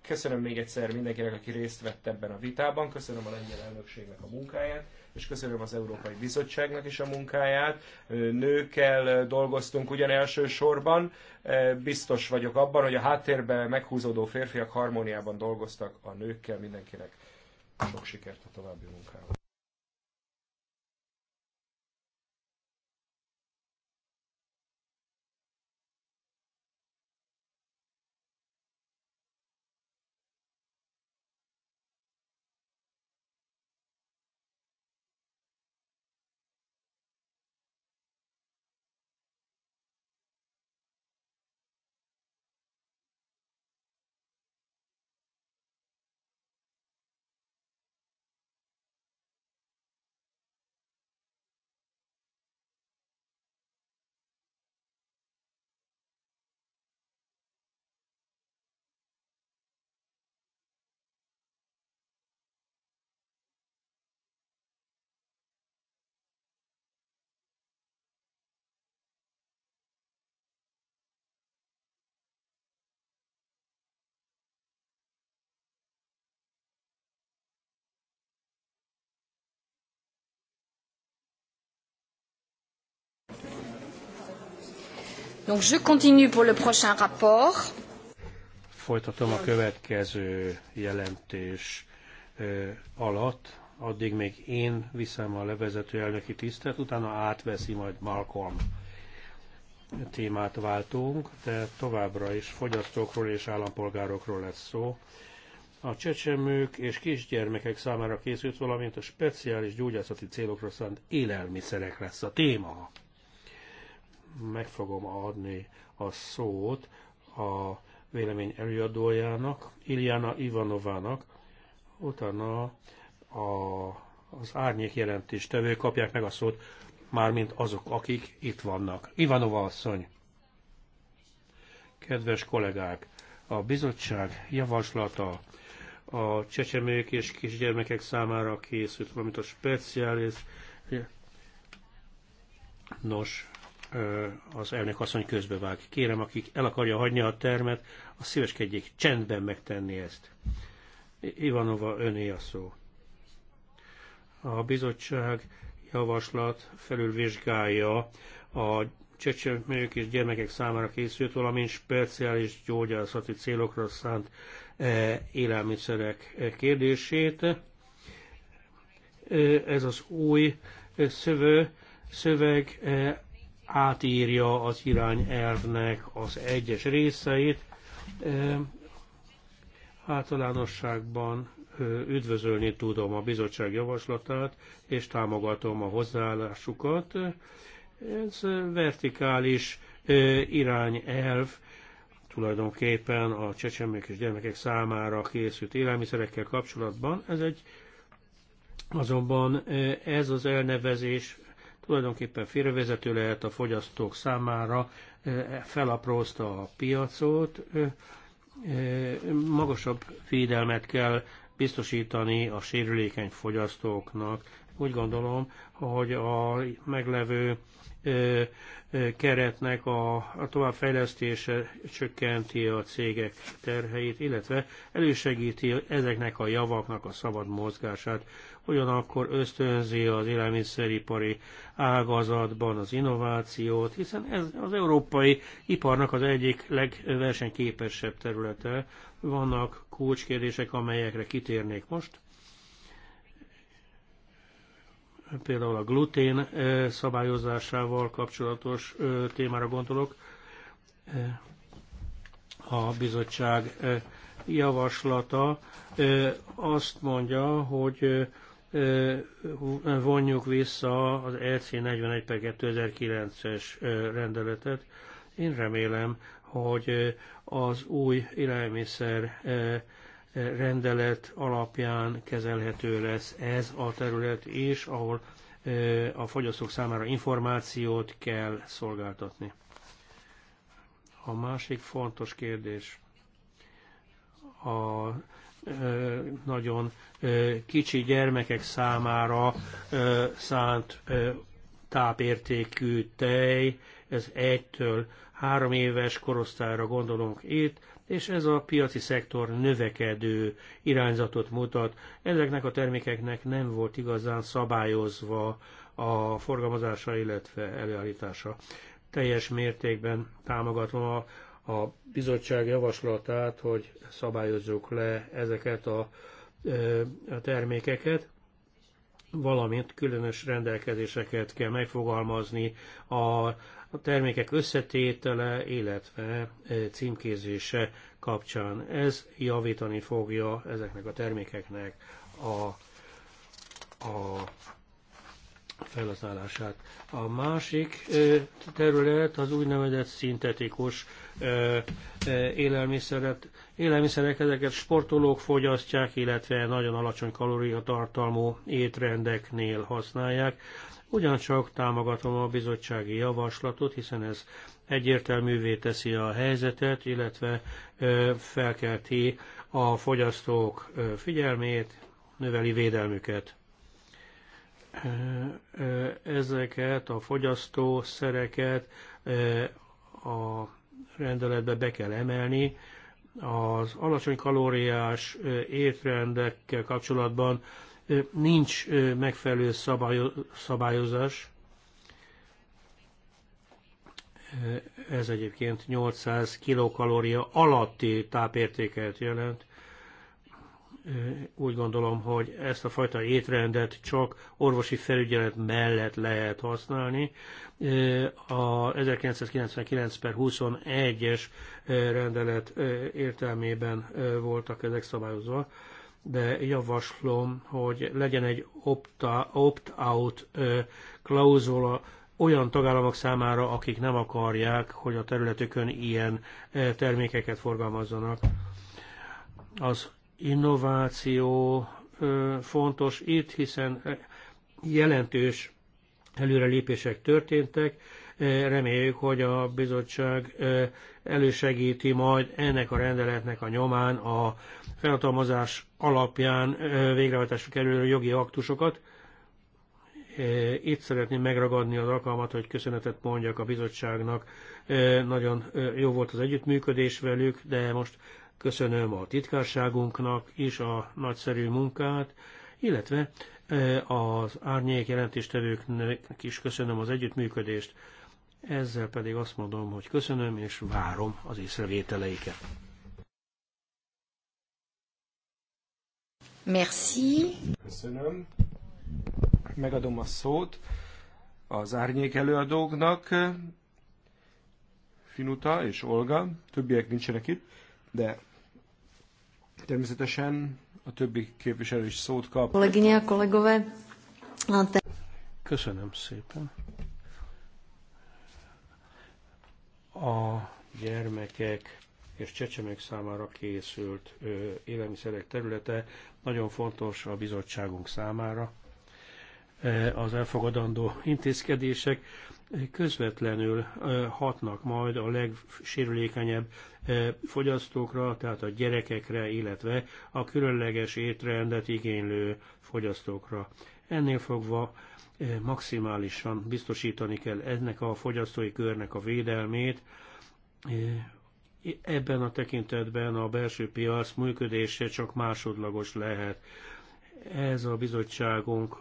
Köszönöm még egyszer mindenkinek, aki részt vett ebben a vitában. Köszönöm a lengyel elnökségnek a munkáját és köszönöm az Európai Bizottságnak is a munkáját. Nőkkel dolgoztunk ugyan elsősorban. Biztos vagyok abban, hogy a háttérbe meghúzódó férfiak harmóniában dolgoztak a nőkkel mindenkinek. Sok sikert a további munkához. Donc je continue pour le prochain rapport. Folytatom a következő jelentés ö, alatt. Addig még én viszem a levezető elnöki tisztet, utána átveszi majd Malcolm témát váltunk, de továbbra is fogyasztókról és állampolgárokról lesz szó. A csecsemők és kisgyermekek számára készült, valamint a speciális gyógyászati célokra szánt élelmiszerek lesz a téma meg fogom adni a szót a vélemény előadójának, Iljana Ivanovának, utána a, az árnyék jelentés tevő kapják meg a szót, mármint azok, akik itt vannak. Ivanova asszony! Kedves kollégák! A bizottság javaslata a csecsemők és kisgyermekek számára készült, valamint a speciális... Nos, az elnök asszony közbevág. Kérem, akik el akarja hagyni a termet, a szíveskedjék csendben megtenni ezt. Ivanova, öné a szó. A bizottság javaslat felülvizsgálja a csecsemők és gyermekek számára készült, valamint speciális gyógyászati célokra szánt e, élelmiszerek kérdését. E, ez az új szövő, szöveg e, átírja az irányelvnek az egyes részeit. Általánosságban üdvözölni tudom a bizottság javaslatát, és támogatom a hozzáállásukat. Ez vertikális irányelv, tulajdonképpen a csecsemők és gyermekek számára készült élelmiszerekkel kapcsolatban. Ez egy Azonban ez az elnevezés tulajdonképpen félrevezető lehet a fogyasztók számára, felaprózta a piacot, magasabb védelmet kell biztosítani a sérülékeny fogyasztóknak. Úgy gondolom, hogy a meglevő keretnek a, a továbbfejlesztése csökkenti a cégek terheit, illetve elősegíti ezeknek a javaknak a szabad mozgását. Ugyanakkor ösztönzi az élelmiszeripari ágazatban az innovációt, hiszen ez az európai iparnak az egyik legversenyképesebb területe. Vannak kulcskérdések, amelyekre kitérnék most például a glutén szabályozásával kapcsolatos témára gondolok. A bizottság javaslata azt mondja, hogy vonjuk vissza az EC 41 2009-es rendeletet. Én remélem, hogy az új élelmiszer rendelet alapján kezelhető lesz ez a terület is, ahol a fogyasztók számára információt kell szolgáltatni. A másik fontos kérdés a nagyon kicsi gyermekek számára szánt tápértékű tej, ez egytől három éves korosztályra gondolunk itt, és ez a piaci szektor növekedő irányzatot mutat. Ezeknek a termékeknek nem volt igazán szabályozva a forgalmazása, illetve előállítása. Teljes mértékben támogatom a, a bizottság javaslatát, hogy szabályozzuk le ezeket a, a termékeket, valamint különös rendelkezéseket kell megfogalmazni a, a termékek összetétele, illetve e, címkézése kapcsán. Ez javítani fogja ezeknek a termékeknek a, a felhasználását. A másik terület az úgynevezett szintetikus élelmiszeret, élelmiszerek, ezeket sportolók fogyasztják, illetve nagyon alacsony kalóriatartalmú étrendeknél használják. Ugyancsak támogatom a bizottsági javaslatot, hiszen ez egyértelművé teszi a helyzetet, illetve felkelti a fogyasztók figyelmét, növeli védelmüket ezeket a fogyasztószereket a rendeletbe be kell emelni. Az alacsony kalóriás étrendekkel kapcsolatban nincs megfelelő szabályozás. Ez egyébként 800 kilokalória alatti tápértéket jelent úgy gondolom, hogy ezt a fajta étrendet csak orvosi felügyelet mellett lehet használni. A 1999 21-es rendelet értelmében voltak ezek szabályozva, de javaslom, hogy legyen egy opt-out klauzula olyan tagállamok számára, akik nem akarják, hogy a területükön ilyen termékeket forgalmazzanak. Az innováció fontos itt, hiszen jelentős előrelépések történtek. Reméljük, hogy a bizottság elősegíti majd ennek a rendeletnek a nyomán a felhatalmazás alapján végrehajtásra kerülő jogi aktusokat. Itt szeretném megragadni az alkalmat, hogy köszönetet mondjak a bizottságnak. Nagyon jó volt az együttműködés velük, de most Köszönöm a titkárságunknak is a nagyszerű munkát, illetve eh, az árnyék jelentéstevőknek is köszönöm az együttműködést. Ezzel pedig azt mondom, hogy köszönöm és várom az észrevételeiket. Merci. Köszönöm. Megadom a szót az árnyék előadóknak. Finuta és Olga, többiek nincsenek itt, de Természetesen a többi képviselő is szót kap. Kolléginé a kollégové. Köszönöm szépen. A gyermekek és csecsemek számára készült élelmiszerek területe nagyon fontos a bizottságunk számára. E, az elfogadandó intézkedések közvetlenül e, hatnak majd a legsérülékenyebb e, fogyasztókra, tehát a gyerekekre, illetve a különleges étrendet igénylő fogyasztókra. Ennél fogva maximálisan biztosítani kell ennek a fogyasztói körnek a védelmét. Ebben a tekintetben a belső piac működése csak másodlagos lehet. Ez a bizottságunk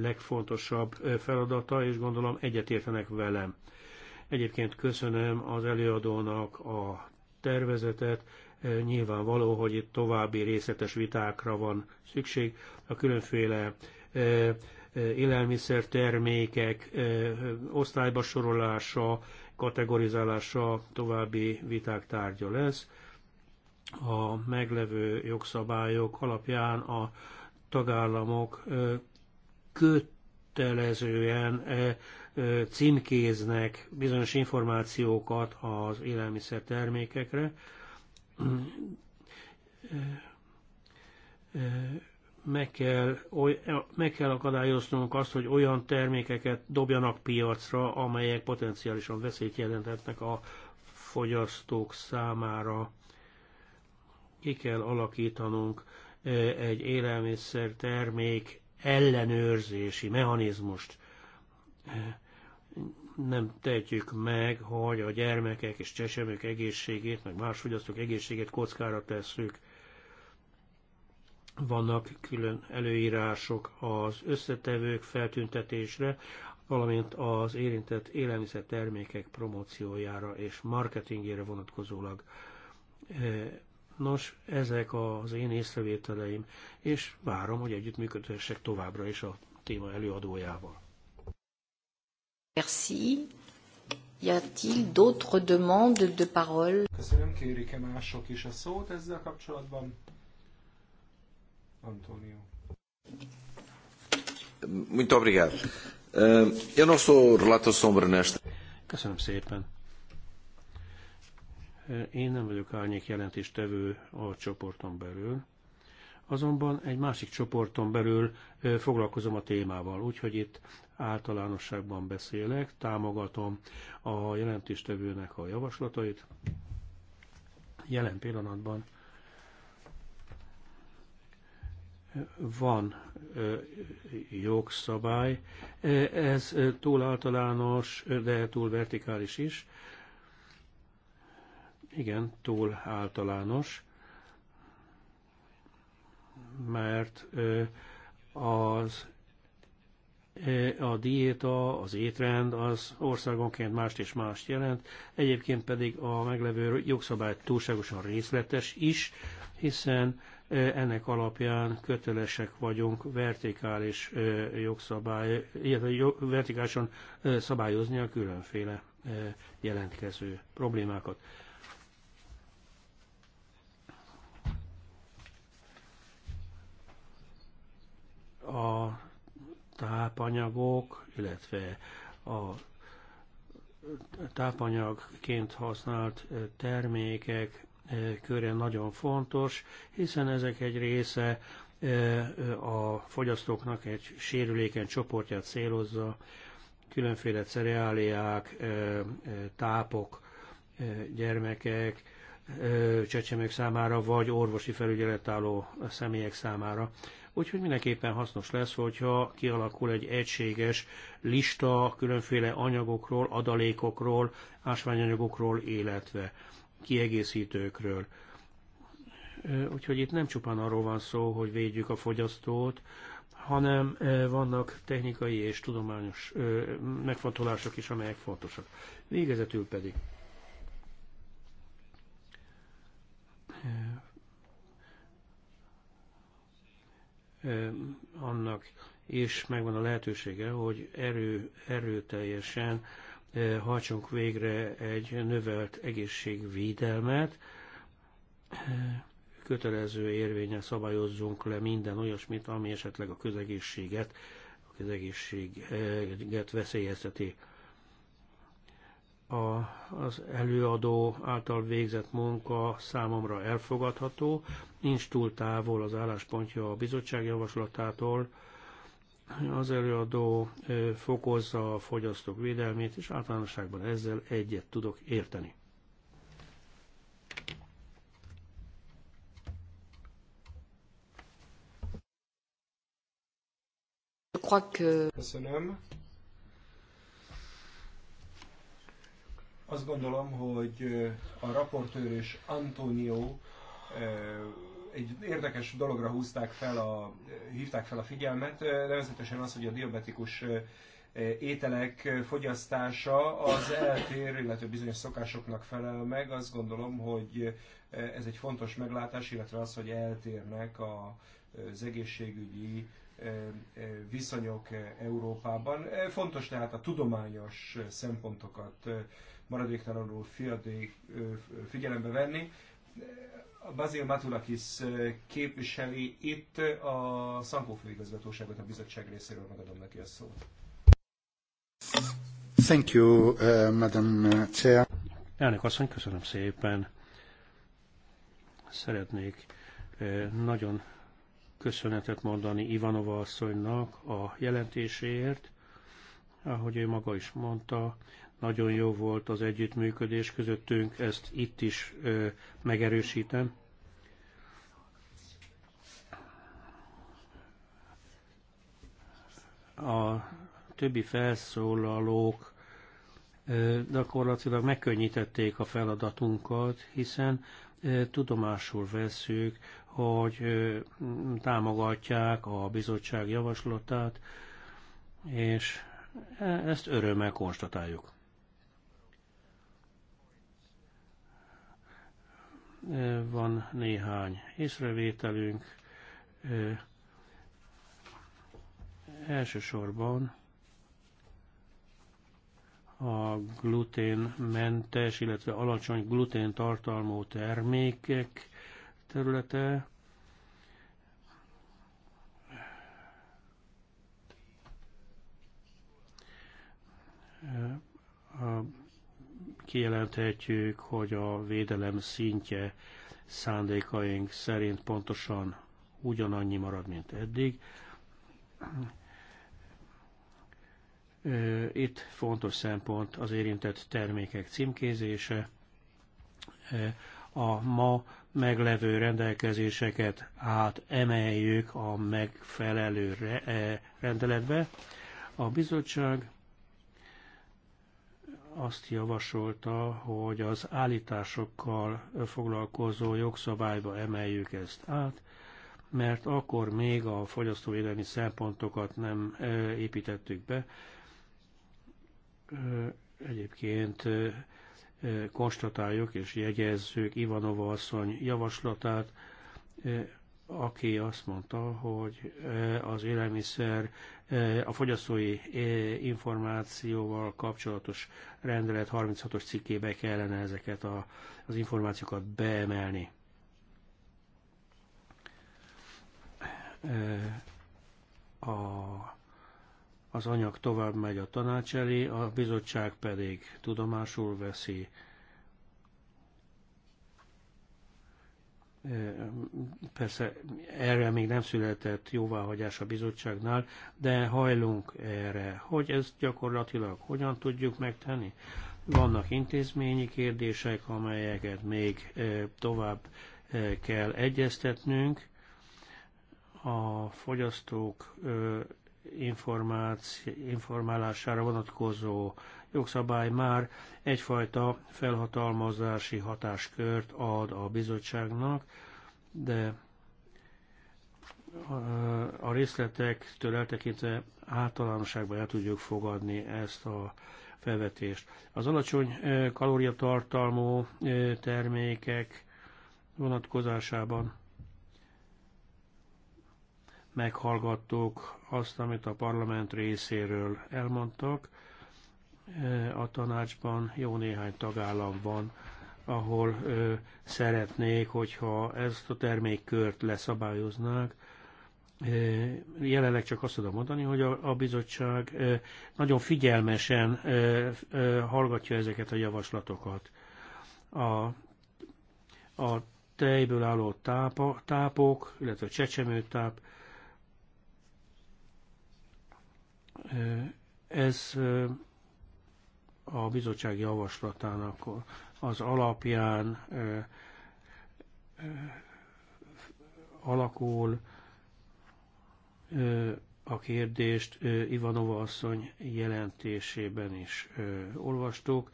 legfontosabb feladata, és gondolom egyetértenek velem. Egyébként köszönöm az előadónak a tervezetet, nyilvánvaló, hogy itt további részletes vitákra van szükség. A különféle élelmiszertermékek osztályba sorolása, kategorizálása további viták tárgya lesz. A meglevő jogszabályok alapján a tagállamok kötelezően címkéznek bizonyos információkat az élelmiszertermékekre. Meg kell, meg kell akadályoznunk azt, hogy olyan termékeket dobjanak piacra, amelyek potenciálisan veszélyt jelentetnek a fogyasztók számára. Ki kell alakítanunk egy élelmiszer termék ellenőrzési mechanizmust nem tehetjük meg, hogy a gyermekek és csecsemők egészségét, meg más fogyasztók egészségét kockára tesszük. Vannak külön előírások az összetevők feltüntetésre, valamint az érintett élelmiszertermékek promóciójára és marketingére vonatkozólag Nos, ezek az én észrevételeim, és várom, hogy együttműködhessek továbbra is a téma előadójával. Merci. Y a-t-il d'autres demandes de parole? Köszönöm, kérik-e mások is a szót ezzel kapcsolatban? Antonio. Muito obrigado. Eh, eu não sou relator sombra nesta. Köszönöm szépen. Én nem vagyok árnyék jelentéstevő a csoporton belül, azonban egy másik csoporton belül foglalkozom a témával, úgyhogy itt általánosságban beszélek, támogatom a jelentéstevőnek a javaslatait. Jelen pillanatban van jogszabály, ez túl általános, de túl vertikális is, igen, túl általános, mert az a diéta, az étrend az országonként mást és mást jelent, egyébként pedig a meglevő jogszabály túlságosan részletes is, hiszen ennek alapján kötelesek vagyunk vertikális jogszabály, illetve vertikálisan szabályozni a különféle jelentkező problémákat. a tápanyagok, illetve a tápanyagként használt termékek köre nagyon fontos, hiszen ezek egy része a fogyasztóknak egy sérülékeny csoportját célozza, különféle cereáliák, tápok, gyermekek, csecsemők számára, vagy orvosi felügyelet álló személyek számára. Úgyhogy mindenképpen hasznos lesz, hogyha kialakul egy egységes lista különféle anyagokról, adalékokról, ásványanyagokról, illetve kiegészítőkről. Úgyhogy itt nem csupán arról van szó, hogy védjük a fogyasztót, hanem vannak technikai és tudományos megfontolások is, amelyek fontosak. Végezetül pedig annak és megvan a lehetősége, hogy erő, erőteljesen hajtsunk végre egy növelt egészségvédelmet, kötelező érvényen szabályozzunk le minden olyasmit, ami esetleg a közegészséget, a közegészséget veszélyezteti a, az előadó által végzett munka számomra elfogadható, nincs túl távol az álláspontja a bizottság javaslatától, az előadó fokozza a fogyasztók védelmét, és általánosságban ezzel egyet tudok érteni. Köszönöm. Azt gondolom, hogy a raportőr és Antonio egy érdekes dologra húzták fel a, hívták fel a figyelmet, nevezetesen az, hogy a diabetikus ételek fogyasztása az eltér, illetve bizonyos szokásoknak felel meg. Azt gondolom, hogy ez egy fontos meglátás, illetve az, hogy eltérnek a, az egészségügyi viszonyok Európában. Fontos tehát a tudományos szempontokat maradéktalanul fiadék, figyelembe venni. A Bazil Matulakis képviseli itt a Szankófő igazgatóságot a bizottság részéről, megadom neki a szót. Thank you, uh, Madam uh, Chair. Elnök asszony, köszönöm szépen. Szeretnék nagyon köszönetet mondani Ivanova asszonynak a jelentéséért. Ahogy ő maga is mondta, nagyon jó volt az együttműködés közöttünk, ezt itt is megerősítem. a többi felszólalók gyakorlatilag megkönnyítették a feladatunkat, hiszen tudomásul veszük, hogy támogatják a bizottság javaslatát, és e-, ezt örömmel konstatáljuk. van néhány észrevételünk. Elsősorban a gluténmentes, illetve alacsony gluténtartalmú termékek területe. A kijelenthetjük, hogy a védelem szintje szándékaink szerint pontosan ugyanannyi marad, mint eddig. Itt fontos szempont az érintett termékek címkézése. A ma meglevő rendelkezéseket átemeljük a megfelelő rendeletbe. A bizottság azt javasolta, hogy az állításokkal foglalkozó jogszabályba emeljük ezt át, mert akkor még a fogyasztóvédelmi szempontokat nem építettük be. Egyébként konstatáljuk és jegyezzük Ivanova asszony javaslatát, aki azt mondta, hogy eh, az élelmiszer eh, a fogyasztói eh, információval kapcsolatos rendelet 36-os cikkébe kellene ezeket a, az információkat beemelni. A, az anyag tovább megy a tanács elé, a bizottság pedig tudomásul veszi Persze erre még nem született jóváhagyás a bizottságnál, de hajlunk erre, hogy ezt gyakorlatilag hogyan tudjuk megtenni. Vannak intézményi kérdések, amelyeket még tovább kell egyeztetnünk. A fogyasztók informálására vonatkozó jogszabály már egyfajta felhatalmazási hatáskört ad a bizottságnak, de a részletektől eltekintve általánosságban el tudjuk fogadni ezt a felvetést. Az alacsony kalóriatartalmú termékek vonatkozásában meghallgattuk azt, amit a parlament részéről elmondtak, E, a tanácsban, jó néhány tagállamban, ahol e, szeretnék, hogyha ezt a termékkört leszabályoznák. E, jelenleg csak azt tudom mondani, hogy a bizottság nagyon figyelmesen hallgatja ezeket a javaslatokat. A, a tejből álló tápa, tápok, illetve a csecsemőtáp, ez a bizottság javaslatának az alapján alakul a kérdést Ivanova asszony jelentésében is olvastuk.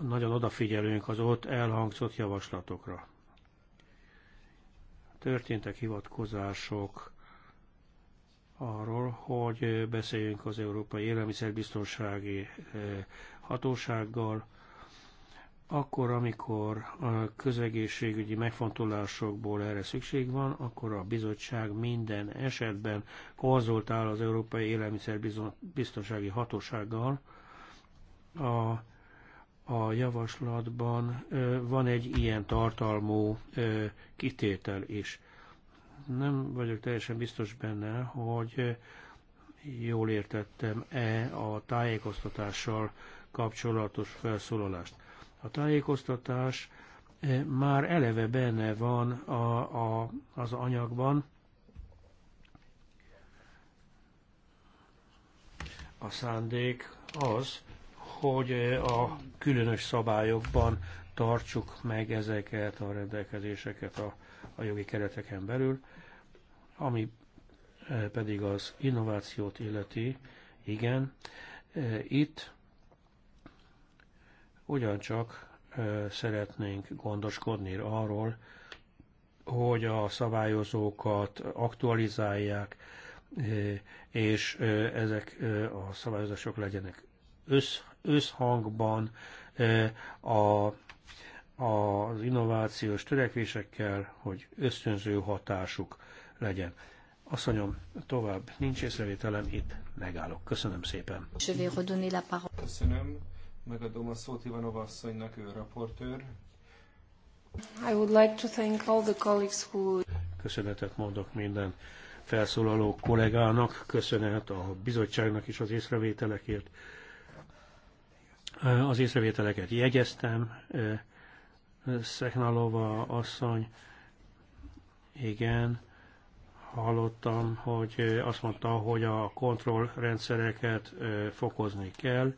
Nagyon odafigyelünk az ott elhangzott javaslatokra. Történtek hivatkozások arról, hogy beszéljünk az Európai Élelmiszerbiztonsági eh, Hatósággal, akkor, amikor a közegészségügyi megfontolásokból erre szükség van, akkor a bizottság minden esetben konzultál az Európai Élelmiszerbiztonsági Hatósággal. A, a javaslatban eh, van egy ilyen tartalmú eh, kitétel is nem vagyok teljesen biztos benne, hogy jól értettem-e a tájékoztatással kapcsolatos felszólalást. A tájékoztatás eh, már eleve benne van a, a, az anyagban, a szándék az, hogy eh, a különös szabályokban tartsuk meg ezeket a rendelkezéseket a a jogi kereteken belül, ami eh, pedig az innovációt illeti, igen, eh, itt ugyancsak eh, szeretnénk gondoskodni arról, hogy a szabályozókat aktualizálják, és ezek a szabályozások legyenek összhangban a az innovációs törekvésekkel, hogy ösztönző hatásuk legyen. Asszonyom, tovább nincs észrevételem, itt megállok. Köszönöm szépen. Köszönöm. Megadom a szót Ivanova asszonynak, ő raportőr. I would like to thank all the colleagues who... Köszönetet mondok minden felszólaló kollégának, köszönet a bizottságnak is az észrevételekért. Az észrevételeket jegyeztem, eh, Szeknalova asszony. Igen, hallottam, hogy azt mondta, hogy a kontrollrendszereket fokozni kell.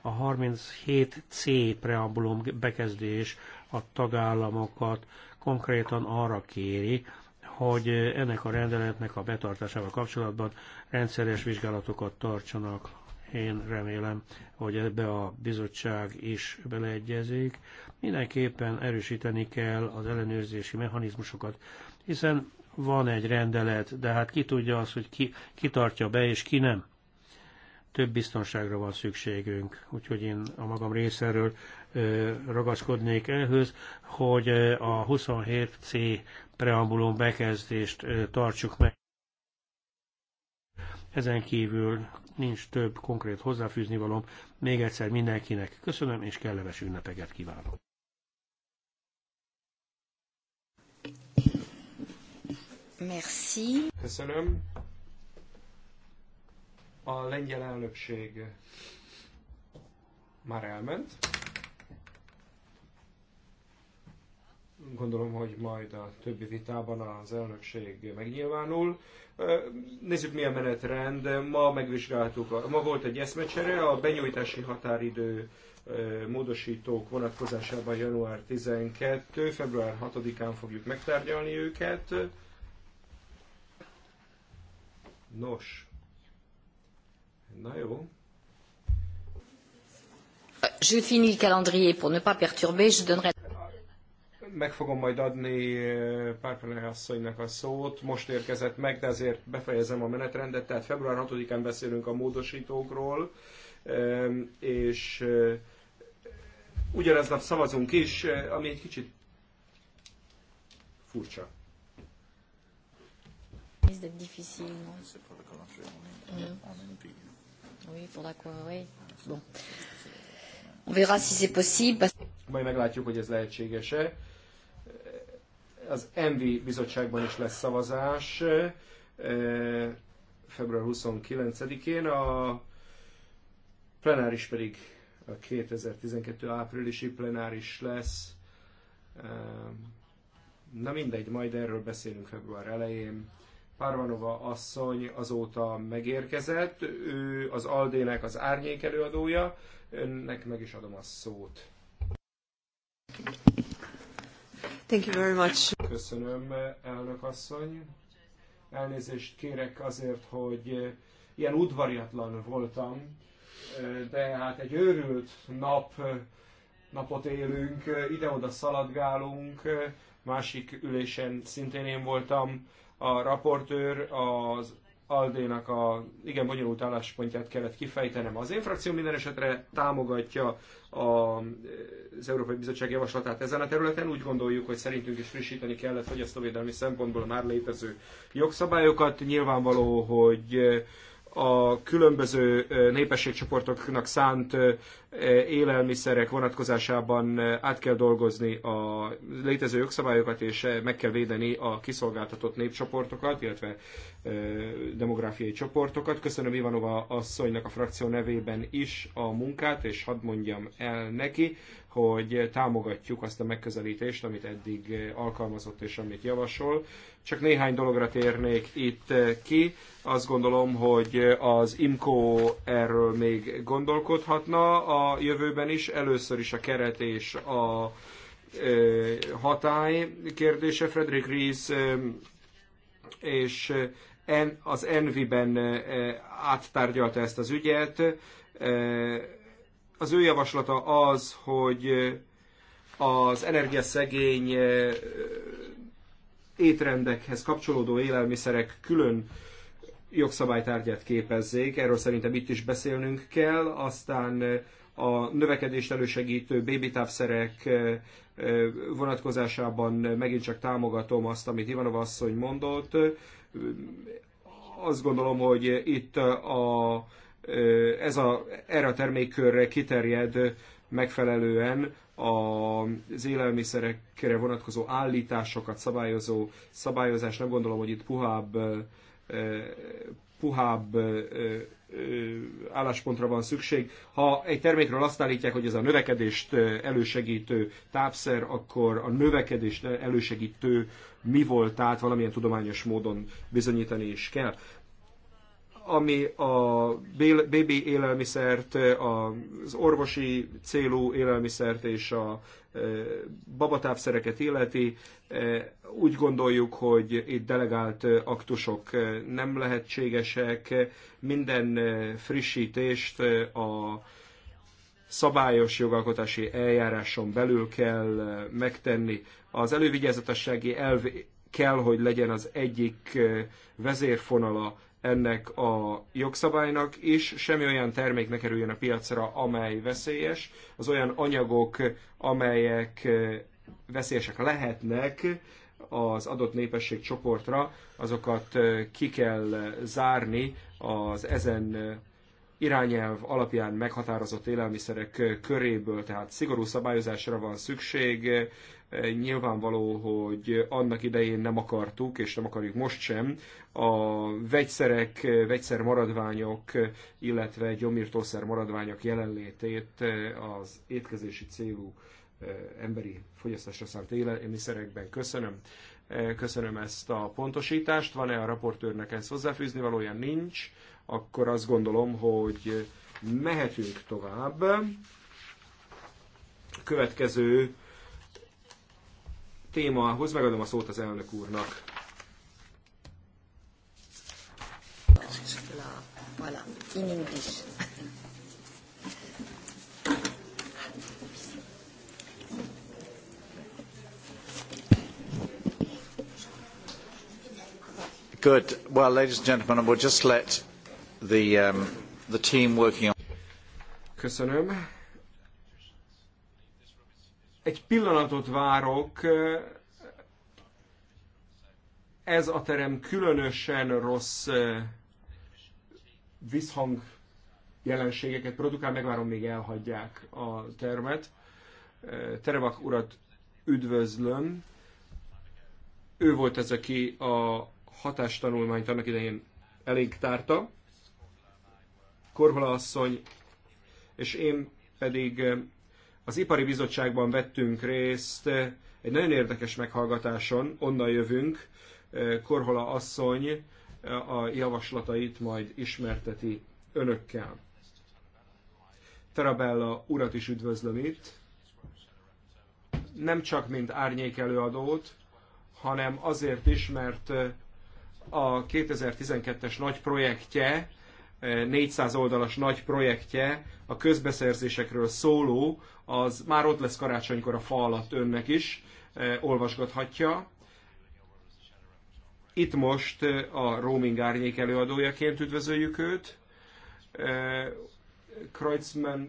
A 37C preambulum bekezdés a tagállamokat konkrétan arra kéri, hogy ennek a rendeletnek a betartásával kapcsolatban rendszeres vizsgálatokat tartsanak én remélem, hogy ebbe a bizottság is beleegyezik. Mindenképpen erősíteni kell az ellenőrzési mechanizmusokat, hiszen van egy rendelet, de hát ki tudja azt, hogy ki, ki tartja be és ki nem. Több biztonságra van szükségünk, úgyhogy én a magam részéről ragaszkodnék ehhez, hogy a 27C preambulum bekezdést tartsuk meg. Ezen kívül nincs több konkrét hozzáfűzni valom. Még egyszer mindenkinek köszönöm, és kellemes ünnepeket kívánok. Merci. Köszönöm. A lengyel elnökség már elment. gondolom, hogy majd a többi vitában az elnökség megnyilvánul. Nézzük, milyen menetrend. Ma megvizsgáltuk, ma volt egy eszmecsere, a benyújtási határidő módosítók vonatkozásában január 12, február 6-án fogjuk megtárgyalni őket. Nos, na jó. Je finis le calendrier pour ne pas perturber, je donnerai meg fogom majd adni eh, Párpelő asszonynak a szót, most érkezett meg, de azért befejezem a menetrendet, tehát február 6-án beszélünk a módosítókról, és eh, ugyanez nap szavazunk is, eh, ami egy kicsit furcsa. Ez de difficile. Mm. Oui, pour la oui. Bon. On verra si c'est possible. Majd meglátjuk, hogy ez lehetséges-e. Az ENVI bizottságban is lesz szavazás február 29-én, a plenáris pedig a 2012 áprilisi plenáris lesz. Na mindegy, majd erről beszélünk február elején. Párvanova asszony azóta megérkezett, ő az Aldének az árnyék előadója, önnek meg is adom a szót. Thank you very much, Köszönöm, elnök asszony. Elnézést kérek azért, hogy eh, ilyen udvariatlan voltam, eh, de hát egy őrült nap, eh, napot élünk, ide-oda szaladgálunk, másik ülésen szintén én voltam a raportőr, az Aldénak a igen bonyolult álláspontját kellett kifejtenem. Az én frakció minden esetre támogatja a, az Európai Bizottság javaslatát ezen a területen. Úgy gondoljuk, hogy szerintünk is frissíteni kellett fogyasztóvédelmi szempontból a már létező jogszabályokat. Nyilvánvaló, hogy a különböző népességcsoportoknak szánt élelmiszerek vonatkozásában át kell dolgozni a létező jogszabályokat, és meg kell védeni a kiszolgáltatott népcsoportokat, illetve demográfiai csoportokat. Köszönöm Ivanova asszonynak a frakció nevében is a munkát, és hadd mondjam el neki, hogy támogatjuk azt a megközelítést, amit eddig alkalmazott és amit javasol. Csak néhány dologra térnék itt ki. Azt gondolom, hogy az IMCO erről még gondolkodhatna a jövőben is. Először is a keret és a hatály kérdése. Frederick Rees és az Envi-ben áttárgyalta ezt az ügyet az ő javaslata az, hogy az energiaszegény étrendekhez kapcsolódó élelmiszerek külön jogszabálytárgyát képezzék, erről szerintem itt is beszélnünk kell, aztán a növekedést elősegítő bébitápszerek vonatkozásában megint csak támogatom azt, amit Ivanova asszony mondott. Azt gondolom, hogy itt a ez a, erre a termékkörre kiterjed megfelelően az élelmiszerekre vonatkozó állításokat szabályozó szabályozás. Nem gondolom, hogy itt puhább, puhább álláspontra van szükség. Ha egy termékről azt állítják, hogy ez a növekedést elősegítő tápszer, akkor a növekedést elősegítő mi volt, tehát valamilyen tudományos módon bizonyítani is kell ami a bébi élelmiszert, az orvosi célú élelmiszert és a e, babatávszereket illeti, e, úgy gondoljuk, hogy itt delegált aktusok e, nem lehetségesek, minden frissítést a szabályos jogalkotási eljáráson belül kell megtenni. Az elővigyázatossági elv kell, hogy legyen az egyik vezérfonala ennek a jogszabálynak is, semmi olyan termék ne kerüljön a piacra, amely veszélyes, az olyan anyagok, amelyek veszélyesek lehetnek az adott népesség csoportra, azokat ki kell zárni az ezen irányelv alapján meghatározott élelmiszerek köréből, tehát szigorú szabályozásra van szükség, Nyilvánvaló, hogy annak idején nem akartuk, és nem akarjuk most sem, a vegyszerek, maradványok, illetve gyomírtószer maradványok jelenlétét az étkezési célú eh, emberi fogyasztásra szánt élelmiszerekben. Köszönöm. Eh, köszönöm ezt a pontosítást. Van-e a raportőrnek ezt hozzáfűzni? Valójában nincs. Akkor azt gondolom, hogy mehetünk tovább. Következő témához. Megadom a szót az elnök úrnak. Good. Well, ladies and gentlemen, we'll just let the, um, the team working on... Köszönöm egy pillanatot várok, ez a terem különösen rossz eh, visszhang jelenségeket produkál, megvárom, még elhagyják a termet. Eh, Terevak urat üdvözlöm. Ő volt ez, aki a hatástanulmányt annak idején elég tárta. Korhola asszony, és én pedig eh, az Ipari Bizottságban vettünk részt eh, egy nagyon érdekes meghallgatáson, onnan jövünk, eh, Korhola asszony eh, a javaslatait majd ismerteti önökkel. Terabella urat is üdvözlöm itt, nem csak mint árnyék előadót, hanem azért is, mert a 2012-es nagy projektje 400 oldalas nagy projektje a közbeszerzésekről szóló, az már ott lesz karácsonykor a fa alatt önnek is, e, olvasgathatja. Itt most e, a roaming árnyék előadójaként üdvözöljük őt. E, Kreutzmann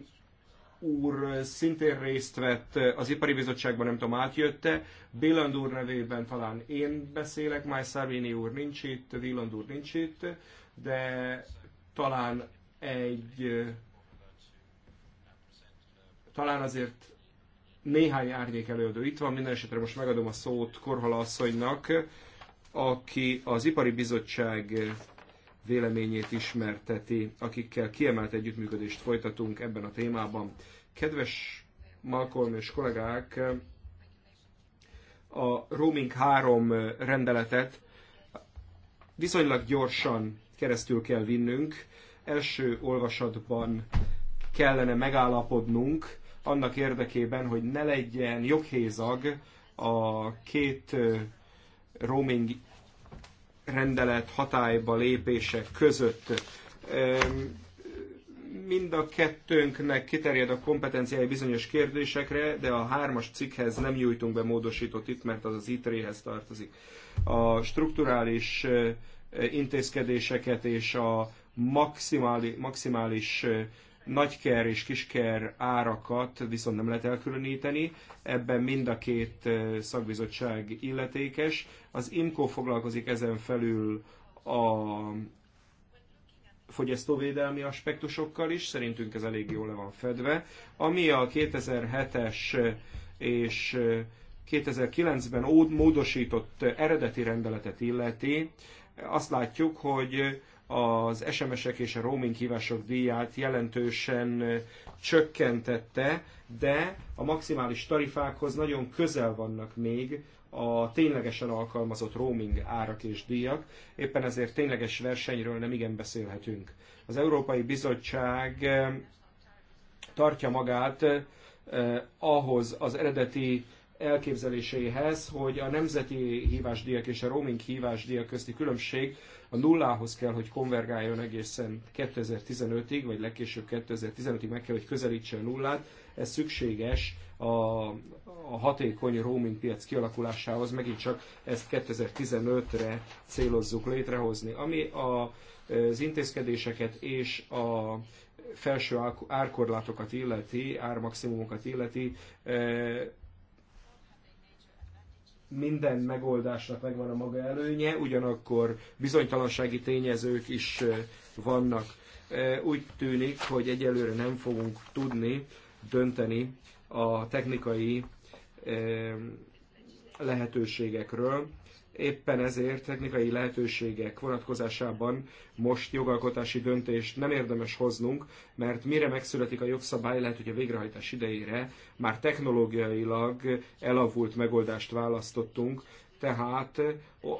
úr szintén részt vett az Ipari Bizottságban, nem tudom, átjötte. Billand úr nevében talán én beszélek, Máj Szávini úr nincs itt, Villand úr nincs itt, de talán egy talán azért néhány árnyék előadó itt van, minden esetre most megadom a szót Korhala asszonynak, aki az Ipari Bizottság véleményét ismerteti, akikkel kiemelt együttműködést folytatunk ebben a témában. Kedves Malcolm és kollégák, a Roaming 3 rendeletet viszonylag gyorsan keresztül kell vinnünk. Első olvasatban kellene megállapodnunk annak érdekében, hogy ne legyen joghézag a két roaming rendelet hatályba lépése között. Mind a kettőnknek kiterjed a kompetenciái bizonyos kérdésekre, de a hármas cikkhez nem nyújtunk be módosított itt, mert az az ITRE-hez tartozik. A strukturális intézkedéseket és a maximális, maximális nagyker és kisker árakat viszont nem lehet elkülöníteni, ebben mind a két szakbizottság illetékes. Az IMCO foglalkozik ezen felül a fogyasztóvédelmi aspektusokkal is, szerintünk ez elég jól le van fedve. Ami a 2007-es és 2009-ben módosított eredeti rendeletet illeti, azt látjuk, hogy az SMS-ek és a roaming hívások díját jelentősen csökkentette, de a maximális tarifákhoz nagyon közel vannak még a ténylegesen alkalmazott roaming árak és díjak, éppen ezért tényleges versenyről nem igen beszélhetünk. Az Európai Bizottság tartja magát ahhoz az eredeti elképzeléséhez, hogy a nemzeti hívásdíjak és a roaming hívásdíjak közti különbség a nullához kell, hogy konvergáljon egészen 2015-ig, vagy legkésőbb 2015-ig meg kell, hogy közelítse a nullát. Ez szükséges a, a hatékony roaming piac kialakulásához, megint csak ezt 2015-re célozzuk létrehozni. Ami a, az intézkedéseket és a felső árkorlátokat illeti, ármaximumokat illeti, minden megoldásnak megvan a maga előnye, ugyanakkor bizonytalansági tényezők is vannak. Úgy tűnik, hogy egyelőre nem fogunk tudni dönteni a technikai lehetőségekről, éppen ezért technikai lehetőségek vonatkozásában most jogalkotási döntést nem érdemes hoznunk, mert mire megszületik a jogszabály, lehet, hogy a végrehajtás idejére már technológiailag elavult megoldást választottunk, tehát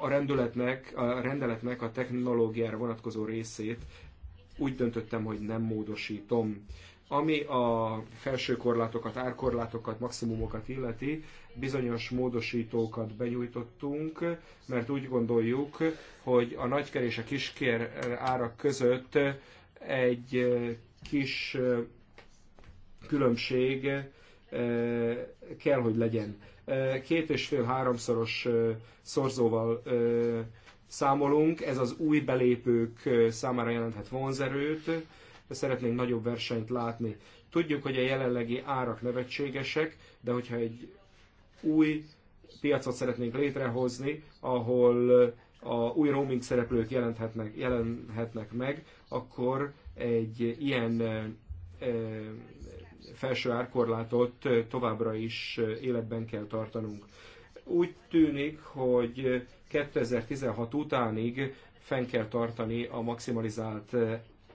a, rendületnek, a rendeletnek a technológiára vonatkozó részét úgy döntöttem, hogy nem módosítom. Ami a felső korlátokat, árkorlátokat, maximumokat illeti, bizonyos módosítókat benyújtottunk, mert úgy gondoljuk, hogy a nagyker és a kiskér árak között egy kis különbség eh, kell, hogy legyen. Eh, két és fél háromszoros eh, szorzóval számolunk, ez az új belépők számára jelenthet vonzerőt, de szeretnénk nagyobb versenyt látni. Tudjuk, hogy a jelenlegi árak nevetségesek, de hogyha egy új piacot szeretnénk létrehozni, ahol a új roaming szereplők jelenthetnek, jelenhetnek meg, akkor egy ilyen felső árkorlátot továbbra is életben kell tartanunk. Úgy tűnik, hogy 2016 utánig fenn kell tartani a maximalizált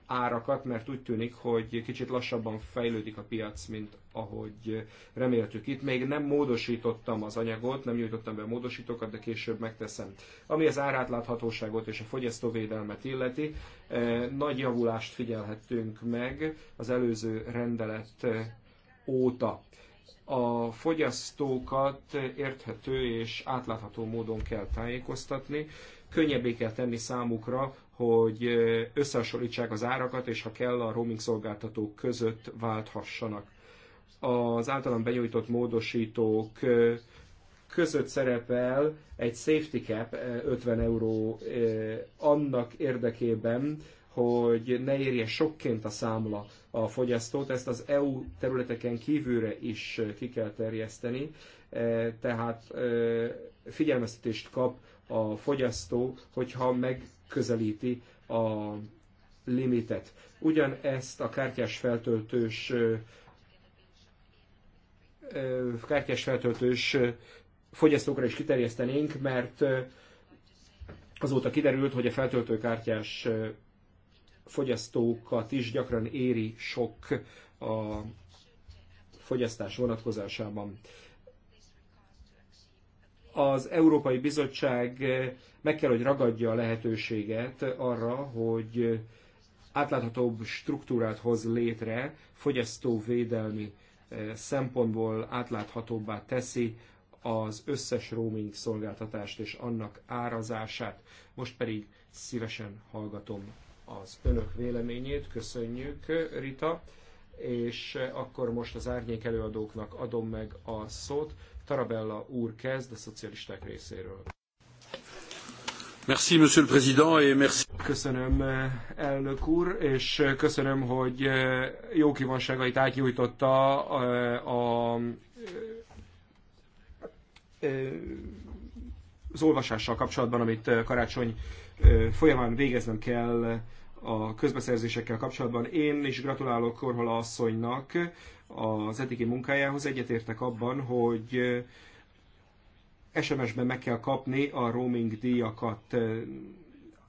árakat, mert úgy tűnik, hogy kicsit lassabban fejlődik a piac, mint ahogy reméltük itt. Még nem módosítottam az anyagot, nem nyújtottam be módosítókat, de később megteszem. Ami az árátláthatóságot és a fogyasztóvédelmet illeti, eh, nagy javulást figyelhettünk meg az előző rendelet eh, óta. A fogyasztókat érthető és átlátható módon kell tájékoztatni, könnyebbé kell tenni számukra, hogy eh, összehasonlítsák az árakat, és ha kell, a roaming szolgáltatók között válthassanak az általam benyújtott módosítók között szerepel egy safety cap 50 euró annak érdekében, hogy ne érje sokként a számla a fogyasztót, ezt az EU területeken kívülre is ki kell terjeszteni, tehát figyelmeztetést kap a fogyasztó, hogyha megközelíti a limitet. Ugyanezt a kártyás feltöltős kártyás feltöltős fogyasztókra is kiterjesztenénk, mert azóta kiderült, hogy a feltöltőkártyás fogyasztókat is gyakran éri sok a fogyasztás vonatkozásában. Az Európai Bizottság meg kell, hogy ragadja a lehetőséget arra, hogy átláthatóbb struktúrát hoz létre fogyasztóvédelmi szempontból átláthatóbbá teszi az összes roaming szolgáltatást és annak árazását. Most pedig szívesen hallgatom az önök véleményét. Köszönjük, Rita. És akkor most az árnyék előadóknak adom meg a szót. Tarabella úr kezd a szocialisták részéről. Merci, Monsieur le Président, et merci. Köszönöm, elnök úr, és köszönöm, hogy jó kívánságait átnyújtotta eh, a, a, eh, eh, az olvasással kapcsolatban, amit karácsony folyamán végeznem kell a közbeszerzésekkel kapcsolatban. Én is gratulálok Korhola asszonynak az etiki munkájához. Egyetértek abban, hogy SMS-ben meg kell kapni a roaming díjakat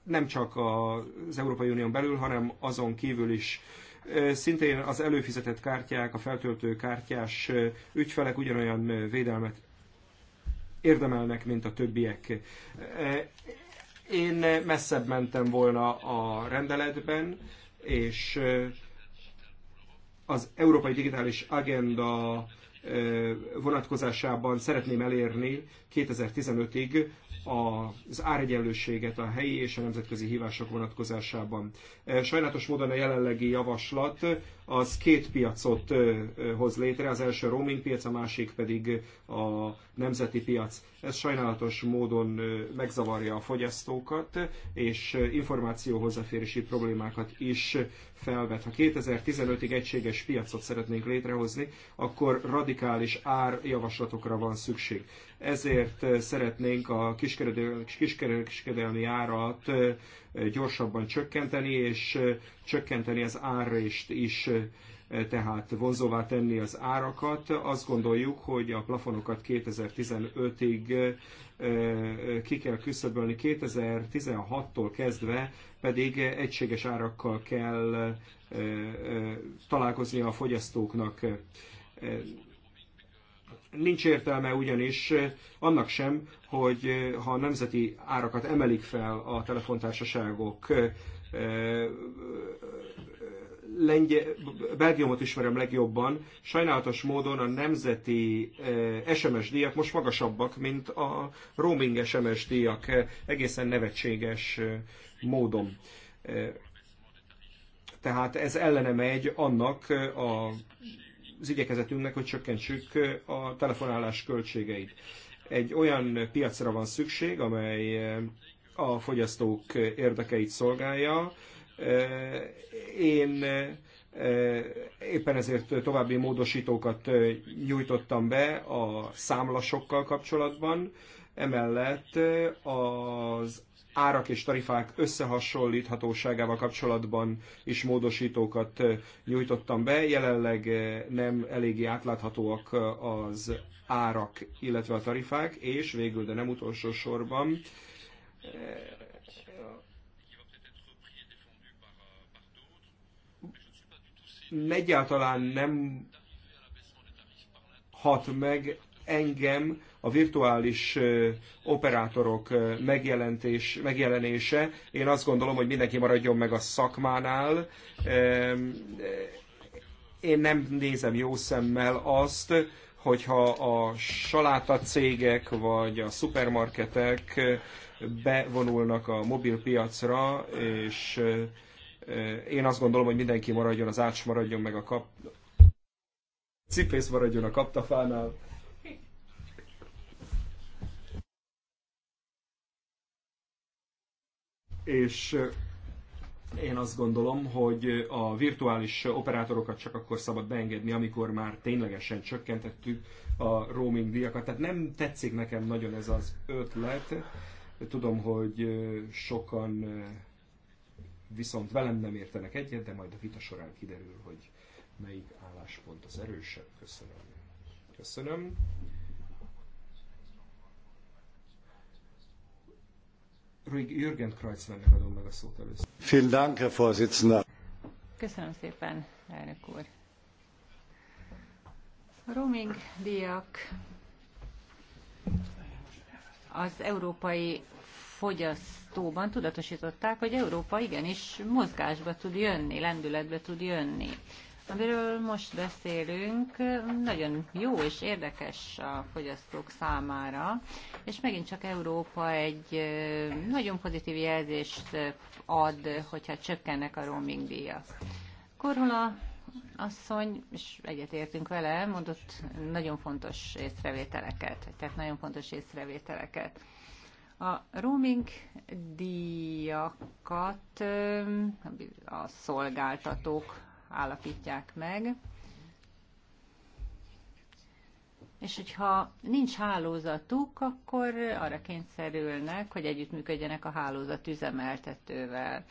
nem csak az Európai Unión belül, hanem azon kívül is. Szintén az előfizetett kártyák, a feltöltő kártyás ügyfelek ugyanolyan védelmet érdemelnek, mint a többiek. Én messzebb mentem volna a rendeletben, és az Európai Digitális Agenda vonatkozásában szeretném elérni 2015-ig az áregyenlőséget a helyi és a nemzetközi hívások vonatkozásában. E, sajnálatos módon a jelenlegi javaslat az két piacot e, e, hoz létre, az első a roaming piac, a másik pedig a nemzeti piac. Ez sajnálatos módon megzavarja a fogyasztókat, és információ hozzáférési problémákat is felvet. Ha 2015-ig egységes piacot szeretnénk létrehozni, akkor radikális árjavaslatokra van szükség ezért eh, szeretnénk a kiskereskedelmi árat eh, gyorsabban csökkenteni, és eh, csökkenteni az árrést is, tehát vonzóvá tenni az árakat. Azt gondoljuk, hogy a plafonokat 2015-ig ki kell küszöbölni, 2016-tól kezdve pedig egységes árakkal kell találkozni a fogyasztóknak Nincs értelme ugyanis eh, annak sem, hogy eh, ha a nemzeti árakat emelik fel a telefontársaságok, eh, Lengye, Belgiumot ismerem legjobban, sajnálatos módon a nemzeti SMS díjak most magasabbak, mint a roaming SMS díjak, egészen nevetséges módon. Tehát ez ellene megy annak a az igyekezetünknek, hogy csökkentsük a telefonálás költségeit. Egy olyan piacra van szükség, amely a fogyasztók érdekeit szolgálja. Én éppen ezért további módosítókat nyújtottam be a számlasokkal kapcsolatban, emellett az árak és tarifák összehasonlíthatóságával kapcsolatban is módosítókat eh, nyújtottam be. Jelenleg eh, nem eléggé átláthatóak eh, az árak, illetve a tarifák, és végül, de nem utolsó sorban, egyáltalán nem hat meg engem a virtuális operátorok megjelentés, megjelenése, én azt gondolom, hogy mindenki maradjon meg a szakmánál. Én nem nézem jó szemmel azt, hogyha a saláta cégek vagy a szupermarketek bevonulnak a mobil piacra, és én azt gondolom, hogy mindenki maradjon, az ács maradjon meg a kap... Cipész maradjon a kaptafánál. és eh, én azt gondolom, hogy a virtuális operátorokat csak akkor szabad beengedni, amikor már ténylegesen csökkentettük a roaming díjakat. Tehát nem tetszik nekem nagyon ez az ötlet. Tudom, hogy eh, sokan eh, viszont velem nem értenek egyet, de majd a vita során kiderül, hogy melyik álláspont az erősebb. Köszönöm. Köszönöm. Jürgen adom meg a szót először. Vielen Dank, Herr Vorsitzender. Köszönöm szépen, elnök úr. Roaming díjak az európai fogyasztóban tudatosították, hogy Európa igenis mozgásba tud jönni, lendületbe tud jönni. Amiről most beszélünk, nagyon jó és érdekes a fogyasztók számára, és megint csak Európa egy nagyon pozitív jelzést ad, hogyha csökkennek a roaming díjak. Korhola asszony, és egyetértünk vele, mondott nagyon fontos észrevételeket, tehát nagyon fontos észrevételeket. A roaming díjakat a szolgáltatók állapítják meg. És hogyha nincs hálózatuk, akkor arra kényszerülnek, hogy együttműködjenek a hálózat üzemeltetővel.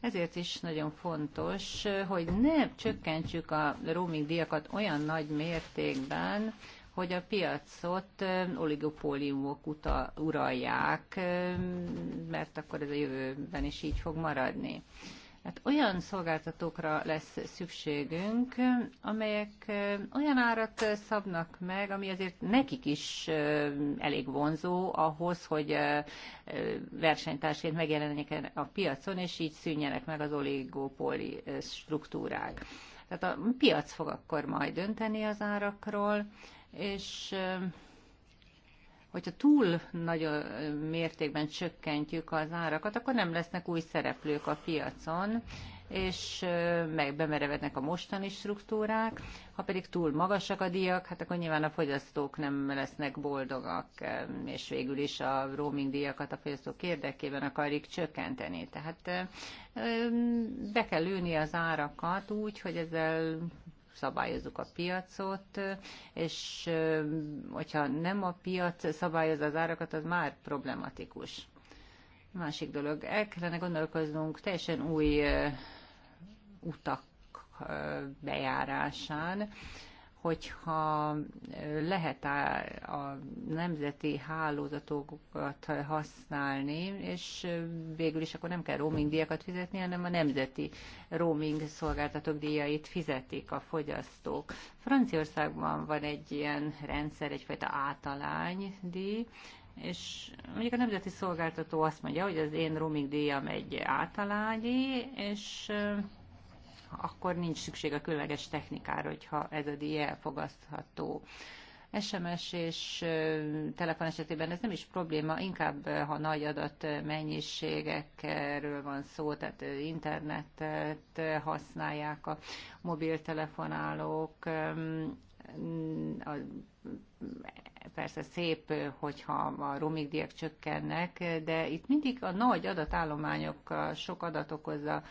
Ezért is nagyon fontos, hogy ne csökkentsük a roaming díjakat olyan nagy mértékben, hogy a piacot oligopóliumok uta, uralják, mert akkor ez a jövőben is így fog maradni. Hát olyan szolgáltatókra lesz szükségünk, amelyek olyan árat szabnak meg, ami azért nekik is elég vonzó ahhoz, hogy versenytársként megjelenjenek a piacon, és így szűnjenek meg az oligopoli struktúrák. Tehát a piac fog akkor majd dönteni az árakról, és hogyha túl nagy mértékben csökkentjük az árakat, akkor nem lesznek új szereplők a piacon, és meg bemerevednek a mostani struktúrák, ha pedig túl magasak a díjak, hát akkor nyilván a fogyasztók nem lesznek boldogak, és végül is a roaming díjakat a fogyasztók érdekében akarik csökkenteni. Tehát be kell lőni az árakat úgy, hogy ezzel szabályozzuk a piacot, és hogyha nem a piac szabályozza az árakat, az már problematikus. Másik dolog, el kellene gondolkoznunk teljesen új utak bejárásán, hogyha lehet a, a nemzeti hálózatokat használni, és végül is akkor nem kell roaming díjakat fizetni, hanem a nemzeti roaming szolgáltatók díjait fizetik a fogyasztók. Franciaországban van egy ilyen rendszer, egyfajta általánydíj, és mondjuk a nemzeti szolgáltató azt mondja, hogy az én roaming díjam egy általányi, és akkor nincs szükség a különleges technikára, hogyha ez a díj elfogadható. SMS és telefon esetében ez nem is probléma, inkább ha nagy adat mennyiségekről van szó, tehát internetet használják a mobiltelefonálók, mm, persze szép, hogyha a roaming díjak csökkennek, de itt mindig a nagy adatállományok, sok adat okozza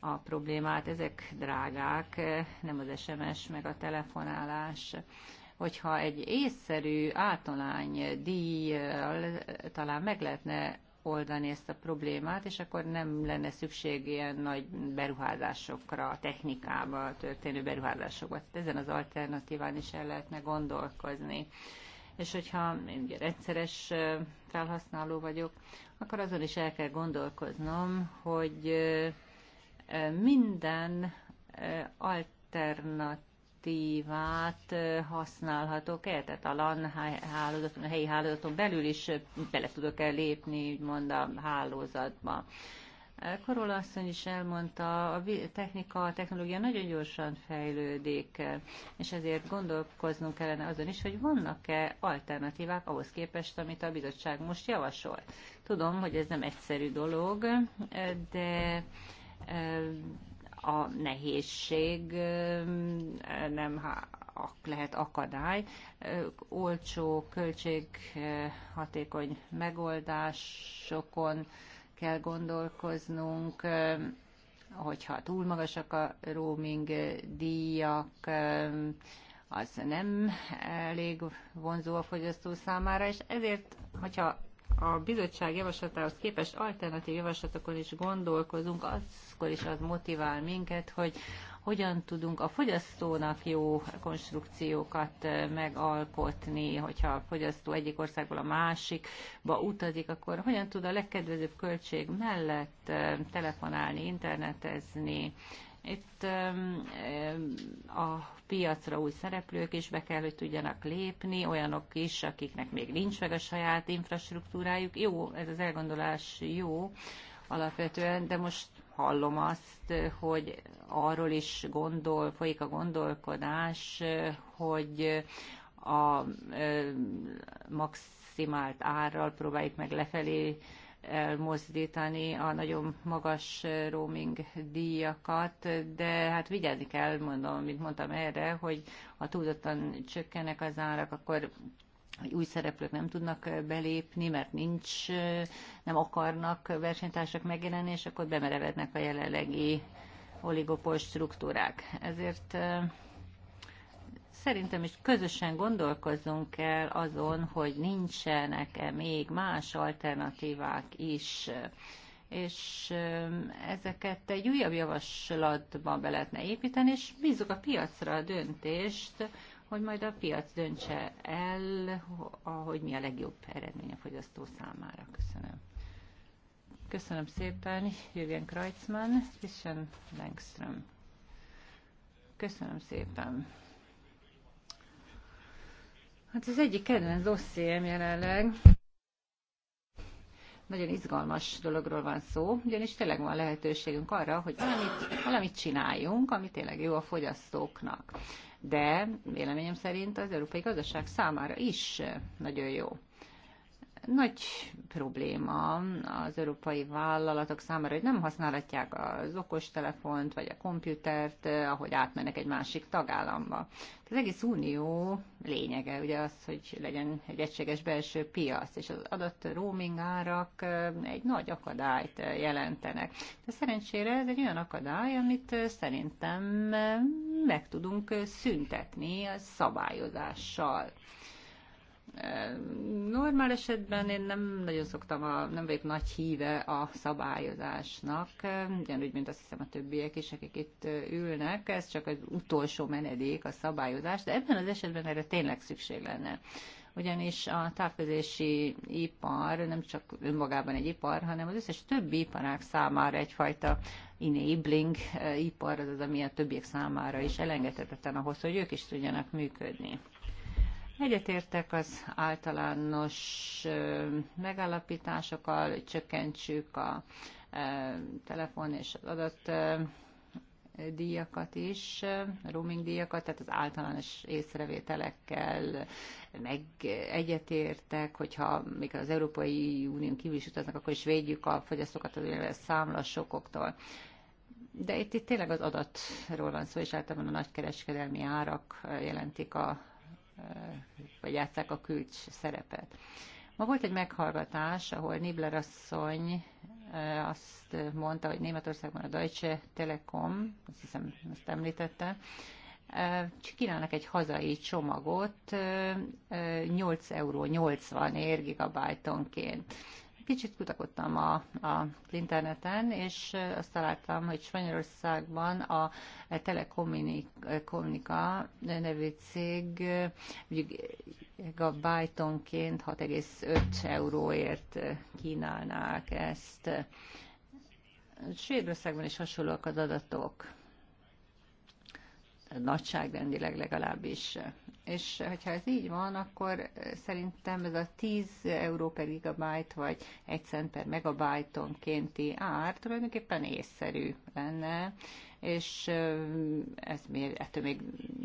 a problémát. Ezek drágák, nem az SMS, meg a telefonálás hogyha egy észszerű átolány díjjal talán meg lehetne oldani ezt a problémát, és akkor nem lenne szükség ilyen nagy beruházásokra, a technikába történő beruházásokba. Tehát ezen az alternatíván is el lehetne gondolkozni. És hogyha én ugye rendszeres felhasználó vagyok, akkor azon is el kell gondolkoznom, hogy minden alternatívát használhatok el, tehát a LAN hálózaton, a helyi hálózaton belül is bele tudok el lépni, úgymond a hálózatba. Karola asszony is elmondta, a technika, a technológia nagyon gyorsan fejlődik, és ezért gondolkoznunk kellene azon is, hogy vannak-e alternatívák ahhoz képest, amit a bizottság most javasol. Tudom, hogy ez nem egyszerű dolog, de a nehézség nem lehet akadály. Olcsó, költséghatékony megoldásokon kell gondolkoznunk, hogyha túl magasak a roaming díjak, az nem elég vonzó a fogyasztó számára, és ezért, hogyha a bizottság javaslatához képest alternatív javaslatokon is gondolkozunk, akkor is az motivál minket, hogy hogyan tudunk a fogyasztónak jó konstrukciókat eh, megalkotni, hogyha a fogyasztó egyik országból a másikba utazik, akkor hogyan tud a legkedvezőbb költség mellett eh, telefonálni, internetezni, itt a piacra új szereplők is be kell, hogy tudjanak lépni, olyanok is, akiknek még nincs meg a saját infrastruktúrájuk. Jó, ez az elgondolás jó alapvetően, de most hallom azt, hogy arról is gondol, folyik a gondolkodás, hogy a maximált árral próbáljuk meg lefelé elmozdítani a nagyon magas roaming díjakat, de hát vigyázni kell, mondom, mint mondtam erre, hogy ha túlzottan csökkennek az árak, akkor hogy új szereplők nem tudnak belépni, mert nincs, nem akarnak versenytársak megjelenni, és akkor bemerevednek a jelenlegi oligopol struktúrák. Ezért szerintem is közösen gondolkozzunk el azon, hogy nincsenek-e még más alternatívák is, és ezeket egy újabb javaslatba be lehetne építeni, és bízok a piacra a döntést, hogy majd a piac döntse el, hogy mi a legjobb eredmény a fogyasztó számára. Köszönöm. Köszönöm szépen, Jürgen Kreutzmann, Christian Langström. Köszönöm szépen. Hát az egyik kedvenc dossziém jelenleg. Nagyon izgalmas dologról van szó, ugyanis tényleg van lehetőségünk arra, hogy valamit, valamit csináljunk, ami tényleg jó a fogyasztóknak. De véleményem szerint az európai gazdaság számára is nagyon jó nagy probléma az európai vállalatok számára, hogy nem használhatják az okostelefont vagy a komputert, eh, ahogy átmennek egy másik tagállamba. Az egész unió lényege ugye az, hogy legyen egy egységes belső piac, és az adott roaming árak eh, egy nagy akadályt eh, jelentenek. De szerencsére ez egy olyan akadály, amit szerintem meg tudunk szüntetni a szabályozással. Normál esetben én nem nagyon szoktam, a, nem vagyok nagy híve a szabályozásnak, ugyanúgy, mint azt hiszem a többiek is, akik itt ülnek, ez csak az utolsó menedék a szabályozás, de ebben az esetben erre tényleg szükség lenne ugyanis a távközési ipar nem csak önmagában egy ipar, hanem az összes többi iparák számára egyfajta enabling ipar, az az, ami a többiek számára is elengedhetetlen ahhoz, hogy ők is tudjanak működni. Egyetértek az általános megállapításokkal, hogy csökkentsük a telefon és az adat díjakat is, roaming díjakat, tehát az általános észrevételekkel meg egyetértek, hogyha még az Európai Unión kívül is utaznak, akkor is védjük a fogyasztókat számla számlasokoktól. De itt, itt tényleg az adatról van szó, és általában a nagykereskedelmi árak jelentik a vagy játszák a kulcs szerepet. Ma volt egy meghallgatás, ahol Nibler asszony eh, azt mondta, hogy Németországban a Deutsche Telekom, azt hiszem, azt említette, eh, kínálnak egy hazai csomagot 8 eh, euró 80 ér gigabájtonként. Kicsit kutakodtam a, a interneten, és azt találtam, hogy Spanyolországban a Telekommunika nevű cég mondjuk onként 6,5 euróért kínálnák ezt. Svédországban is hasonlóak az adatok nagyságrendileg legalábbis. És hogyha ez így van, akkor szerintem ez a 10 euró per gigabyte, vagy 1 cent per megabajtonkénti ár tulajdonképpen észszerű lenne, és ez még, ettől még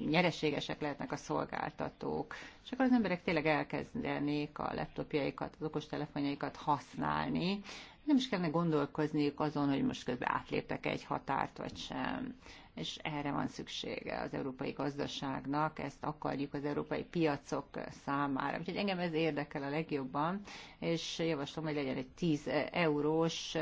nyereségesek lehetnek a szolgáltatók. És akkor az emberek tényleg elkezdenék a laptopjaikat, az okostelefonjaikat használni, nem is kellene gondolkozniuk azon, hogy most közben átléptek egy határt, vagy sem és erre van szüksége az európai gazdaságnak, ezt akarjuk az európai piacok számára. Úgyhogy engem ez érdekel a legjobban, és javaslom, hogy legyen egy 10 eurós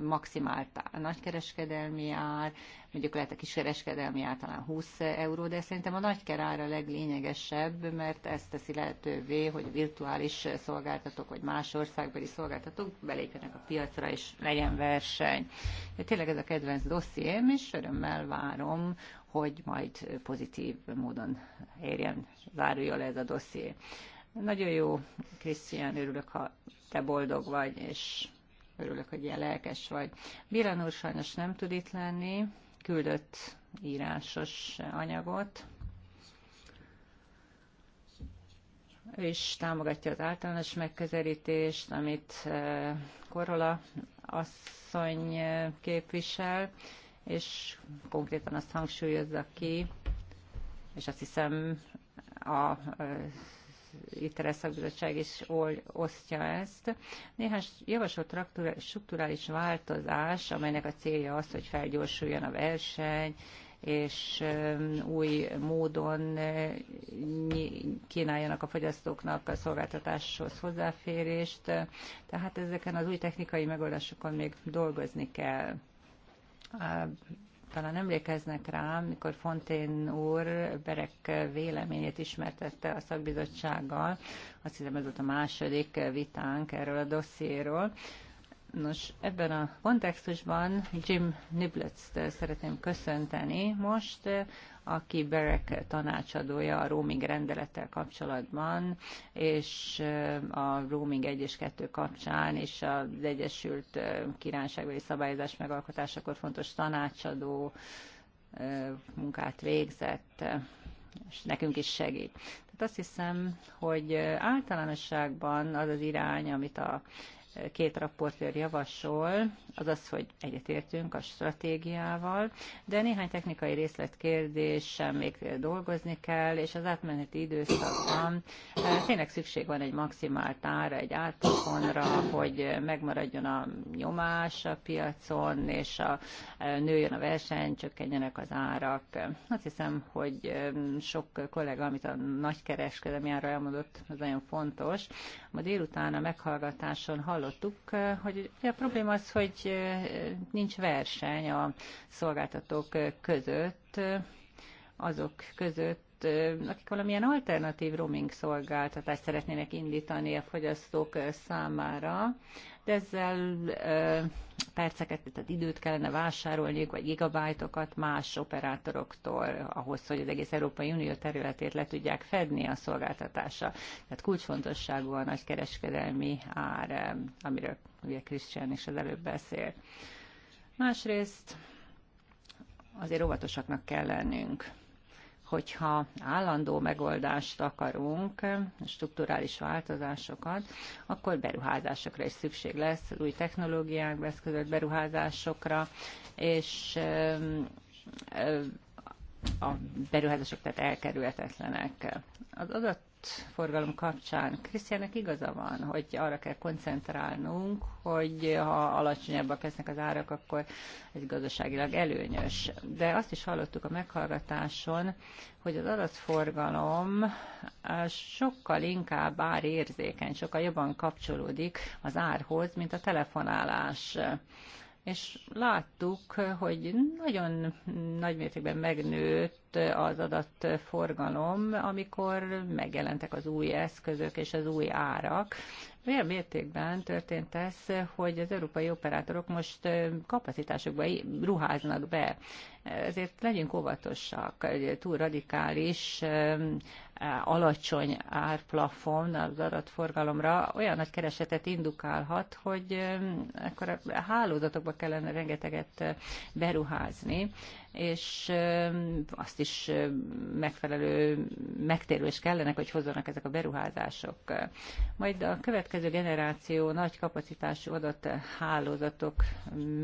maximált nagykereskedelmi ár, mondjuk lehet a kiskereskedelmi ár talán 20 euró, de szerintem a nagyker ára a leglényegesebb, mert ezt teszi lehetővé, hogy virtuális szolgáltatók vagy más országbeli szolgáltatók belépjenek a piacra, és legyen verseny. Tényleg ez a kedvenc dossziém, és örömmel várom, hogy majd pozitív módon érjen, zárulja le ez a dosszié. Nagyon jó, Krisztián, örülök, ha te boldog vagy, és örülök, hogy ilyen lelkes vagy. Bírán úr sajnos nem tud itt lenni, küldött írásos anyagot, ő is támogatja az általános megközelítést, amit eh, Korola asszony eh, képvisel és konkrétan azt hangsúlyozza ki, és azt hiszem a ITERE szakbizottság is osztja ezt. Néhány javasolt strukturális változás, amelynek a célja az, hogy felgyorsuljon a verseny, és új módon kínáljanak a fogyasztóknak a szolgáltatáshoz hozzáférést. Tehát ezeken az új technikai megoldásokon még dolgozni kell talán emlékeznek rám, mikor Fontén úr Berek véleményét ismertette a szakbizottsággal. Azt hiszem ez volt a második vitánk erről a dossziéről. Nos, ebben a kontextusban Jim Niblets-t szeretném köszönteni most, aki Berek tanácsadója a roaming rendelettel kapcsolatban, és a roaming 1 és 2 kapcsán, és az Egyesült Királyságbeli Szabályozás megalkotásakor fontos tanácsadó munkát végzett, és nekünk is segít. Tehát azt hiszem, hogy általánosságban az az irány, amit a két raportőr javasol, az az, hogy egyetértünk a stratégiával, de néhány technikai sem még dolgozni kell, és az átmeneti időszakban eh, tényleg szükség van egy maximált ára, egy árplafonra, hogy megmaradjon a nyomás a piacon, és a, eh, nőjön a verseny, csökkenjenek az árak. Azt hiszem, hogy eh, sok kollega, amit a kereskedelmi ára elmondott, az nagyon fontos. Ma délután a meghallgatáson hallottuk, hogy a probléma az, hogy nincs verseny a szolgáltatók között, azok között, akik valamilyen alternatív roaming szolgáltatást szeretnének indítani a fogyasztók számára, de ezzel perceket, tehát időt kellene vásárolniuk, vagy gigabájtokat más operátoroktól ahhoz, hogy az egész Európai Unió területét le tudják fedni a szolgáltatása. Tehát kulcsfontosságú a nagy kereskedelmi ár, amiről ugye Krisztián is az előbb beszélt. Másrészt azért óvatosaknak kell lennünk hogyha állandó megoldást akarunk, strukturális változásokat, akkor beruházásokra is szükség lesz, új technológiák, beszközött beruházásokra, és a beruházások tehát elkerülhetetlenek. Az adat forgalom kapcsán. Krisztiának igaza van, hogy arra kell koncentrálnunk, hogy ha alacsonyabbak lesznek az árak, akkor ez gazdaságilag előnyös. De azt is hallottuk a meghallgatáson, hogy az adatforgalom sokkal inkább árérzékeny, sokkal jobban kapcsolódik az árhoz, mint a telefonálás és láttuk, hogy nagyon nagy mértékben megnőtt az adatforgalom, amikor megjelentek az új eszközök és az új árak. Olyan mértékben történt ez, hogy az európai operátorok most kapacitásokba ruháznak be. Ezért legyünk óvatosak, túl radikális alacsony árplafon az adatforgalomra olyan nagy keresetet indukálhat, hogy akkor a hálózatokba kellene rengeteget eh, beruházni, és azt is megfelelő megtérülés kellene, hogy hozzanak ezek a beruházások. Majd a következő generáció nagy kapacitású adathálózatok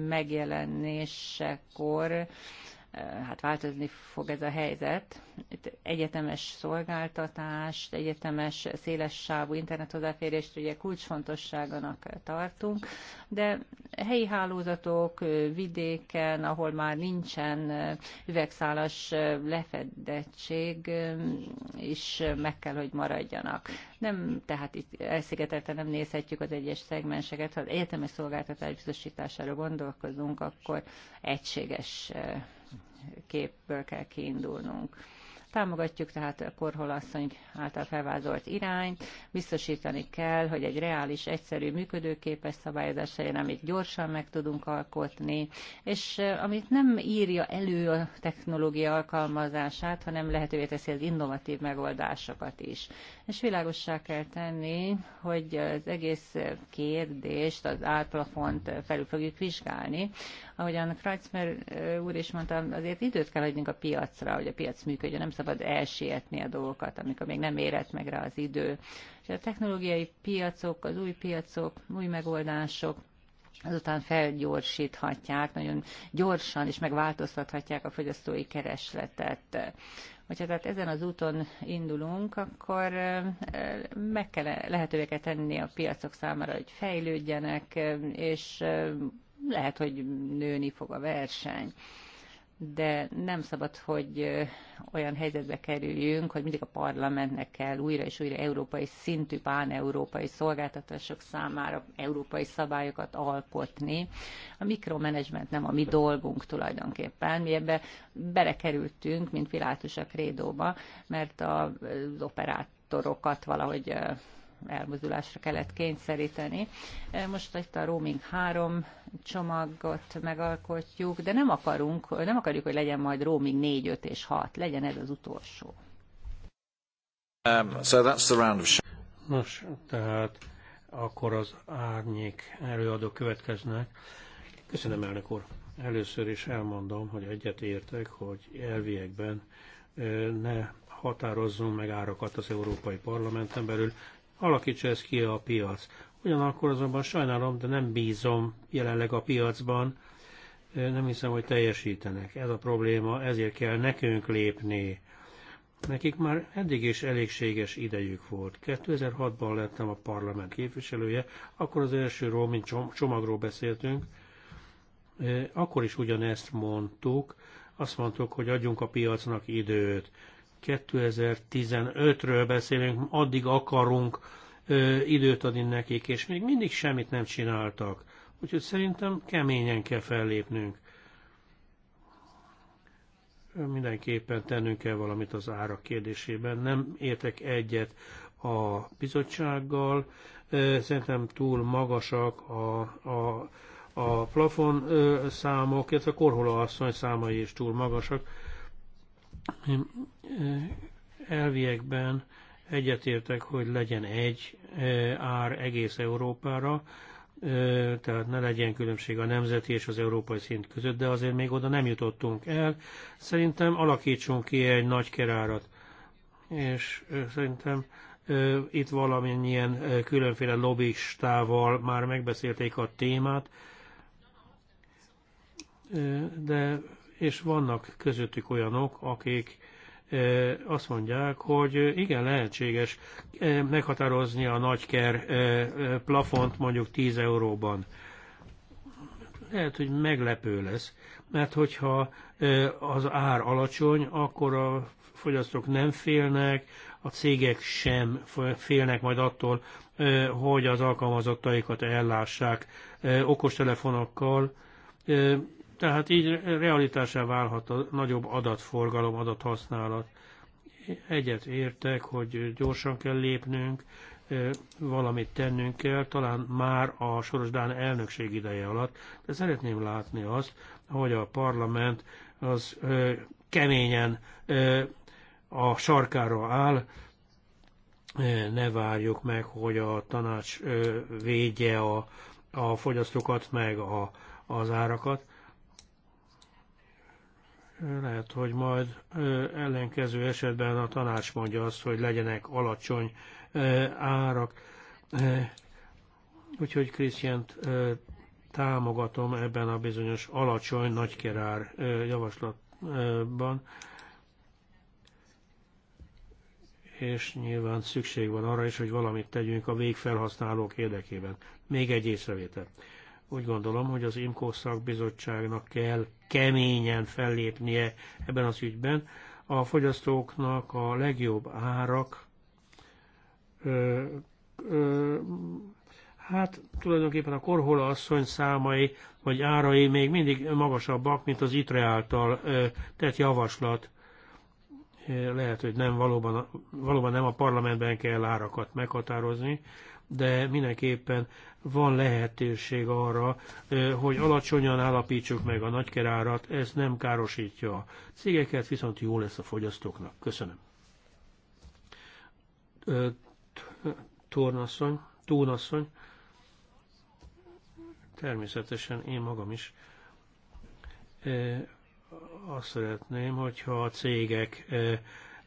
megjelenésekor hát változni fog ez a helyzet. Itt egyetemes szolgáltatás, egyetemes széles sávú internethozzáférést ugye kulcsfontosságanak tartunk, de helyi hálózatok vidéken, ahol már nincsen üvegszálas lefedettség, is meg kell, hogy maradjanak. Nem, tehát itt elszigetelten nem nézhetjük az egyes szegmenseket. Ha az egyetemes szolgáltatás biztosítására gondolkozunk, akkor egységes képből kell kiindulnunk. Támogatjuk tehát a korholasszony által felvázolt irányt, biztosítani kell, hogy egy reális, egyszerű, működőképes szabályozás legyen, amit gyorsan meg tudunk alkotni, és amit nem írja elő a technológia alkalmazását, hanem lehetővé teszi az innovatív megoldásokat is. És világossá kell tenni, hogy az egész kérdést, az árplafont felül fogjuk vizsgálni, Ahogyan Kreitzmer úr is mondta, azért időt kell adnunk a piacra, hogy a piac működjön, nem szabad elsietni a dolgokat, amikor még nem érett meg rá az idő. És a technológiai piacok, az új piacok, új megoldások, azután felgyorsíthatják, nagyon gyorsan és megváltoztathatják a fogyasztói keresletet. Hogyha tehát ezen az úton indulunk, akkor meg kell, lehetővé kell tenni a piacok számára, hogy fejlődjenek, és lehet, hogy nőni fog a verseny de nem szabad, hogy olyan helyzetbe kerüljünk, hogy mindig a parlamentnek kell újra és újra európai szintű pán-európai szolgáltatások számára európai szabályokat alkotni. A mikromenedzsment nem a mi dolgunk tulajdonképpen. Mi ebbe belekerültünk, mint Pilátus a krédóba, mert az operátorokat valahogy elmozdulásra kellett kényszeríteni. E, most itt a roaming 3 csomagot megalkotjuk, de nem, akarunk, nem akarjuk, hogy legyen majd roaming 4, 5 és 6, legyen ez az utolsó. Um, so that's the round of... Nos, tehát akkor az árnyék előadók következnek. Köszönöm, elnök úr. Először is elmondom, hogy egyetértek, hogy elviekben e, ne határozzunk meg árakat az Európai Parlamenten belül, alakítsa ezt ki a piac. Ugyanakkor azonban sajnálom, de nem bízom jelenleg a piacban, nem hiszem, hogy teljesítenek. Ez a probléma, ezért kell nekünk lépni. Nekik már eddig is elégséges idejük volt. 2006-ban lettem a parlament képviselője, akkor az első roaming csomagról beszéltünk, akkor is ugyanezt mondtuk, azt mondtuk, hogy adjunk a piacnak időt. 2015-ről beszélünk, addig akarunk ö, időt adni nekik, és még mindig semmit nem csináltak. Úgyhogy szerintem keményen kell fellépnünk. Mindenképpen tennünk kell valamit az árak kérdésében. Nem értek egyet a bizottsággal. Szerintem túl magasak a, a, a plafon számok, illetve a korholó asszony számai is túl magasak Eh, elviekben egyetértek, hogy legyen egy eh, ár egész Európára, eh, tehát ne legyen különbség a nemzeti és az európai szint között, de azért még oda nem jutottunk el. Szerintem alakítsunk ki egy nagy kerárat, és szerintem itt valamilyen különféle lobbistával már megbeszélték a témát, de és vannak közöttük olyanok, akik e, azt mondják, hogy igen, lehetséges e, meghatározni a nagyker e, plafont mondjuk 10 euróban. Lehet, hogy meglepő lesz, mert hogyha az ár alacsony, akkor a fogyasztók nem félnek, a cégek sem félnek majd attól, hogy az alkalmazottaikat ellássák okostelefonokkal, tehát így realitásá válhat a nagyobb adatforgalom, adathasználat. Egyet értek, hogy gyorsan kell lépnünk, valamit tennünk kell, talán már a Soros Dán elnökség ideje alatt, de szeretném látni azt, hogy a parlament az keményen a sarkára áll, ne várjuk meg, hogy a tanács védje a, a fogyasztókat, meg a, az árakat lehet, hogy majd ellenkező esetben a tanács mondja azt, hogy legyenek alacsony árak. Úgyhogy Krisztiánt támogatom ebben a bizonyos alacsony nagykerár javaslatban, és nyilván szükség van arra is, hogy valamit tegyünk a végfelhasználók érdekében. Még egy észrevétel. Úgy gondolom, hogy az IMCO szakbizottságnak kell keményen fellépnie ebben az ügyben. A fogyasztóknak a legjobb árak ö, ö, hát tulajdonképpen a korhola asszony számai vagy árai még mindig magasabbak, mint az ITRE által tett javaslat. Lehet, hogy nem valóban, valóban nem a parlamentben kell árakat meghatározni, de mindenképpen van lehetőség arra, hogy alacsonyan állapítsuk meg a nagykerárat, ez nem károsítja a cégeket, viszont jó lesz a fogyasztóknak. Köszönöm. Tornasszony, Tónasszony, természetesen én magam is azt szeretném, hogyha a cégek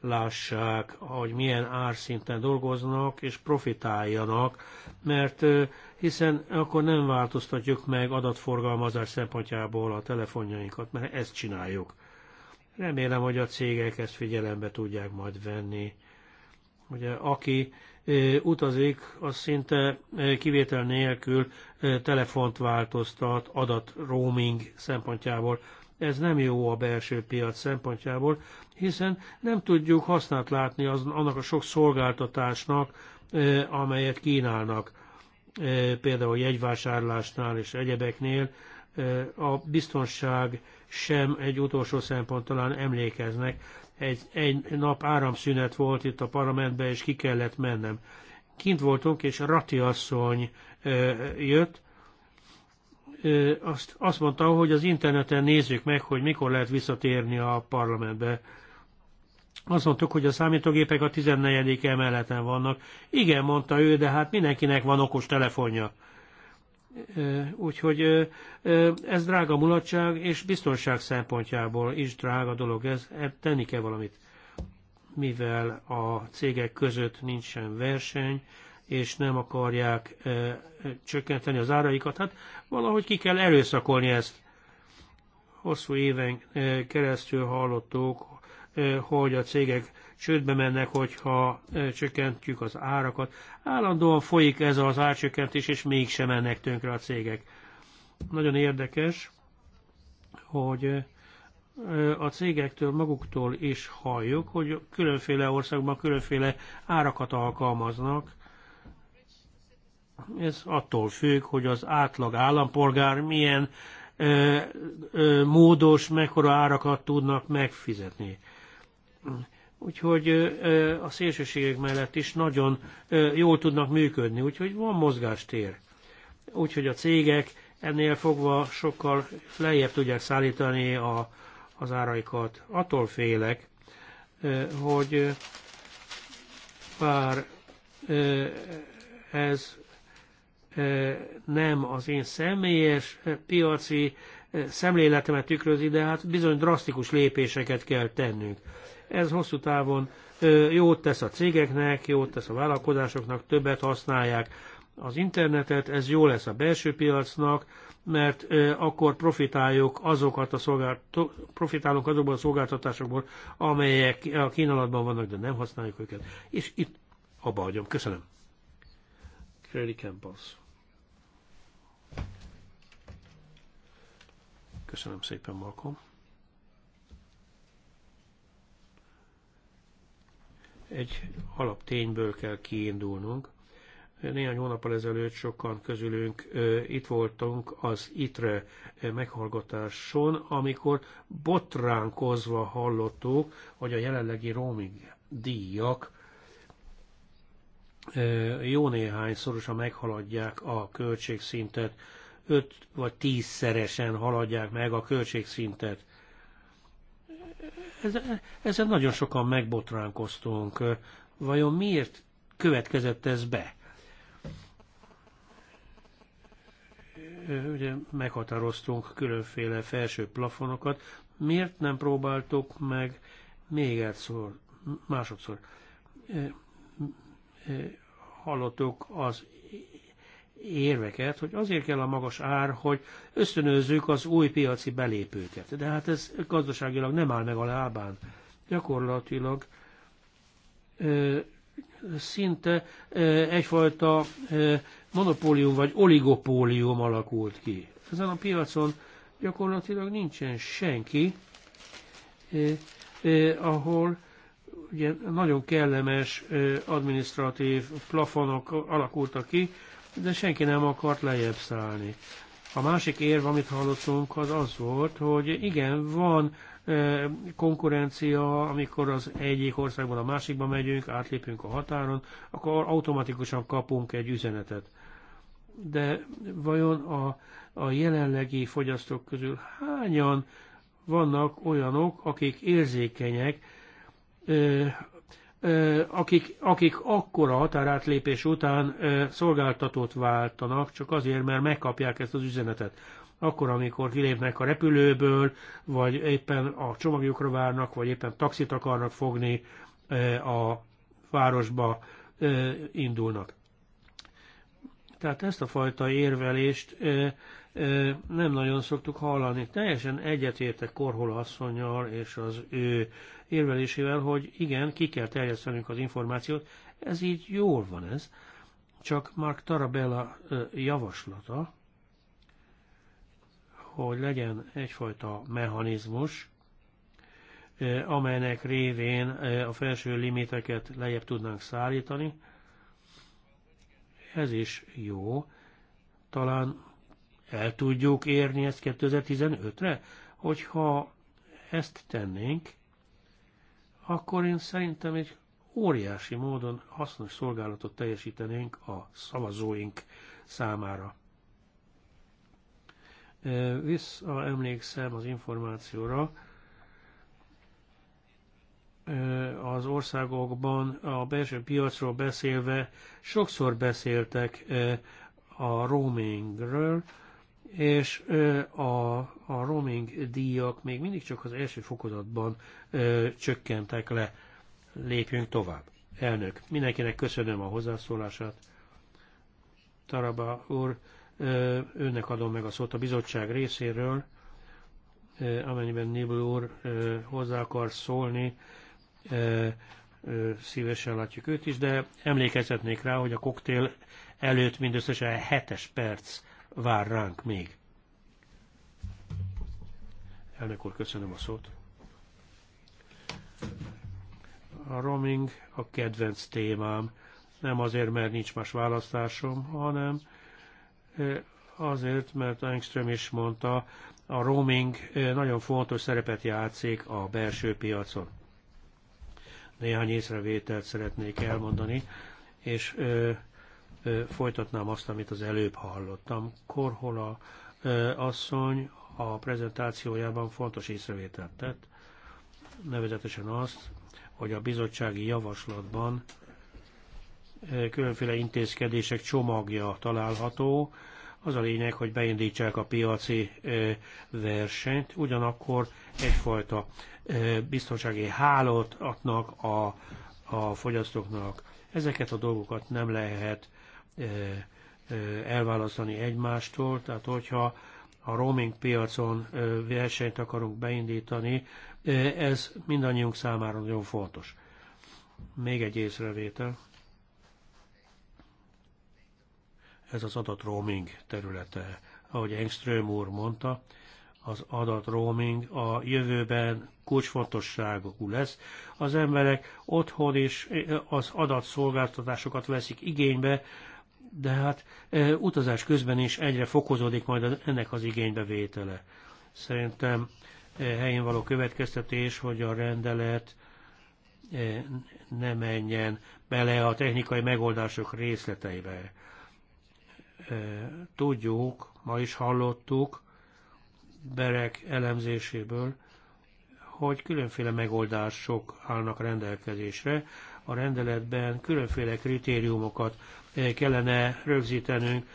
lássák, hogy milyen árszinten dolgoznak, és profitáljanak, mert hiszen akkor nem változtatjuk meg adatforgalmazás szempontjából a telefonjainkat, mert ezt csináljuk. Remélem, hogy a cégek ezt figyelembe tudják majd venni. Ugye, aki utazik, az szinte kivétel nélkül telefont változtat adat roaming szempontjából. Ez nem jó a belső piac szempontjából, hiszen nem tudjuk hasznát látni az, annak a sok szolgáltatásnak, amelyet kínálnak, például jegyvásárlásnál és egyebeknél. A biztonság sem egy utolsó szempont, talán emlékeznek. Egy, egy nap áramszünet volt itt a parlamentben, és ki kellett mennem. Kint voltunk, és Rati asszony jött, azt, azt mondta, hogy az interneten nézzük meg, hogy mikor lehet visszatérni a parlamentbe. Azt mondtuk, hogy a számítógépek a 14. emeleten vannak. Igen, mondta ő, de hát mindenkinek van okos telefonja. Úgyhogy ez drága mulatság, és biztonság szempontjából is drága dolog ez. Tenni kell valamit. Mivel a cégek között nincsen verseny, és nem akarják csökkenteni az áraikat. Hát valahogy ki kell erőszakolni ezt. Hosszú éven keresztül hallottuk, hogy a cégek csődbe mennek, hogyha csökkentjük az árakat. Állandóan folyik ez az árcsökkentés, és mégsem mennek tönkre a cégek. Nagyon érdekes, hogy a cégektől maguktól is halljuk, hogy különféle országban különféle árakat alkalmaznak, ez attól függ, hogy az átlag állampolgár milyen ö, ö, módos, mekkora árakat tudnak megfizetni. Úgyhogy ö, a szélsőségek mellett is nagyon ö, jól tudnak működni, úgyhogy van mozgástér. Úgyhogy a cégek ennél fogva sokkal lejjebb tudják szállítani a, az áraikat. Attól félek, hogy bár ez nem az én személyes piaci szemléletemet tükrözi, de hát bizony drasztikus lépéseket kell tennünk. Ez hosszú távon jót tesz a cégeknek, jót tesz a vállalkozásoknak, többet használják az internetet, ez jó lesz a belső piacnak, mert akkor profitáljuk azokat a szolgált, profitálunk azokból a szolgáltatásokból, amelyek a kínálatban vannak, de nem használjuk őket. És itt abba hagyom. Köszönöm. Kredi Campos. Köszönöm szépen, Malcolm. Egy alaptényből kell kiindulnunk. Néhány hónappal ezelőtt sokan közülünk itt voltunk az ITRE meghallgatáson, amikor botránkozva hallottuk, hogy a jelenlegi roaming díjak jó néhány szorosan meghaladják a költségszintet, öt vagy tízszeresen szeresen haladják meg a költségszintet. Ezzel nagyon sokan megbotránkoztunk. Vajon miért következett ez be? Ugye meghatároztunk különféle felső plafonokat. Miért nem próbáltuk meg még egyszer, másodszor? hallottuk az érveket, hogy azért kell a magas ár, hogy ösztönözzük az új piaci belépőket. De hát ez gazdaságilag nem áll meg a lábán. Gyakorlatilag ö, szinte ö, egyfajta ö, monopólium vagy oligopólium alakult ki. Ezen a piacon gyakorlatilag nincsen senki, ö, ö, ahol ugye nagyon kellemes administratív plafonok alakultak ki, de senki nem akart lejjebb szállni. A másik érv, amit hallottunk, az az volt, hogy igen, van e, konkurencia, amikor az egyik országban a másikba megyünk, átlépünk a határon, akkor automatikusan kapunk egy üzenetet. De vajon a, a jelenlegi fogyasztók közül hányan vannak olyanok, akik érzékenyek e, akik, akik akkora határátlépés után szolgáltatót váltanak, csak azért, mert megkapják ezt az üzenetet. Akkor, amikor kilépnek a repülőből, vagy éppen a csomagjukra várnak, vagy éppen taxit akarnak fogni a városba, indulnak. Tehát ezt a fajta érvelést nem nagyon szoktuk hallani. Teljesen egyetértek Korhol asszonyjal és az ő érvelésével, hogy igen, ki kell terjesztenünk az információt. Ez így jól van ez. Csak Mark Tarabella javaslata, hogy legyen egyfajta mechanizmus, amelynek révén a felső limiteket lejjebb tudnánk szállítani. Ez is jó. Talán el tudjuk érni ezt 2015-re? Hogyha ezt tennénk, akkor én szerintem egy óriási módon hasznos szolgálatot teljesítenénk a szavazóink számára. Vissza emlékszem az információra, az országokban a belső piacról beszélve sokszor beszéltek a roamingről, és a, a roaming díjak még mindig csak az első fokozatban ö, csökkentek le. Lépjünk tovább. Elnök, mindenkinek köszönöm a hozzászólását. Taraba úr, ö, önnek adom meg a szót a bizottság részéről, ö, amennyiben Nibel úr ö, hozzá akar szólni, ö, ö, szívesen látjuk őt is, de emlékezhetnék rá, hogy a koktél előtt mindösszesen 7 perc vár ránk még. Elnök úr, köszönöm a szót. A roaming a kedvenc témám. Nem azért, mert nincs más választásom, hanem azért, mert Engström is mondta, a roaming nagyon fontos szerepet játszik a belső piacon. Néhány észrevételt szeretnék elmondani, és folytatnám azt, amit az előbb hallottam. Korhola asszony a prezentációjában fontos észrevételt tett, nevezetesen azt, hogy a bizottsági javaslatban különféle intézkedések csomagja található. Az a lényeg, hogy beindítsák a piaci versenyt, ugyanakkor egyfajta biztonsági hálót adnak a, a fogyasztóknak. Ezeket a dolgokat nem lehet elválasztani egymástól, tehát hogyha a roaming piacon versenyt akarunk beindítani, ez mindannyiunk számára nagyon fontos. Még egy észrevétel. Ez az adat roaming területe. Ahogy Engström úr mondta, az adat roaming a jövőben kulcsfontosságú lesz. Az emberek otthon is az adatszolgáltatásokat veszik igénybe, de hát utazás közben is egyre fokozódik majd ennek az igénybevétele. Szerintem helyén való következtetés, hogy a rendelet ne menjen bele a technikai megoldások részleteibe. Tudjuk, ma is hallottuk Berek elemzéséből, hogy különféle megoldások állnak rendelkezésre a rendeletben különféle kritériumokat eh, kellene rögzítenünk,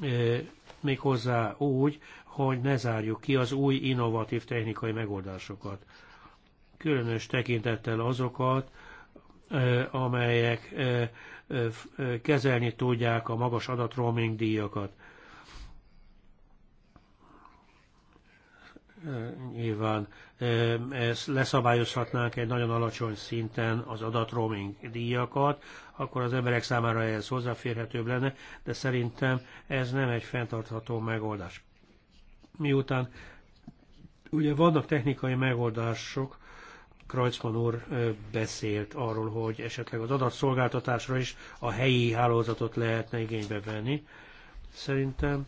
eh, méghozzá úgy, hogy ne zárjuk ki az új innovatív technikai megoldásokat. Különös tekintettel azokat, eh, amelyek kezelni tudják a magas adatroaming díjakat. nyilván ezt leszabályozhatnánk egy nagyon alacsony szinten az adatroaming díjakat, akkor az emberek számára ez hozzáférhetőbb lenne, de szerintem ez nem egy fenntartható megoldás. Miután ugye vannak technikai megoldások, Kreutzmann úr beszélt arról, hogy esetleg az adatszolgáltatásra is a helyi hálózatot lehetne igénybe venni. Szerintem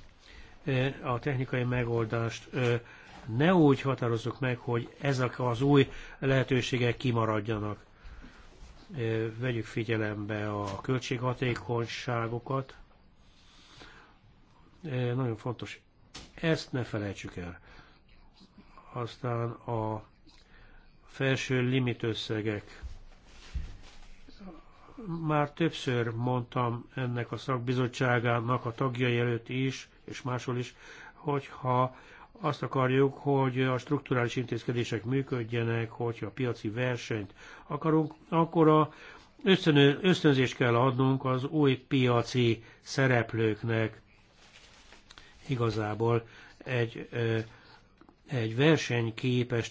a technikai megoldást ne úgy határozzuk meg, hogy ezek az új lehetőségek kimaradjanak. Vegyük figyelembe a költséghatékonyságokat. Nagyon fontos, ezt ne felejtsük el. Aztán a felső limitösszegek. Már többször mondtam ennek a szakbizottságának a tagjai előtt is, és máshol is, hogyha azt akarjuk, hogy a strukturális intézkedések működjenek, hogyha piaci versenyt akarunk, akkor a ösztönzést kell adnunk az új piaci szereplőknek. Igazából egy, egy versenyképes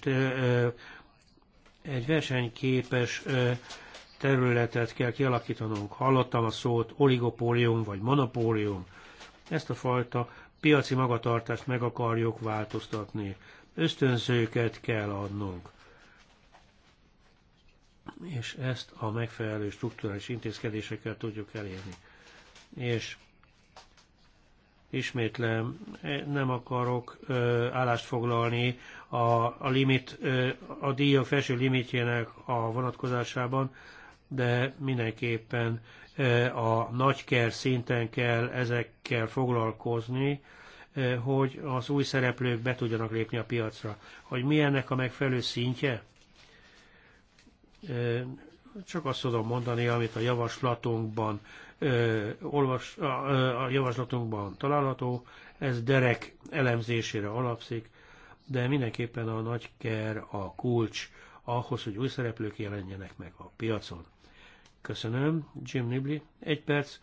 egy versenyképes területet kell kialakítanunk. Hallottam a szót oligopólium vagy monopólium. Ezt a fajta piaci magatartást meg akarjuk változtatni. Ösztönzőket kell adnunk. És ezt a megfelelő strukturális intézkedésekkel tudjuk elérni. És ismétlem, eh, nem akarok ö, állást foglalni a, a, limit, ö, a díjak felső limitjének a vonatkozásában, de mindenképpen e, a nagyker szinten kell ezekkel foglalkozni, e, hogy az új szereplők be tudjanak lépni a piacra. Hogy mi ennek a megfelelő szintje? E, csak azt tudom mondani, amit a javaslatunkban, olvas, a javaslatunkban található, ez derek elemzésére alapszik, de mindenképpen a nagyker a kulcs ahhoz, hogy új szereplők jelenjenek meg a piacon. Köszönöm, Jim Nibli. Egy perc,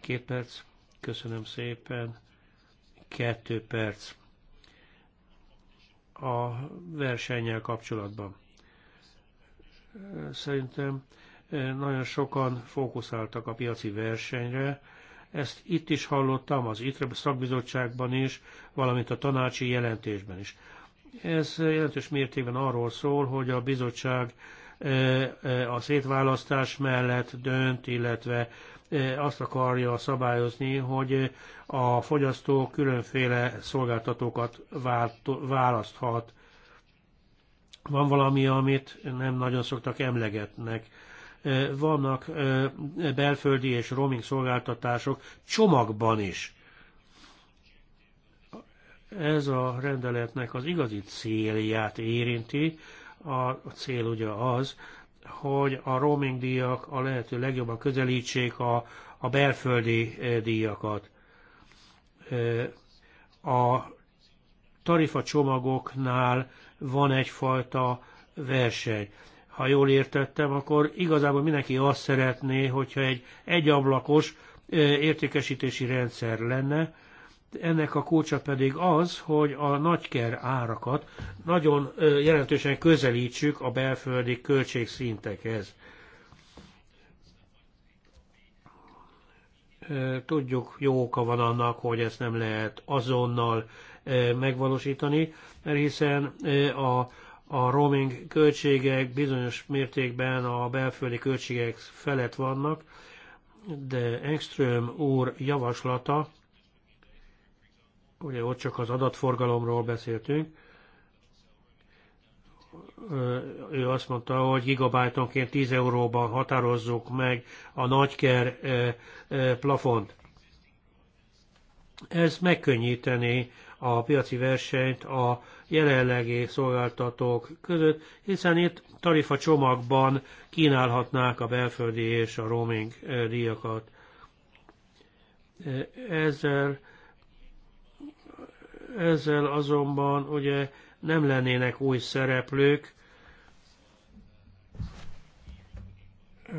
két perc, köszönöm szépen, kettő perc a versennyel kapcsolatban. Szerintem eh, nagyon sokan fókuszáltak a piaci versenyre, ezt itt is hallottam, az ITRE szakbizottságban is, valamint a tanácsi jelentésben is. Ez jelentős mértékben arról szól, hogy a bizottság a szétválasztás mellett dönt, illetve azt akarja szabályozni, hogy a fogyasztó különféle szolgáltatókat választhat. Van valami, amit nem nagyon szoktak emlegetnek. Vannak belföldi és roaming szolgáltatások csomagban is. Ez a rendeletnek az igazi célját érinti, a cél ugye az, hogy a roaming díjak a lehető legjobban közelítsék a, a belföldi eh, díjakat. Eh, a tarifa csomagoknál van egyfajta verseny. Ha jól értettem, akkor igazából mindenki azt szeretné, hogyha egy egyablakos eh, értékesítési rendszer lenne, ennek a kulcsa pedig az, hogy a nagyker árakat nagyon jelentősen közelítsük a belföldi költségszintekhez. Tudjuk, jó oka van annak, hogy ezt nem lehet azonnal megvalósítani, mert hiszen a, a roaming költségek bizonyos mértékben a belföldi költségek felett vannak, de Engström úr javaslata ugye ott csak az adatforgalomról beszéltünk, ő azt mondta, hogy gigabájtonként 10 euróban határozzuk meg a nagyker plafont. Ez megkönnyíteni a piaci versenyt a jelenlegi szolgáltatók között, hiszen itt tarifa csomagban kínálhatnák a belföldi és a roaming díjakat. Ezzel ezzel azonban ugye nem lennének új szereplők,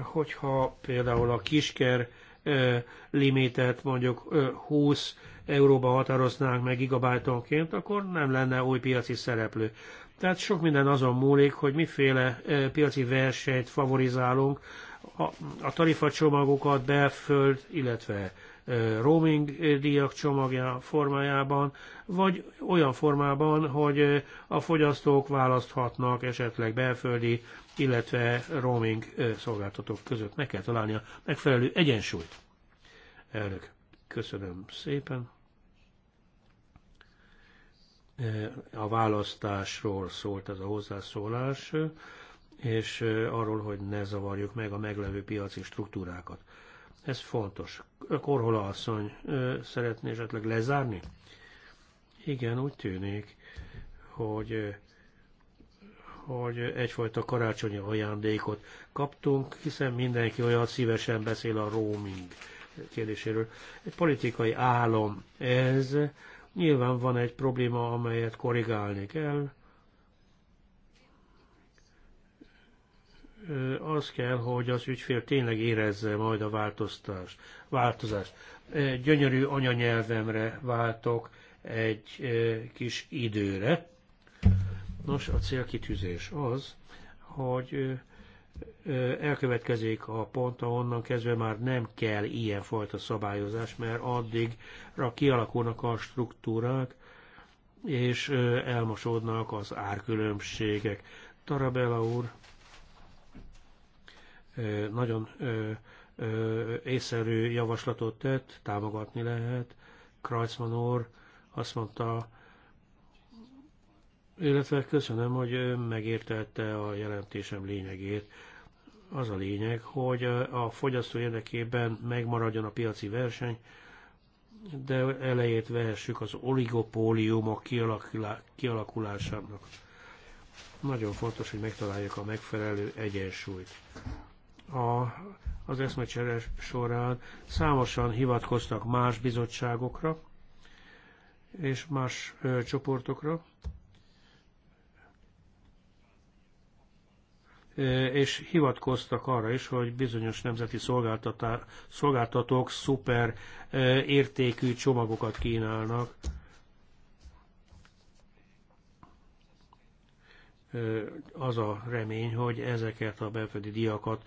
hogyha például a kisker limitet mondjuk 20 euróba határoznánk meg gigabájtonként, akkor nem lenne új piaci szereplő. Tehát sok minden azon múlik, hogy miféle piaci versenyt favorizálunk, a, tarifacsomagokat belföld, illetve roaming díjak csomagja formájában, vagy olyan formában, hogy a fogyasztók választhatnak esetleg belföldi, illetve roaming szolgáltatók között. Meg kell találni a megfelelő egyensúlyt. Elnök, köszönöm szépen. A választásról szólt ez a hozzászólás, és arról, hogy ne zavarjuk meg a meglevő piaci struktúrákat. Ez fontos. Korhola asszony szeretné esetleg lezárni? Igen, úgy tűnik, hogy hogy egyfajta karácsonyi ajándékot kaptunk, hiszen mindenki olyan szívesen beszél a roaming kérdéséről. Egy politikai álom ez, nyilván van egy probléma, amelyet korrigálni kell, az kell, hogy az ügyfél tényleg érezze majd a változtást, változást. Gyönyörű anyanyelvemre váltok egy kis időre. Nos, a célkitűzés az, hogy elkövetkezik a pont, ahonnan kezdve már nem kell ilyenfajta szabályozás, mert addigra kialakulnak a struktúrák, és elmosódnak az árkülönbségek. Tarabella úr nagyon észszerű javaslatot tett, támogatni lehet. Kreuzmann úr azt mondta, illetve köszönöm, hogy megértette a jelentésem lényegét. Az a lényeg, hogy a fogyasztó érdekében megmaradjon a piaci verseny, de elejét vehessük az oligopóliumok kialakulásának. Nagyon fontos, hogy megtaláljuk a megfelelő egyensúlyt a, az eszmecsere során számosan hivatkoztak más bizottságokra és más ö, csoportokra, és hivatkoztak arra is, hogy bizonyos nemzeti szolgáltatók szuper értékű csomagokat kínálnak az a remény, hogy ezeket a belföldi diakat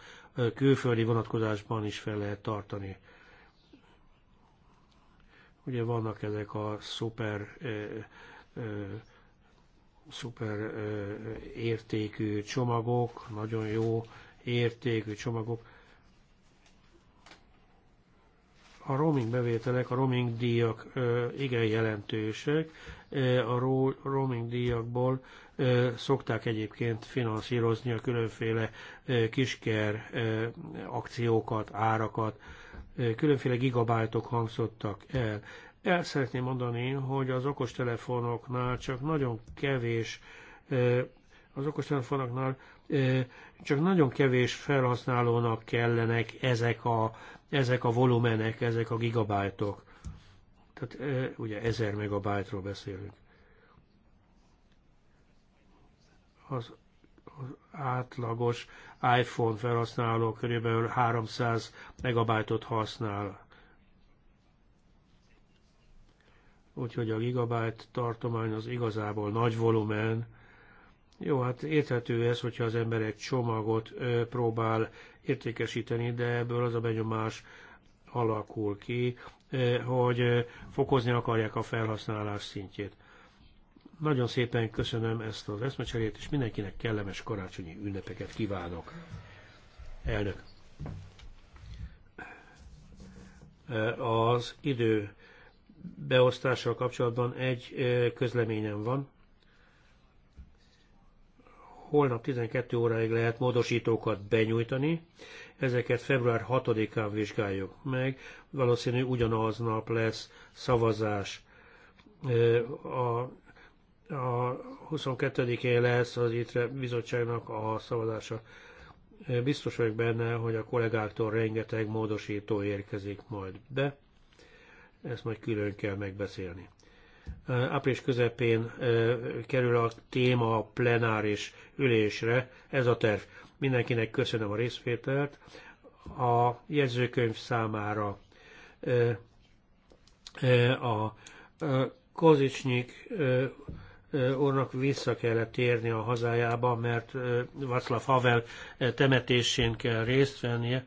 külföldi vonatkozásban is fel lehet tartani. Ugye vannak ezek a szuper, szuper értékű csomagok, nagyon jó értékű csomagok. A roaming bevételek, a roaming díjak igen jelentősek. A roaming díjakból szokták egyébként finanszírozni a különféle kisker akciókat, árakat, különféle gigabájtok hangzottak el. El szeretném mondani, hogy az okostelefonoknál csak nagyon kevés az okostelefonoknál csak nagyon kevés felhasználónak kellenek ezek a, ezek a volumenek, ezek a gigabájtok. Tehát ugye 1000 megabájtról beszélünk. az, az átlagos iPhone felhasználó körülbelül 300 megabájtot használ. Úgyhogy a gigabyte tartomány az igazából nagy volumen. Jó, hát érthető ez, hogyha az ember egy csomagot ö, próbál értékesíteni, de ebből az a benyomás alakul ki, hogy fokozni akarják a felhasználás szintjét. Nagyon szépen köszönöm ezt az eszmecserét, és mindenkinek kellemes karácsonyi ünnepeket kívánok. Elnök. Az idő beosztással kapcsolatban egy közleményem van. Holnap 12 óráig lehet módosítókat benyújtani, ezeket február 6-án vizsgáljuk meg, valószínű ugyanaz nap lesz szavazás a a 22-én lesz az ITRE bizottságnak a szavazása. Biztos vagyok benne, hogy a kollégáktól rengeteg módosító érkezik majd be. Ezt majd külön kell megbeszélni. Április közepén kerül a téma plenáris ülésre. Ez a terv. Mindenkinek köszönöm a részvételt. A jegyzőkönyv számára a Kozicsnyik úrnak vissza kellett térni a hazájába, mert Václav Havel temetésén kell részt vennie.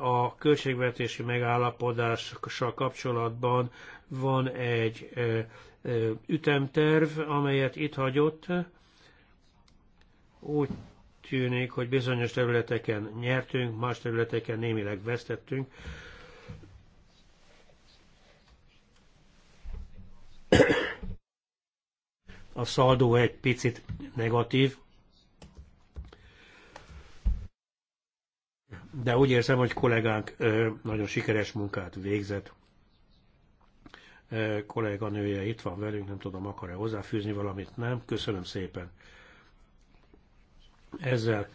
A költségvetési megállapodással kapcsolatban van egy ütemterv, amelyet itt hagyott. Úgy tűnik, hogy bizonyos területeken nyertünk, más területeken némileg vesztettünk a szaldó egy picit negatív, de úgy érzem, hogy kollégánk nagyon sikeres munkát végzett. Kolléganője itt van velünk, nem tudom, akar-e hozzáfűzni valamit? Nem? Köszönöm szépen. Ezzel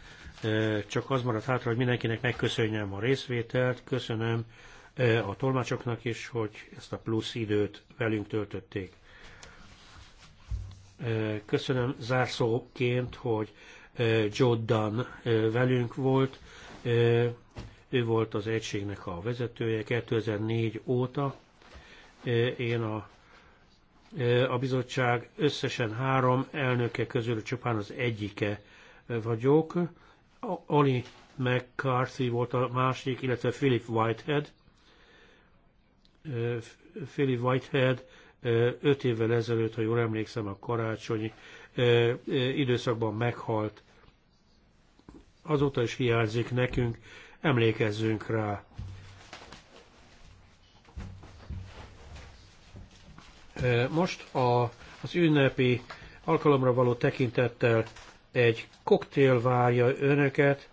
csak az maradt hátra, hogy mindenkinek megköszönjem a részvételt, köszönöm a tolmácsoknak is, hogy ezt a plusz időt velünk töltötték. Köszönöm zárszóként, hogy Jordan velünk volt. Ő volt az egységnek a vezetője 2004 óta. Én a, a bizottság összesen három elnöke közül csupán az egyike vagyok. Ali McCarthy volt a másik, illetve Philip Whitehead. Philip Whitehead Öt évvel ezelőtt, ha jól emlékszem, a karácsonyi időszakban meghalt. Azóta is hiányzik nekünk, emlékezzünk rá. Most a, az ünnepi alkalomra való tekintettel egy koktél várja önöket,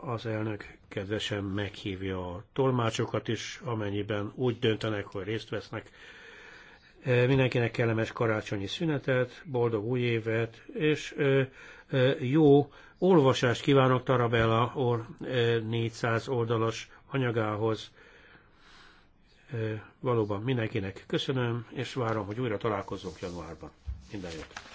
az elnök kedvesen meghívja a tolmácsokat is, amennyiben úgy döntenek, hogy részt vesznek. E, mindenkinek kellemes karácsonyi szünetet, boldog új évet, és e, e, jó olvasást kívánok Tarabella or 400 oldalas anyagához. Valóban mindenkinek köszönöm, és várom, hogy újra találkozunk januárban. Minden jót!